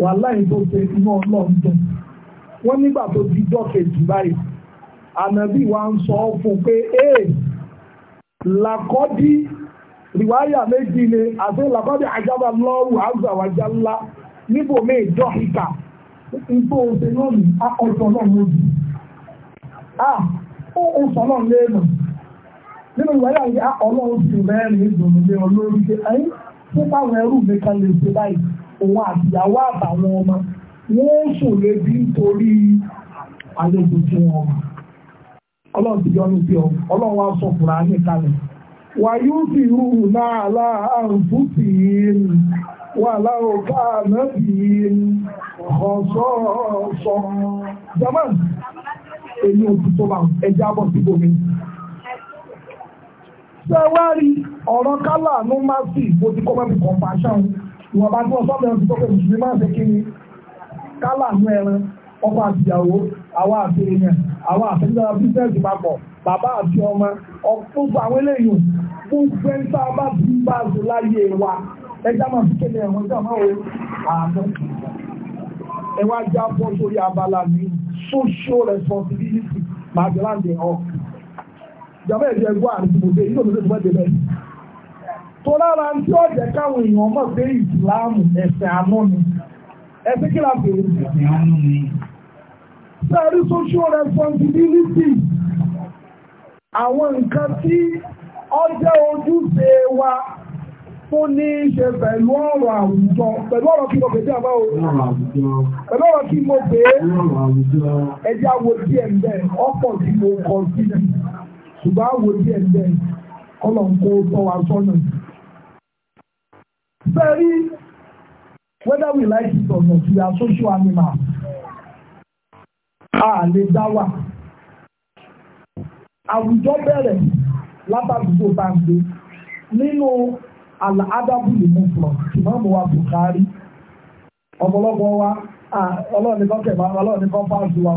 wàhálà yìí tó ṣe iná ọlọ́run jẹ wọ́n nígbà tó di jọ́ kejì báyìí ànàbí wa ń sọ fún pé ee làkọ́dí rìwáyà méjì ni àti làkọ́dí àjábá lọ́rù àgbàwájá ńlá níbòmí ìjọ ìkà nígbà òṣèlú ọ̀nà akọ̀jọ̀ náà lójú. Ah, ó sọ náà lẹ́nu nínú ìwáyà yìí ọlọ́run mẹ́rin ìdùnnú pé tó lè ṣe báyìí òun ọmọ àlejò tí wà ọlọ́run ti ọlọ́run sọ fúnra ní náà fún wà láwọn náà ọ̀sọ̀ọ̀sọ̀ èmi ojú tó bá ẹjẹ́ àbọ̀ síbò mi. ṣé wá rí ọ̀rọ̀ kálà ló máa sì bó ti kọ́ mẹ́bí compassion ìwọ̀n bá tí wọ́n sọ́bẹ̀ ọdún tó pé mùsùlùmí máa ṣe kí ni kálà nú ẹran ọkọ àtìyàwó àwa àti èèyàn àwa àtẹnudọ́ra bísíǹsì papọ̀ bàbá àti ọmọ ọ̀pọ̀lọpọ̀ àwọn eléyìí gbogbo ẹni tá a bá ti bá a ṣe láyé wa ẹjẹ́ àmọ́ sí kéde ẹ̀wọ̀n tí a máa wọ àánú ẹ wá já bọ́ sórí abala mi social responsibility máa jẹ́ láǹdẹ̀ ọ̀. ìjàmbá ẹ̀rí ẹgbẹ́ àti mo dé yíyọ̀ lóṣèlú tó mẹ́tẹ̀ẹ́ bẹ́ẹ̀. tó lára ń tí ọ̀jẹ̀ káwọn èèyàn mọ̀ pé ìsìláàmù ẹ̀sẹ̀ àánú ni ẹ̀sẹ̀ kí la pè é. ẹ̀sẹ̀ àánú ni. sẹ́ẹ̀rí social responsibility àwọn nǹkan tí ọjọ́ ojúṣe wa tó ní ṣe pẹ̀lú ọ̀rọ̀ àwùjọ pẹ̀lú ọ̀rọ̀ kí mo pè tí a bá o pẹ̀lú ọ̀rọ̀ kí mo pè é ẹjẹ́ àwọ̀ díẹ̀ ń bẹ̀ ọ̀pọ̀ tí mo kọ sí i ṣùgbọ́n àwọ̀ díẹ̀ ń bẹ̀ kọ́lọ̀ ń tọ́ wa sọ́nà. Bẹ́ẹ̀ni, whether we like it or not, we are social animals. A lè dá wà. Àwùjọ bẹ̀rẹ̀ látàdúgbò bá ń gbé nínú aláàdábù lè mú fún ọ ìmáàmù wa Bukhari ọ̀pọ̀lọpọ̀ wa ọlọ́ọ̀ni kan kẹ̀ máa ọlọ́ọ̀ni kan fáàsù wa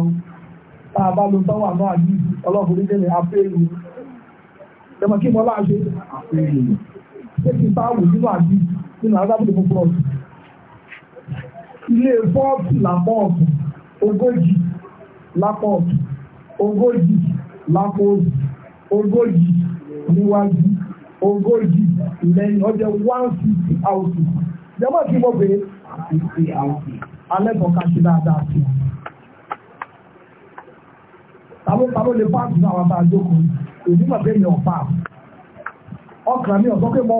tá a bá lo sọ́wọ́ àná àyè ọlọ́ọ̀fù ní kẹ́lẹ̀ afẹ́rù ẹ̀mọ̀ kí mo láṣẹ ṣé kí bá wù nínú àyè nínú aláàdábù lè mú fún ọ ilé fọ́ọ̀tù làpọ̀ọ̀tù ogójì lápọ̀ọ̀tù ogójì lápọ̀ọ̀tù ogójì níwájú ogójì lẹ́yìn ọjọ́ one fifty houses kí fifty houses alẹ́kọ̀ọ́ká ṣe dáadáa sí i. tàbí tàbí lè fáàsì náà wà bá a èmi pé ọkàn mi ọ̀sán pé mo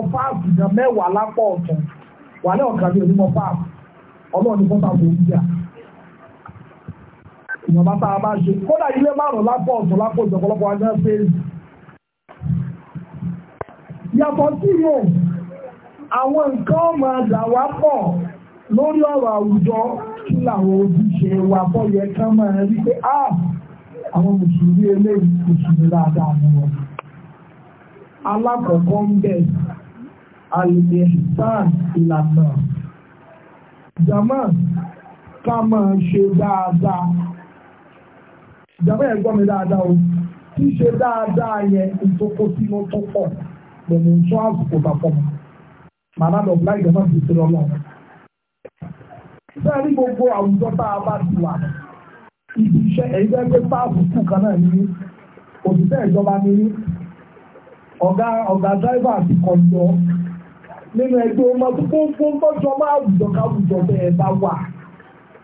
mẹ́wàá ọ̀tún wà ní ọkàn mi ò ní mo fáàsì ọlọ́run ní fọ́tà kò ń jà tá a bá ṣe kódà ilé márùn-ún ọ̀tún Yàtọ̀ sí yóò, àwọn nǹkan ọmọ àdàwà pọ̀ lórí ọ̀rọ̀ àwùjọ kí làwọn ojúṣe wa bọ́ yẹ kán máa rí pé á ah, àwọn mùsùlùmí eléyìí mùsùlùmí dáadáa ni wọn. Alákọ̀ọ́kọ́ ń bẹ̀ alìmẹ̀sán ìlànà. Jàmá ká máa ṣe dáadáa. Jàmá ẹ̀ gbọ́ mi dáadáa o. Ṣíṣe dáadáa yẹn ìtòkó sínú tó pọ̀ mo ní nsọ àsìkò papọ̀ mọ́ màmá lọ bùlá ìjọba ti ti lọ lọ. bẹ́ẹ̀ ni gbogbo àwùjọ tá a bá ti wà ibi iṣẹ́ èyí bẹ́ẹ̀ pé sáàbù kù kan náà ní òṣìṣẹ́ ìjọba ní ọ̀gá ọ̀gá dráìvà àti kọ̀ǹdọ̀ nínú ẹgbẹ́ ọmọ tó kó fún tọ́jọ́ máa àwùjọ káwùjọ bẹ́ẹ̀ bá wà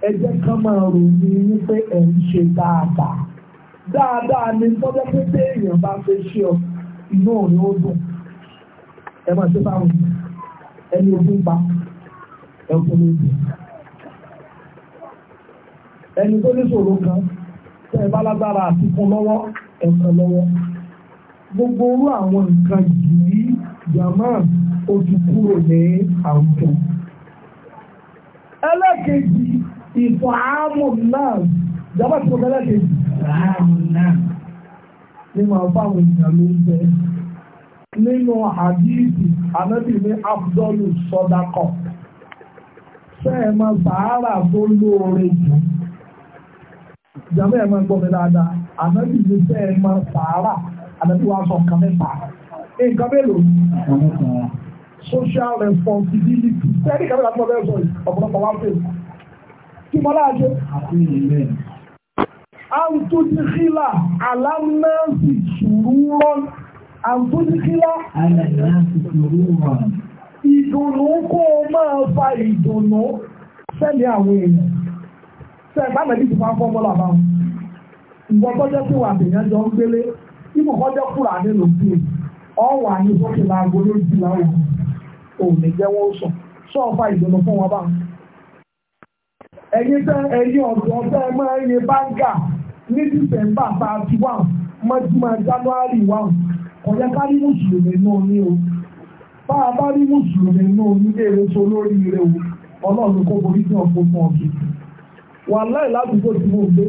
ẹjẹ́ kan máa rò ní wípé ẹ̀ ń ṣe dáadáa dáadáa ni tọ́jọ́ pé téèyàn bá fẹ́ ṣe ọ inú òní ó dùn ẹ máa ṣe báwọn ẹni ojú pa ẹkún lójú ẹni tó ní ṣòro kan tẹ́ ẹ bá lágbára àtikún lọ́wọ́ ẹ̀kan lọ́wọ́ gbogbo orú àwọn nǹkan yìí jaman ó ti kúrò ní àwùjọ ẹlẹ́kejì ìfọ̀ àámù náà jaman ti kọ́ ẹlẹ́kejì àámù náà ní màá fáwọn èèyàn ló ń bẹ́ẹ̀ nínú àdíìsì ànábì ní afdọ́lù sọ́dákọ̀ sẹ́ẹ̀mọ́ sàárà tó lóore jù jàmẹ́ ẹ̀mọ́ gbọ́mí dáadáa ànábì ní sẹ́ẹ̀mọ́ sàárà ànábì wá sọ nǹkan mẹ́ta nǹkan mélòó social responsibility sẹ́ẹ̀dì kan mẹ́ta tí wọ́n bẹ́ẹ̀ sọ yìí ọ̀pọ̀lọpọ̀ wá fèèrè kí mọ́lá ajé àwùjọ ti hílà alámẹ́sì sùúrù rọ́nù. àbúdíkílá ìdùnnú kó o máa fa ìdùnnú àwọn èèyàn fa fọ́mọ́lá bá wọn ìwọ́n tó jẹ́ wà bèèyàn jọ ń gbélé ìmọ̀ kọ́ kúrò àdé lòdì ọ̀ wà ní sókè láago lójú láwọn òní jẹ́ sọ sọ ọ̀fà ìdùnnú fún wọn bá ẹ̀yin tẹ́ ẹ̀yin ọ̀dọ́ tẹ́ máa ń yẹ báńgà ní dísẹ̀mbà thirty one mọ́júmọ́ january kò yẹ ká rí mùsùlùmí náà ní o bá a bá rí mùsùlùmí náà ní léèrè tó lórí ire o ọlọ́run kó borí sí ọ̀pọ̀ mọ́ ọ̀gbìn wà láì ládùúgbò tí mo gbé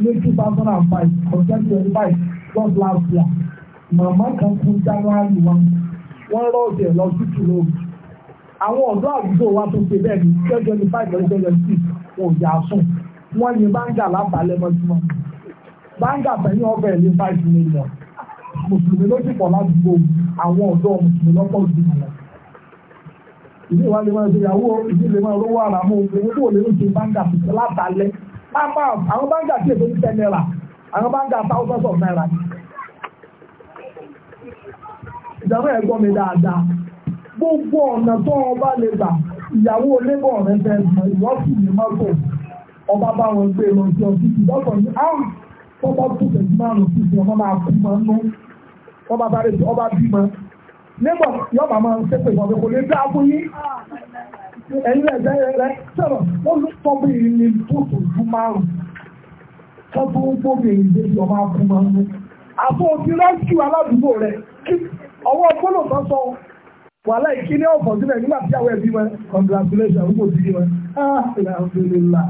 ní two thousand and five ọ̀sẹ̀ twenty five just last year màmá kan kú january one wọ́n rọ́ọ̀dì ẹ̀ lọ sí tìlóògì àwọn ọ̀dọ́ àdúgbò wa tó ṣe bẹ́ẹ̀ ní twenty twenty five lọ́jọ́ twenty six wọn ò yà sùn wọ́n ní báńgà lábàálẹ̀ mọ́tìmọ́ báńgà pẹ̀lú ọbẹ̀ ní five million mùsùlùmí ló sì pọ̀ ládùúgbò àwọn ọ̀dọ́ mùsùlùmí lọ́pọ̀ jù lọ. ìdí ìwà lè máa ṣe ìyàwó ìdí lè máa rówó ara mú owó tó lè ń ṣe báńgà tuntun látàlẹ́ pápá àwọn báńgà tí èso ń tẹ náírà àwọn báńgà thousands of naira. ìjàmbá ẹ̀ gbọ́ mi dáadáa gbogbo ọ̀nà tó ọba lè gbà ìyàwó lébọ̀ rẹ̀ fẹ́ mọ ìwọ́sùn ní mọ́tò ọba bá wọn gbé lọ sí ọtí ìdọ́kọ̀ ní áwùn tó bá tún tẹ̀síwájú sí ọmọ máa kú mọ́ nú ọba bàrẹ̀ sí ọba bímọ nígbà yọba máa ń sẹ́pẹ̀ ìwọ̀n kò lè dáa fún yín ẹ̀yin ẹ̀jẹ̀ rẹ̀ sọ̀rọ̀ wọ́n ló tọ́ bí ní bóòtù fún márùn tọ́ tó ń gbóbi èyí dé ọmọ abúmọ́ ní àbọ̀ òfin rẹ́síkì aládùúgbò rẹ̀ kí ọwọ́ gbọ́dọ̀ tó sọ wàhálà ìkíní ọ̀pọ̀ sílẹ̀ nígbà tí àwọn ẹbí wọn congratulation ó kò wọn ah, alhamdulillah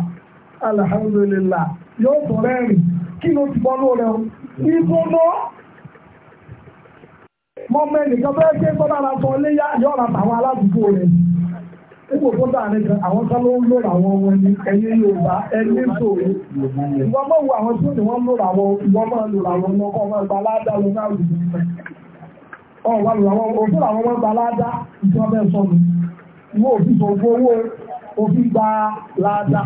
alhamdulillah yóò tọ̀ rẹ́rìn kí ló ti bọ́ lóore o ìbọn náà mọ́ mẹ́rin kan fẹ́ ké kọ́ lára sọ léyà yọ ra tàwọn aládùúgbò rẹ̀ nígbò tó dáa nìkan àwọn kan ló ń lòrò àwọn wọn ni ẹ̀yin Yorùbá ẹni sòrò ìwọ mọ̀ wo àwọn tó ní wọ́n lòrò àwọn ìwọ máa lòrò àwọn ọkọ̀ wọn gba aládá lọ náà lòrò ọ̀hún wà lòrò àwọn òfin àwọn wọn gba aládá ìjọba ẹ̀ sọnù ìwọ òfin sọ owó òfin gba aládá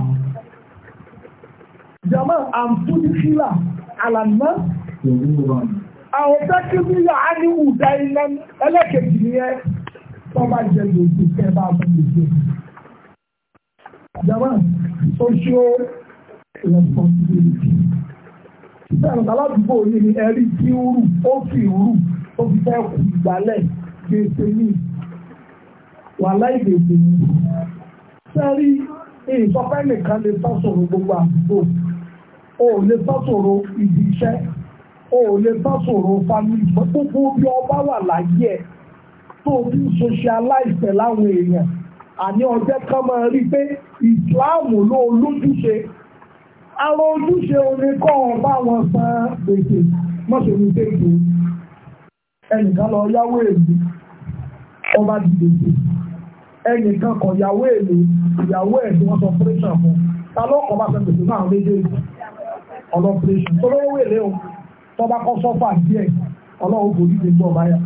jama àǹtúndínlá àlànà àwọn tẹ́kíríyà á ní ùdá iná ẹlẹ́kẹ̀jì ni ẹ tó bá jẹ lòdì kẹ bá bú lòdì. Àjàmá social responsibility. Ìfẹ́ràn aládùúgbò yìí ni ẹrí tí ń rù ó fi rù ó fi fẹ́ kù ìgbálẹ̀ gbèsè ní wàhálà ìgbèsè ní. Sẹ́rí ìsọpẹ́ nìkan lè sọ́sọ̀rọ̀ gbogbo àdúgbò. O lè sọ́sọ̀rọ̀ ibi iṣẹ́ o ò lè bá sọ̀rọ̀ family gbogbo bí ọba wà láyé ẹ̀ tó o ti ń socialize láwọn èèyàn àní ọjọ́ kan máa rí pé ìsìláàmù ló lójúṣe àwọn ojúṣe omi kọ́ ọba wọn san gbèsè mọ́sọ̀rọ̀ tẹ́kù ẹnìkan lọ yáwó èlé ọba dìbò ẹnìkan kọ̀ yáwó èlé ìyàwó ẹ̀ tí wọ́n sọ pírẹ́sàn fún ta ló kọ́ bá fẹ́ gbèsè náà méjèèjì ọlọ́pírẹ́sàn tó lówó èlé òun tọ́ba kọ́ sọ́fà díẹ̀ ọlọ́run kò ní ìdèjọ́ ọba yà.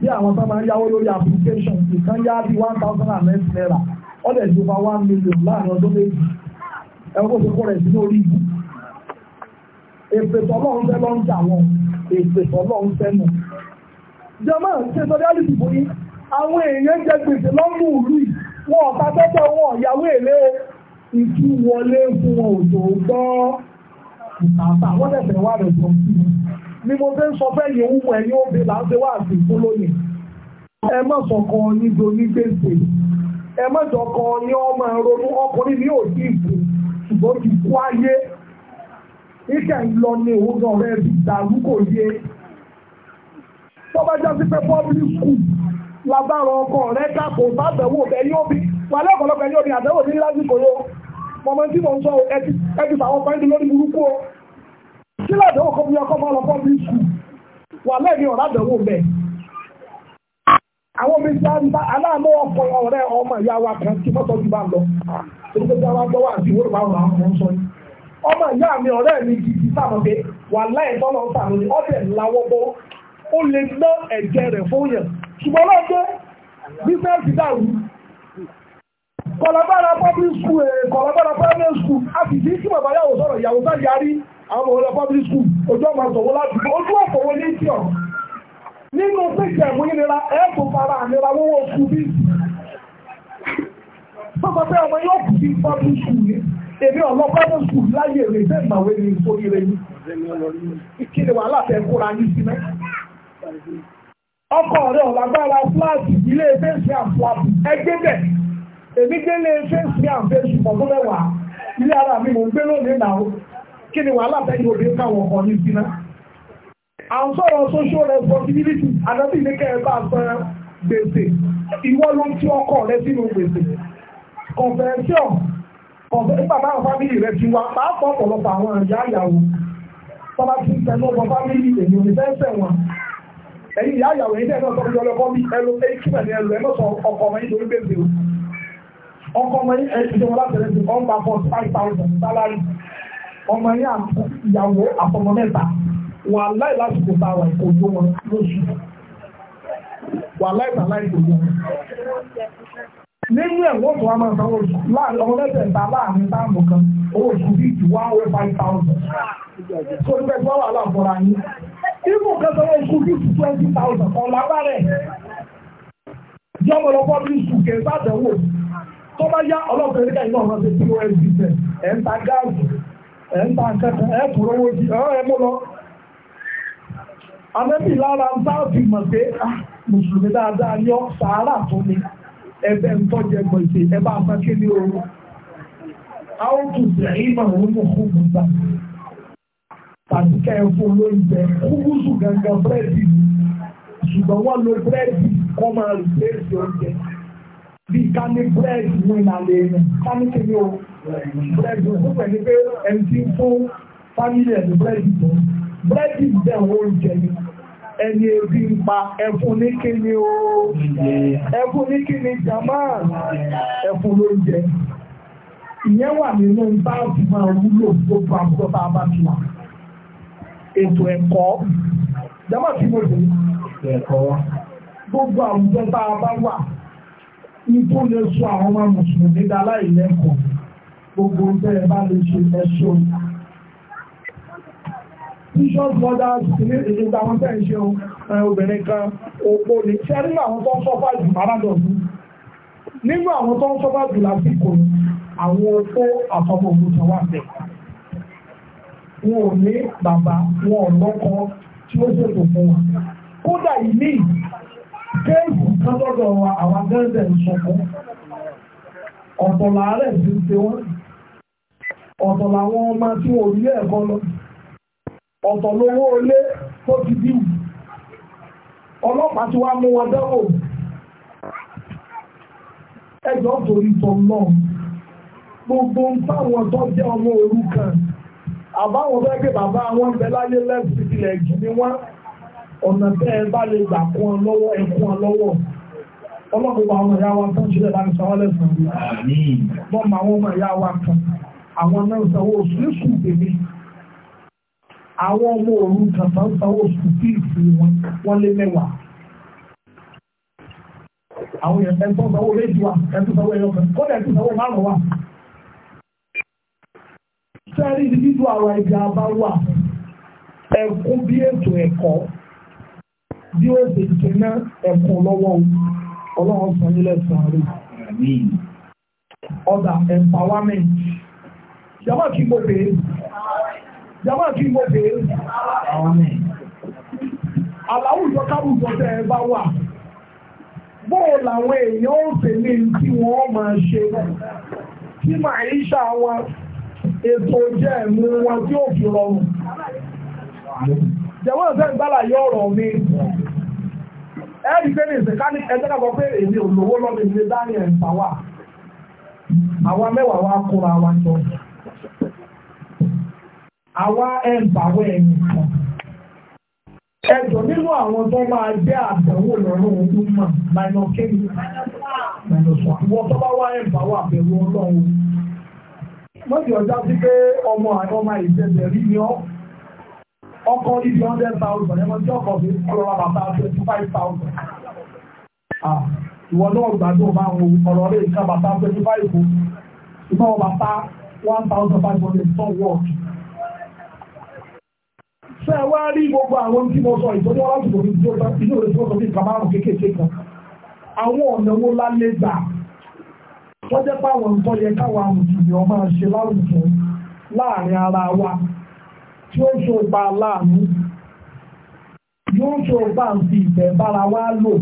bí àwọn tó máa ń yáwó lórí application nìkan yá bí one thousand and nine naira ó lè ju over one million láàrin ọdún méjì ẹ̀rọ kó kó rẹ̀ sí lórí ìbú. èpèsè ọlọ́run fẹ́ ló ń jà wọn èpèsè ọlọ́run fẹ́ nù. jọ́mọ́ ṣe sọ dáálì dìbò yín àwọn èèyàn jẹ gbèsè lọ́mú ìlú yìí wọn ọ̀tá tẹ́tẹ́ wọn ìyàwó èlé ìtúwọlé fún wọn òjò gbọ́ ìtàtà wọ́n dẹ̀ fẹ́ wà rẹ̀ jọ sí i ni mo fẹ́ sọ fẹ́ yẹ̀wù mọ̀ ẹ̀yìn òbí là ń ṣe wá àti ìfúnlóyìn ẹ má sọkàn yín doní gbèsè ẹ má jọkàn yín ọmọ ronú ọkùnrin ní òjì ìbò ṣùgbọ́n ti kú ayé ìkẹ́ ń lọ ní òun náà rẹ̀ bí dàrú kò yé tọ́ba jásí pé public school lábára ọkọ rẹ̀ dàpọ̀ bá bẹ̀wò ẹ̀yìn òbí wà lẹ́kọ̀ọ́lọ́kọ̀ ẹ̀yìn òbí àtẹ̀wò ní lásìkò yóò mọ̀mọ́ tí mo sọ ẹbí fàwọn kan lórí burúkú o kí ládàáwò kọ́ fúnyà kọ́ máa lọ pọ́ọ̀bù ìṣù wà lẹ́ẹ̀ni ọ̀rá dẹ̀wò àwọn ń bá aláàmọ́ ọmọ ìyá wa kan tí ti bá lọ ọmọ mi ọ̀rẹ́ mi kọlọ̀bára public school ẹ̀ eh, kọlọ̀bára primary school a sì sí kí bàbá yàwó sọ̀rọ̀ ìyàwó bá yarí àwọn ọmọ ọlọ́ public school ojú ọmọ àtọ̀wọ́ láti ojú ọ̀pọ̀wọ́ ní tí ọ̀ nínú pèsè ẹ̀mú nínira ẹ̀ẹ́tò fara àmìra wọ́wọ́ kú bí sọ́sọ́ pé ọmọ yóò kú sí public school ní èmi ọ̀lọ́ primary school láyé rẹ̀ bẹ́ẹ̀ màwé ní ìforí rẹ̀ ní kí ni wàhálà fẹ́ kóra yín sí mẹ́ ọkọ̀ rẹ̀ ọ̀làgbára fúláàtì ilé ẹgbẹ́ sí àpò àpò ẹgbẹ́ bẹ́ẹ̀ èmi délé fèsì à ń fèsì ọdún mẹ́wàá ilé ara mi mò ń gbé lónìí náà kí ni wàhálà tẹ́yìn òde káwọn ọkọ̀ ní síná à ń sọ̀rọ̀ social responsibility àdàbí ilé kẹ́ẹ̀bá san gbèsè ìwọ ló ń tí ọkọ rẹ sínú gbèsè convention nígbà táwọn fámìlì rẹ ti wá pàápàá ọ̀pọ̀lọpọ̀ àwọn ìyá ìyàwó tọ́lá ti ń tẹnu ọmọ fámìlì èyí ò ní fẹ́ sẹ̀ wọn ẹ̀yin ìyá ìyàwó yìí náà sọ́kọ́ ìjọ lọ́kọ́ bí ẹlò ẹ̀kí mẹ́rin ẹlò ẹ̀ mọ́sọ̀ ọkọ̀ ọmọ yìí lórí gbèsè ọkọ ọmọ yín ẹ̀ṣẹ̀ wọn látẹ̀lẹ́ sí ọ̀n pàpọ̀ five thousand salary ọmọ yín ìyàwó àfọmọ mẹ́ta wà láì lásìkò tá a wà ìkò ojú wọn lóṣù wà láì tà láì ìkò ojú wọn. nínú ẹ̀ wọ́n tún wá máa sanwó oṣù láàrin ọmọ mẹ́tẹ̀ẹ̀ta láàrin táàmù kan owó oṣù bíi ti one way five thousand tó ń bẹ́ẹ̀ fọ́wọ́ aláàbọ̀ra yín ibù kẹsàn-án owó oṣù bíi ti twenty thousand ọ̀làbàrẹ̀ yọmọlọpọ̀ bíi sùkè sáàdẹ̀wò tó bá yá ọlọ́pàá ẹ̀ríkà iná ọ̀rọ̀ ṣe pos business ẹ̀ ń ta gáàsì ẹ̀ ń ta kẹta ẹ̀ tún rówó sí ọ̀rọ̀ ẹ̀ mú lọ. àmẹ́bí lára ń bá òbí mọ̀ pé ah, mùsùlùmí dáadáa ní ọ́ sàárà tó ní ẹgbẹ́ ń tọ́jẹ gbèsè ẹ bá fẹ́ kí ni o. a ó tún bẹ̀ ìmọ̀ òun mú kú bùbá tàbí ká ẹ gangan búrẹ́dì ṣùgbọ́n wọ́n lo búrẹ́dì kọ́ máa rìpléṣì oúnjẹ bí ká ní búrẹ́dì ní ìlànà èèyàn ká ní kí ni o búrẹ́dì tó pẹ̀lú pé ẹni tí ń fún fámílì ẹ̀ ní búrẹ́dì tó búrẹ́dì jẹ́ oúnjẹ ni ẹni ebi ń pa ẹfun ní kí ni o ẹfun ní kí ni jamaa ẹfun ló ń jẹ ìyẹn wà nínú bá ti máa wúlò gbogbo àbúrò bá a bá ti wà ètò ẹ̀kọ́ jamaa tí mo lè gbogbo àwùjọ bá a bá wà ibú lè sọ àwọn ọmọ mùsùlùmí dá láì lẹ́kọ̀ọ́ gbogbo bẹ́ẹ̀ bá lè ṣe ẹ̀ṣọ́ bishop brothers ní ìlú àwọn tẹ́ ń ṣe obìnrin kan òpó ní tí a nínú àwọn tó ń sọ́fà jù márádọ̀ fún nínú àwọn tó ń sọ́fà jù lásìkò àwọn opó àtọmọ òmùsọ wà bẹ̀ wọn ò ní bàbá wọn ò lọ́kọ tí ó ṣètò fún wọn kódà ìmíì kéèkù kọ́tọ́dọ̀ wa àwọn gẹ́gẹ́ ń sọ̀kọ́ ọ̀tọ̀ làárẹ̀ sí ti wọ́n ọ̀tọ̀ làwọn ọmọ tí wọ́n rí ẹ̀kọ́ lọ ọ̀tọ̀ lówó ilé tó ti dì ọlọ́pàá tí wàá mú wọn dánwò ẹjọ́ torí tọ̀ náà gbogbo ń fáwọn tó jẹ́ ọmọ òrukàn àbáwọn fẹ́ pé bàbá wọn bẹ láyé lẹ́sìn ilẹ̀ jù ni wọ́n ọ̀nà tẹ́ ẹ bá lè gbà kún ọ lọ́wọ́ ẹ kún ọ lọ́wọ́ ọlọ́pọ̀pọ̀ àwọn ìyá wa tán ṣílẹ̀ láti sanwó lẹ́sàn rí mọ́mọ àwọn ọmọ ìyá wa kan àwọn náà sanwó oṣù tèmi àwọn ọmọ òru kan tán sanwó oṣù fíìsì wọn wọn mẹ́wàá àwọn èèyàn ẹ̀tọ́ sanwó méjì wa ẹ̀tọ́ sanwó ẹ̀yọ kan kọ́dà ẹ̀tọ́ sanwó márùn wa sẹ́ẹ̀rì ìdíjú àwọn ibi àbá ẹ̀kú bí ètò ẹ̀kọ́ bí ó ṣe jẹ́ná ẹ̀kún lọ́wọ́ ọlọ́run san yín lẹ́sàn rẹ̀. ọ̀dà empowerment jama kí mo pè é jama kí mo pè é aláwùjọ káwùjọ tẹ ẹ bá wà bóò làwọn èèyàn ó ṣe ní tí wọ́n máa ṣe tí màá ń ṣàwọn ètò jẹ́ ẹ̀mú wọn tí ó fi rọrùn. jẹ̀wọ́n ṣe ń ọ̀rọ̀ mi ẹ̀rí pé ní ìsìnká ní ẹjọ́ náà sọ pé èmi ò lówó lọ́dọ̀ ìdílé daniel mpawa àwa mẹ́wàá wa kóra wa jọ àwa ẹ̀ǹbàwọ̀ ẹ̀yìn kan ẹjọ́ nínú àwọn tó máa jẹ́ àbẹ̀wò lọ́rùn ogun mà minus kéwì minus one ìwọ tó bá wá ẹ̀ǹbàwọ̀ àbẹ̀wò ọlọ́run mọ́tì ọjà sí pé ọmọ àyọ́mọ ìṣẹ̀lẹ̀ rí ni ọ́ ọkọ̀ ibi hundred thousand ẹmọ tí ọkọ̀ fi ọlọ́wà bàbá twenty five thousand. ìwọ náà gbàdúrà máa ń wo ọ̀rọ̀ rẹ̀ ká bàbá twenty five o ìmọ̀ bàbá one thousand five hundred tó wọ̀. ṣé ẹ wá rí gbogbo àwọn tí mo sọ ìtọ́jú ọlọ́dún mi tó inú rẹ̀ tó sọ bí nǹkan márùn-ún kéékèèké kan àwọn ọ̀nà wo lálé gbà wọ́n jẹ́ pé àwọn nǹkan yẹ káwọn àrùn jùlọ máa ṣe láwùjọ láàrin ara wa tí ó ṣòpa láàánú yóò ṣòpa ń fi ìfẹ́ bára wa lò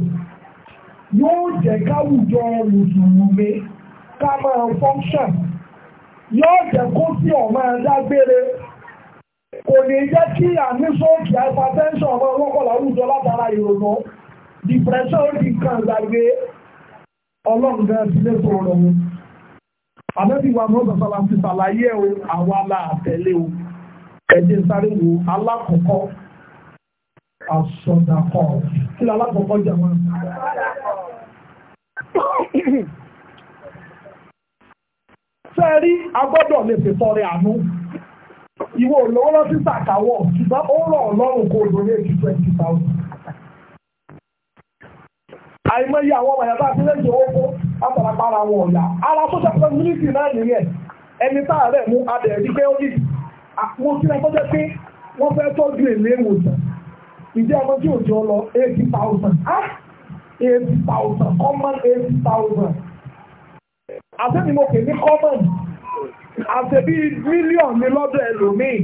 yóò jẹ́ káwùjọ mùsùlùmí ká máa fọ́nṣàn yóò jẹ́ kó sí ọmọ ẹ̀dágbére kò ní jẹ́ kí àmísọ́ọ̀kì hypertension ọmọ ọlọ́kọ̀lá àwùjọ látara ìrònú depression ó di nǹkan ìgbàgbé ọlọ́ǹgá sílé tó rọrùn. Àmẹ́bí wa mọ́ sọ̀sọ́lá ti ṣàlàyé o àwa la àtẹ̀lé o. ẹ̀jẹ̀ sáré wo alákọ̀ọ́kọ́ àsọdàkọ̀ kí ló alákọ̀ọ́kọ́ jẹ́ wọn. agbọ́dọ̀ lè àánú ìwọ lọ sí sàkáwọ̀ ṣùgbọ́n ó rọ̀ ọlọ́run kó lórí twenty thousand. àìmọye àwọn ọmọ àti lẹ́yìn owó ara tó mílíkì náà nìyẹn ẹni tá a rẹ̀ àwọn tí wọ́n tọ́jọ́ pé wọ́n fẹ́ tọ́jú èlé ìwòsàn ìdí ọmọ tí ò jọ lọ eighty thousand ah eighty thousand common eighty thousand àtẹ́ni mo pè ní common àtẹ̀bí mílíọ̀nù ní lọ́dọ̀ ẹlòmíì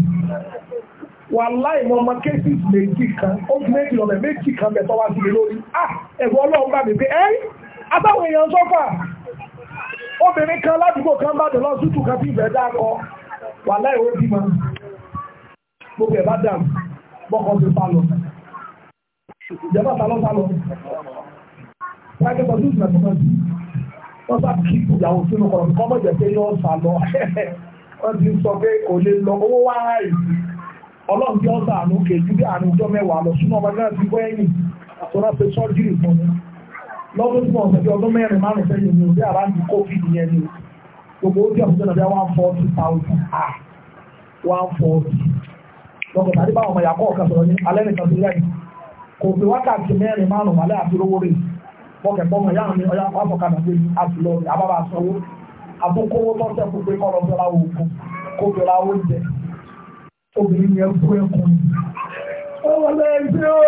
wà láì mọ ọmọ cases méjì kan ó fi méjì lọ́mọ méjì kan bẹ̀tọ́ wá sí mi lórí ah ẹ̀rọ ọlọ́run bá mi pé ẹ́ àtàwọn èèyàn sọ́fà obìnrin kan ládùúgbò kan bá dé lọ sútù kan fi ìbẹ̀ dá wà láì ó bímọ gbogbo ẹ̀ bá bọ́kọ̀ tó sálọ ìjọba sálọ sálọ pàkẹ́tọ̀ tó sùn àtúntò sí wọ́n bá kí ìyàwó sínú kọ̀ọ̀kan pé sálọ wọ́n ti sọ pé kò lè lọ owó wá ọlọ́run bí ọjọ́ mẹ́wàá lọ náà ti àtọ́lá pé mi lọ́dún tí sọ gbogbo ojú ọ̀sán náà bí one forty thousand a ah, one forty lọ́kọ̀ tàbí báwọn ọmọ ìyá kọ́ ọ̀kan sọ̀rọ̀ ní alẹ́ nìkan sí lẹ́yìn kò pé wákàtí mẹ́rin márùn-ún alẹ́ àti rówó rẹ̀ bọ́kẹ̀ pọ́mọ ìyá mi ọ̀yá pápọ̀kadà pé àti lọ rẹ̀ abábà sanwó àbúkówó tọ́sẹ̀ kò pé kọ́ lọ sọ́ra oògùn kó bẹ̀rẹ̀ oúnjẹ obìnrin yẹn kú ẹkùn ọmọ lẹ́gbẹ́ o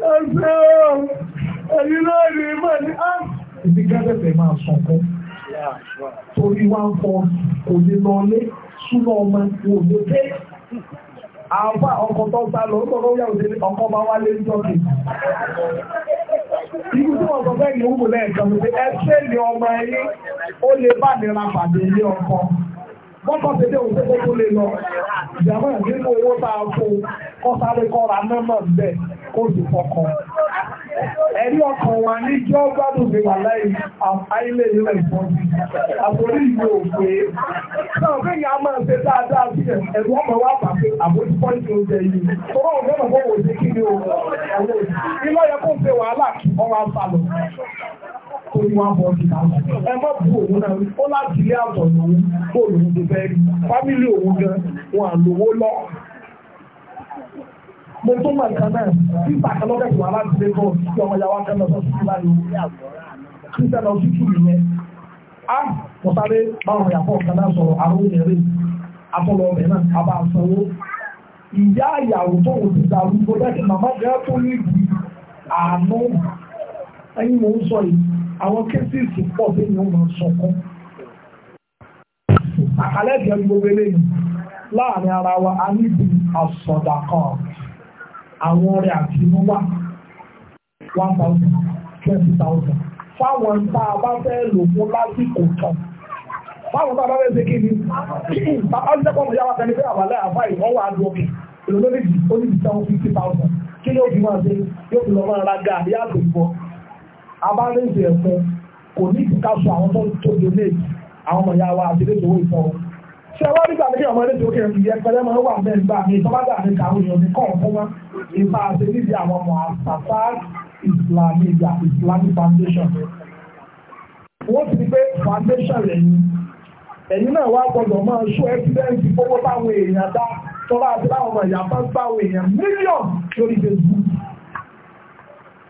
lẹ́gbẹ́ o ẹ̀yin náà rí mọ́ ní á ìdíkẹ́ bẹ̀rẹ̀ máa sọ̀kún torí wá ń fọ kò lè lọ lé súnà ọmọ wò ló dé àwa ọkọ̀ tó gbà lọ ọkọ̀ lọ́wọ́ yàwó délé ọkọ̀ bá wá lé jọ́kì ìlú tí wọ́n sọ fẹ́ ní òwúlẹ̀ ẹ̀kan ló dé ẹ ṣé ní ọmọ ẹ̀yìn ó lè bá nira pàdé ilé bọ́kọ̀ tẹ́lẹ̀ òun tó tó lè lọ ìjàmọ́ nínú owó tá a fún kọ́ sáré kọ́ra mẹ́mọ̀ bẹ́ kó sì fọkàn ẹ̀rí ọkàn wa ní jọ́ gbádùn mi wà láì ìfọ́n àforí ìlú òpè náà ìyá máa ṣe dáadáa sí ẹ̀rù ọmọ wa pàṣẹ àbójú pọ́ǹtì oúnjẹ yìí tọ́wọ́ òun mẹ́mọ̀ fọ́wọ́ òṣèkí ni òun ilé ọ̀yẹ́ kó ń ṣe wàhálà kí ọwọ́ tó ní one forty thousand ẹ má bu òun náà ó láti ilé àtọ̀ lòun kó lòun ti fẹ́ rí fámìlì òun gan wọn à lówó lọ. mo tún mọ̀ nǹkan náà nígbà kan lọ́kẹ́ tí wàá láti lé bọ́ọ̀ sí ọmọ yàrá kan lọ sọ́sùn sí láyé kristian ọ̀sùtù nìyẹn. a mo sáré báwọn yàtọ̀ kan náà sọ̀rọ̀ àrùn yẹrẹ àtọ̀lọ̀ ọ̀bẹ náà àbá sanwó ìyá ìyàwó tó wò ti dàrú gbọdọ̀ kí màmá gẹ́gẹ́ tó ní ìdí àánú ẹ̀yin mò ń sọ yìí àwọn kéésìsì pọ̀ sí ni wọ́n sọkún àkàlẹ́jọ ní gbogbo eléyìí láàrin ara wa a níbi àsọ̀dà kan àwọn ọ̀rẹ́ àti inú wa one thousand twenty thousand fáwọn tá a bá fẹ́ lò fún lásìkò tán fáwọn tá a bá fẹ́ ṣe kí ni ọ̀sẹ̀kọ̀ ọ̀mọ̀yá wa tẹ̀lé fẹ́ àbálẹ̀ àbá ìwọ́wọ́ àdókè èlò lórí ìdí seven fifty thousand kí ló fi máa ṣe yóò fi lọ́ máa ra gàrí àtòkọ́ abárèzì ẹ̀fọn kò ní ìdíkà sọ àwọn tó tó donate àwọn ọmọ ìyá wa àti lẹ́tọ̀ọ́ ìfọ̀ ṣé wọ́n nígbà tí ọmọ lẹ́tọ̀ọ́ kẹ́ ẹ̀mí yẹ pẹ́lẹ́ máa wà bẹ́ẹ̀ gbà mí tọ́ba dà ní kàwé yọ ní kọ́ fún wa ipa àti níbi àwọn ọmọ àṣàfà Islamic Islamic foundation wọ́n ti di pé foundation rẹ̀ ni ẹ̀yin náà wá gbọ́dọ̀ máa ṣó ẹ́fídẹ́ǹsì fọwọ́ báwọn èèyàn dá tọ́ba àti báwọn ọmọ ìyá bá gbáwọn èèyàn mílíọ̀nù lórí Facebook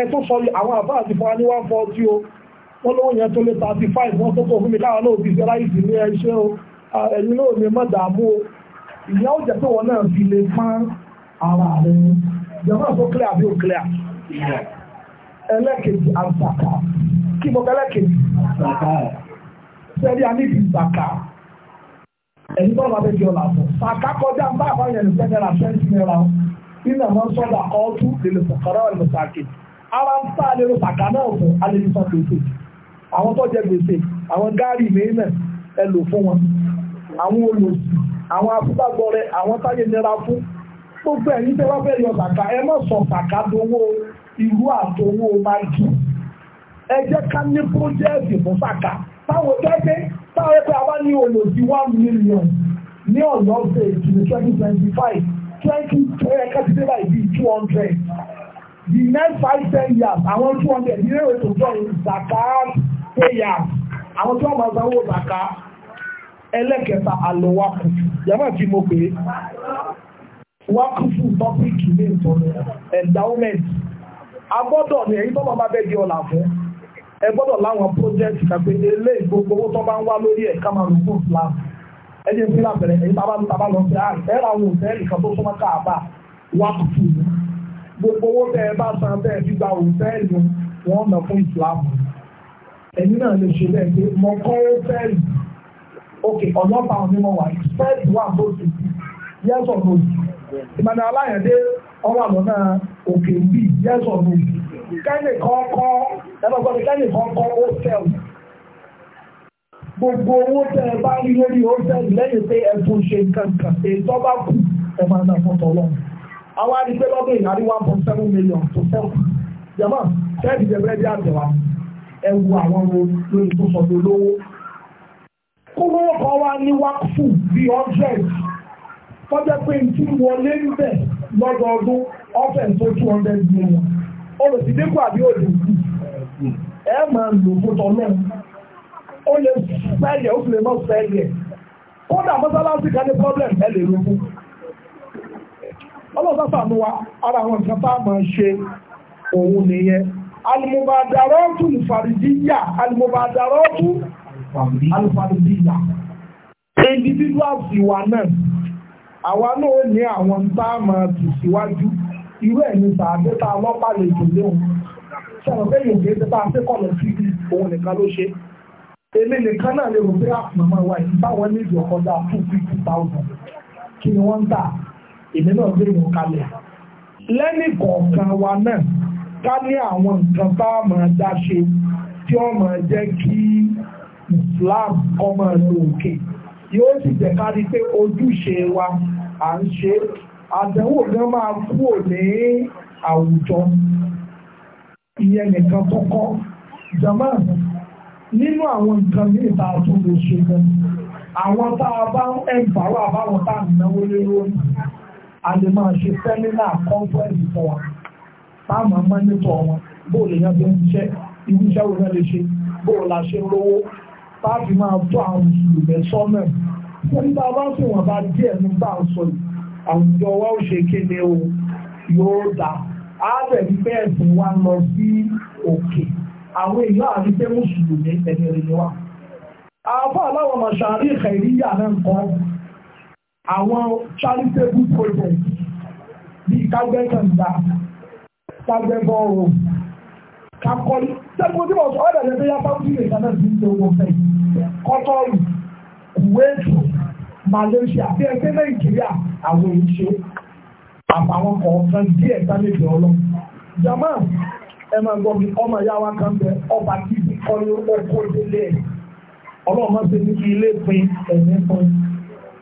ẹ̀tún sọ àwọn àbáà ti fọ́n ní 140 o wọ́n lọ́wọ́ yẹn tó lé 35 wọ́n tó kò fún mi láwọn náà bí sẹ́láìsì ní ẹṣẹ́ o ẹ̀yìn náà ní mọ́ dààmú o ìyá ó jẹ́ pé wọ́n náà fi lè pán ara rẹ̀ jẹ́mọ́ tó clear bí clear ẹlẹ́kejì àzàkà kí mo nínú àwọn sọ́dà ọ̀tú lèlò sàkàrà àlùmọ̀sàkè ara ń tà lérò sàkà náà fún alẹ́sàn gbèsè àwọn tó jẹ gbèsè àwọn gáàrí mìíràn ẹ lò fún wọn àwọn olùsì àwọn afúgbàgbọrẹ àwọn táyé nira fún gbogbo ẹ̀yin tẹ́ wá fẹ́ yọ sàkà ẹ má sọ sàkà dowó ìlú àtowó máa jù ẹ jẹ́ ká ní pọ́jẹ́ẹ̀tì fún sàkà táwọn tẹ́gbẹ́ táwọn ẹgbẹ́ àwa ní olùsì one million ní ọ̀yọ́ ṣe ìkìlì twenty twenty five twenty ẹ̀ kẹ́sì dé báyìí bíi two hundred the next five ten years àwọn two hundred ní èrò tó jọ ìzàká payers àwọn tí wọ́n máa sanwó zàká ẹlẹ́kẹta àlọ́wàkùfù yàrá tí mo pè é wákùfù tọ́pìkì ní ìtọ́nù endowment agbọ́dọ̀ ní èyí tó máa bá bẹ́ẹ̀ di ọ̀là fún ẹ gbọ́dọ̀ láwọn project kàpé eléyìí gbogbo owó tó bá ń wá lórí ẹ̀ ká máa lò fún plan ẹni ń fílà bẹ̀rẹ̀ ẹ̀yìn bàbá bàbá lọ sí àrùn ẹ̀ ra ohun òtẹ́ẹ̀lì kan tó súnmọ́ káàbà wà kùtù gbogbo owó bẹ́ẹ̀ bá san bẹ́ẹ̀ fi gba òtẹ́ẹ̀lì wọn nà fún ìsìlámù ẹ̀yìn náà lè ṣe bẹ́ẹ̀ pé mọ kọ́ òtẹ́ẹ̀lì ok ọlọ́pàá onímọ̀ wà ìsìlámù wà lóṣù yẹ́sọ̀ lóṣù ìmọ̀nà aláyẹ̀dẹ́ ọwọ́ àlọ́nà òkè ń bì yẹ́sọ̀ lóṣù kẹ́nìkan kọ́ ẹ̀rọ gbogbo owó tẹ ẹ bá rí lórí hòtẹ́ẹ̀lì lẹ́yìn pé ẹ ṣe nǹkan kan èyí bá kù ẹ máa ná fún tọ́lọ́ àwọn àdìgbé lọ́dún ìnáwó one point seven million tó fẹ́ẹ̀dì wu àwọn lórí tó sọ kúrò kan wá ní wákùfù bí hundred pé n wọlé ń bẹ̀ lọ́dọọdún tó two hundred million olùsídẹ́kù ó lè fẹ́yẹ̀ ó sì lè mọ́ fẹ́yẹ̀ kódà mọ́sálásí kan ní problem ẹ lè rogún ọlọ́sà sànú wa ara àwọn nǹkan tá a máa ṣe òun nìyẹn alimobadarọ́tù alifaridiya alimobadarọ́tù individual individuals ìwà náà àwa náà ní àwọn tá a máa tù síwájú irú ẹ̀ ní sàádé tá a lọ́pàá lè dùn léwu sọ̀rọ̀ pé yòókè tá a fẹ́ kọ̀ lọ sí òun nìkan ló ṣe èmi nìkan náà lè rò pé ah, àpamọ́ wa yìí báwọn ní ìjọ kọjá two fifty thousand kí ni wọ́n ń tà èmi náà gbé ìwọ̀n kalẹ̀ lẹ́nì kọ̀ọ̀kan wa náà ká ní àwọn nǹkan bá máa dá ṣe tí ó máa jẹ́ kí Islam kọ́ máa lo òkè yóò sì jẹ́ ká rí pé ojúṣe wa à ń ṣe àdánwò gan máa kúrò ní àwùjọ ìyẹn nìkan kọ́kọ́ jama nínú àwọn nǹkan ní ìta tó lè ṣe gan àwọn tá a bá ń ẹ̀bà wà báwọn tá à ń náwó lé lórí a lè máa ṣe sẹ́mínà conference fún wa táàmù mọ́nítọ̀ wọn bó lè yan bí ń ṣe irú iṣẹ́ wo náà lè ṣe bó la ṣe lówó táàbì máa tó àwọn mùsùlùmí sọ́nà fún tá a bá sì wọ́n bá díẹ̀ nígbà ń sọ yìí àwùjọ wa ó ṣe kéde o yóò dà á bẹ̀ bí bẹ́ẹ̀ sì wá lọ sí òkè. Okay àwọn èèyàn àti pé mùsùlùmí ẹni rẹ̀ ni wá. àfọ́ aláwọ̀ màṣàrí ìkẹ̀ríyà náà kọ́ àwọn charitable project bíi kágbẹ́ kànga kágbẹ́ bọ́ọ̀rù kakọ́lí sẹ́gun tí wọ́n sọ ọ́ dàbí ẹgbẹ́ yàtọ̀ sí ìrìn àná sí ìdè owó fẹ́ kọ́tọ́rù kuwaitu malaysia bí ẹgbẹ́ nàìjíríà àwọn èyí ṣe àbàwọn kọ̀ọ̀kan díẹ̀ sáré ìdè ọlọ́ jama ẹ máa gbọ́ mi ọmọ ìyá wa kan bẹ ọba tí kọ́ ní oko délé ẹ̀ ọlọ́run máa ń ṣe ní kí ilé pin ẹ̀mí fún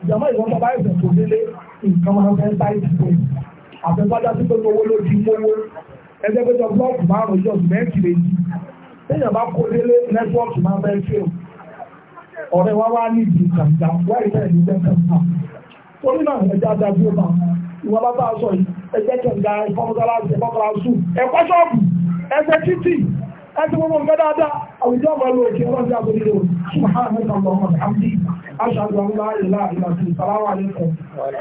ìjàmbá ìwọ́n tó bá ẹ̀sẹ̀ tó délé nǹkan máa ń fẹ́ táìsì pé àfẹ́fájá sí pé owó ló di mówó ẹgbẹ́ pé jọ blọọkù márùn-ún yọ mẹ́ẹ̀kì méjì téèyàn bá kó délé nẹ́tíwọ́ọ̀kì máa fẹ́ fẹ́ o ọ̀rẹ́ wa wá ní ìdí kàǹtà wáyé náà ní ìjẹ́ kàǹtà torí náà ẹja dájú ọba ìwọ́n bá bá a sọ yìí ẹjẹ́ kẹ̀ǹgà ìfọ́nkọ́lá ẹ̀kọ́ ṣọ́ọ̀bù ẹsẹ̀ títì ẹsẹ̀ gbogbo nǹkan dáadáa àwùjọ ọmọ ẹlò òkè ọlọ́dẹ agbórílẹ̀ òṣùwọ̀n àwọn ọmọ àmì aṣáájú àwọn ọmọ ilá ìlàsì ìsàláwà lẹ́kọ̀ọ́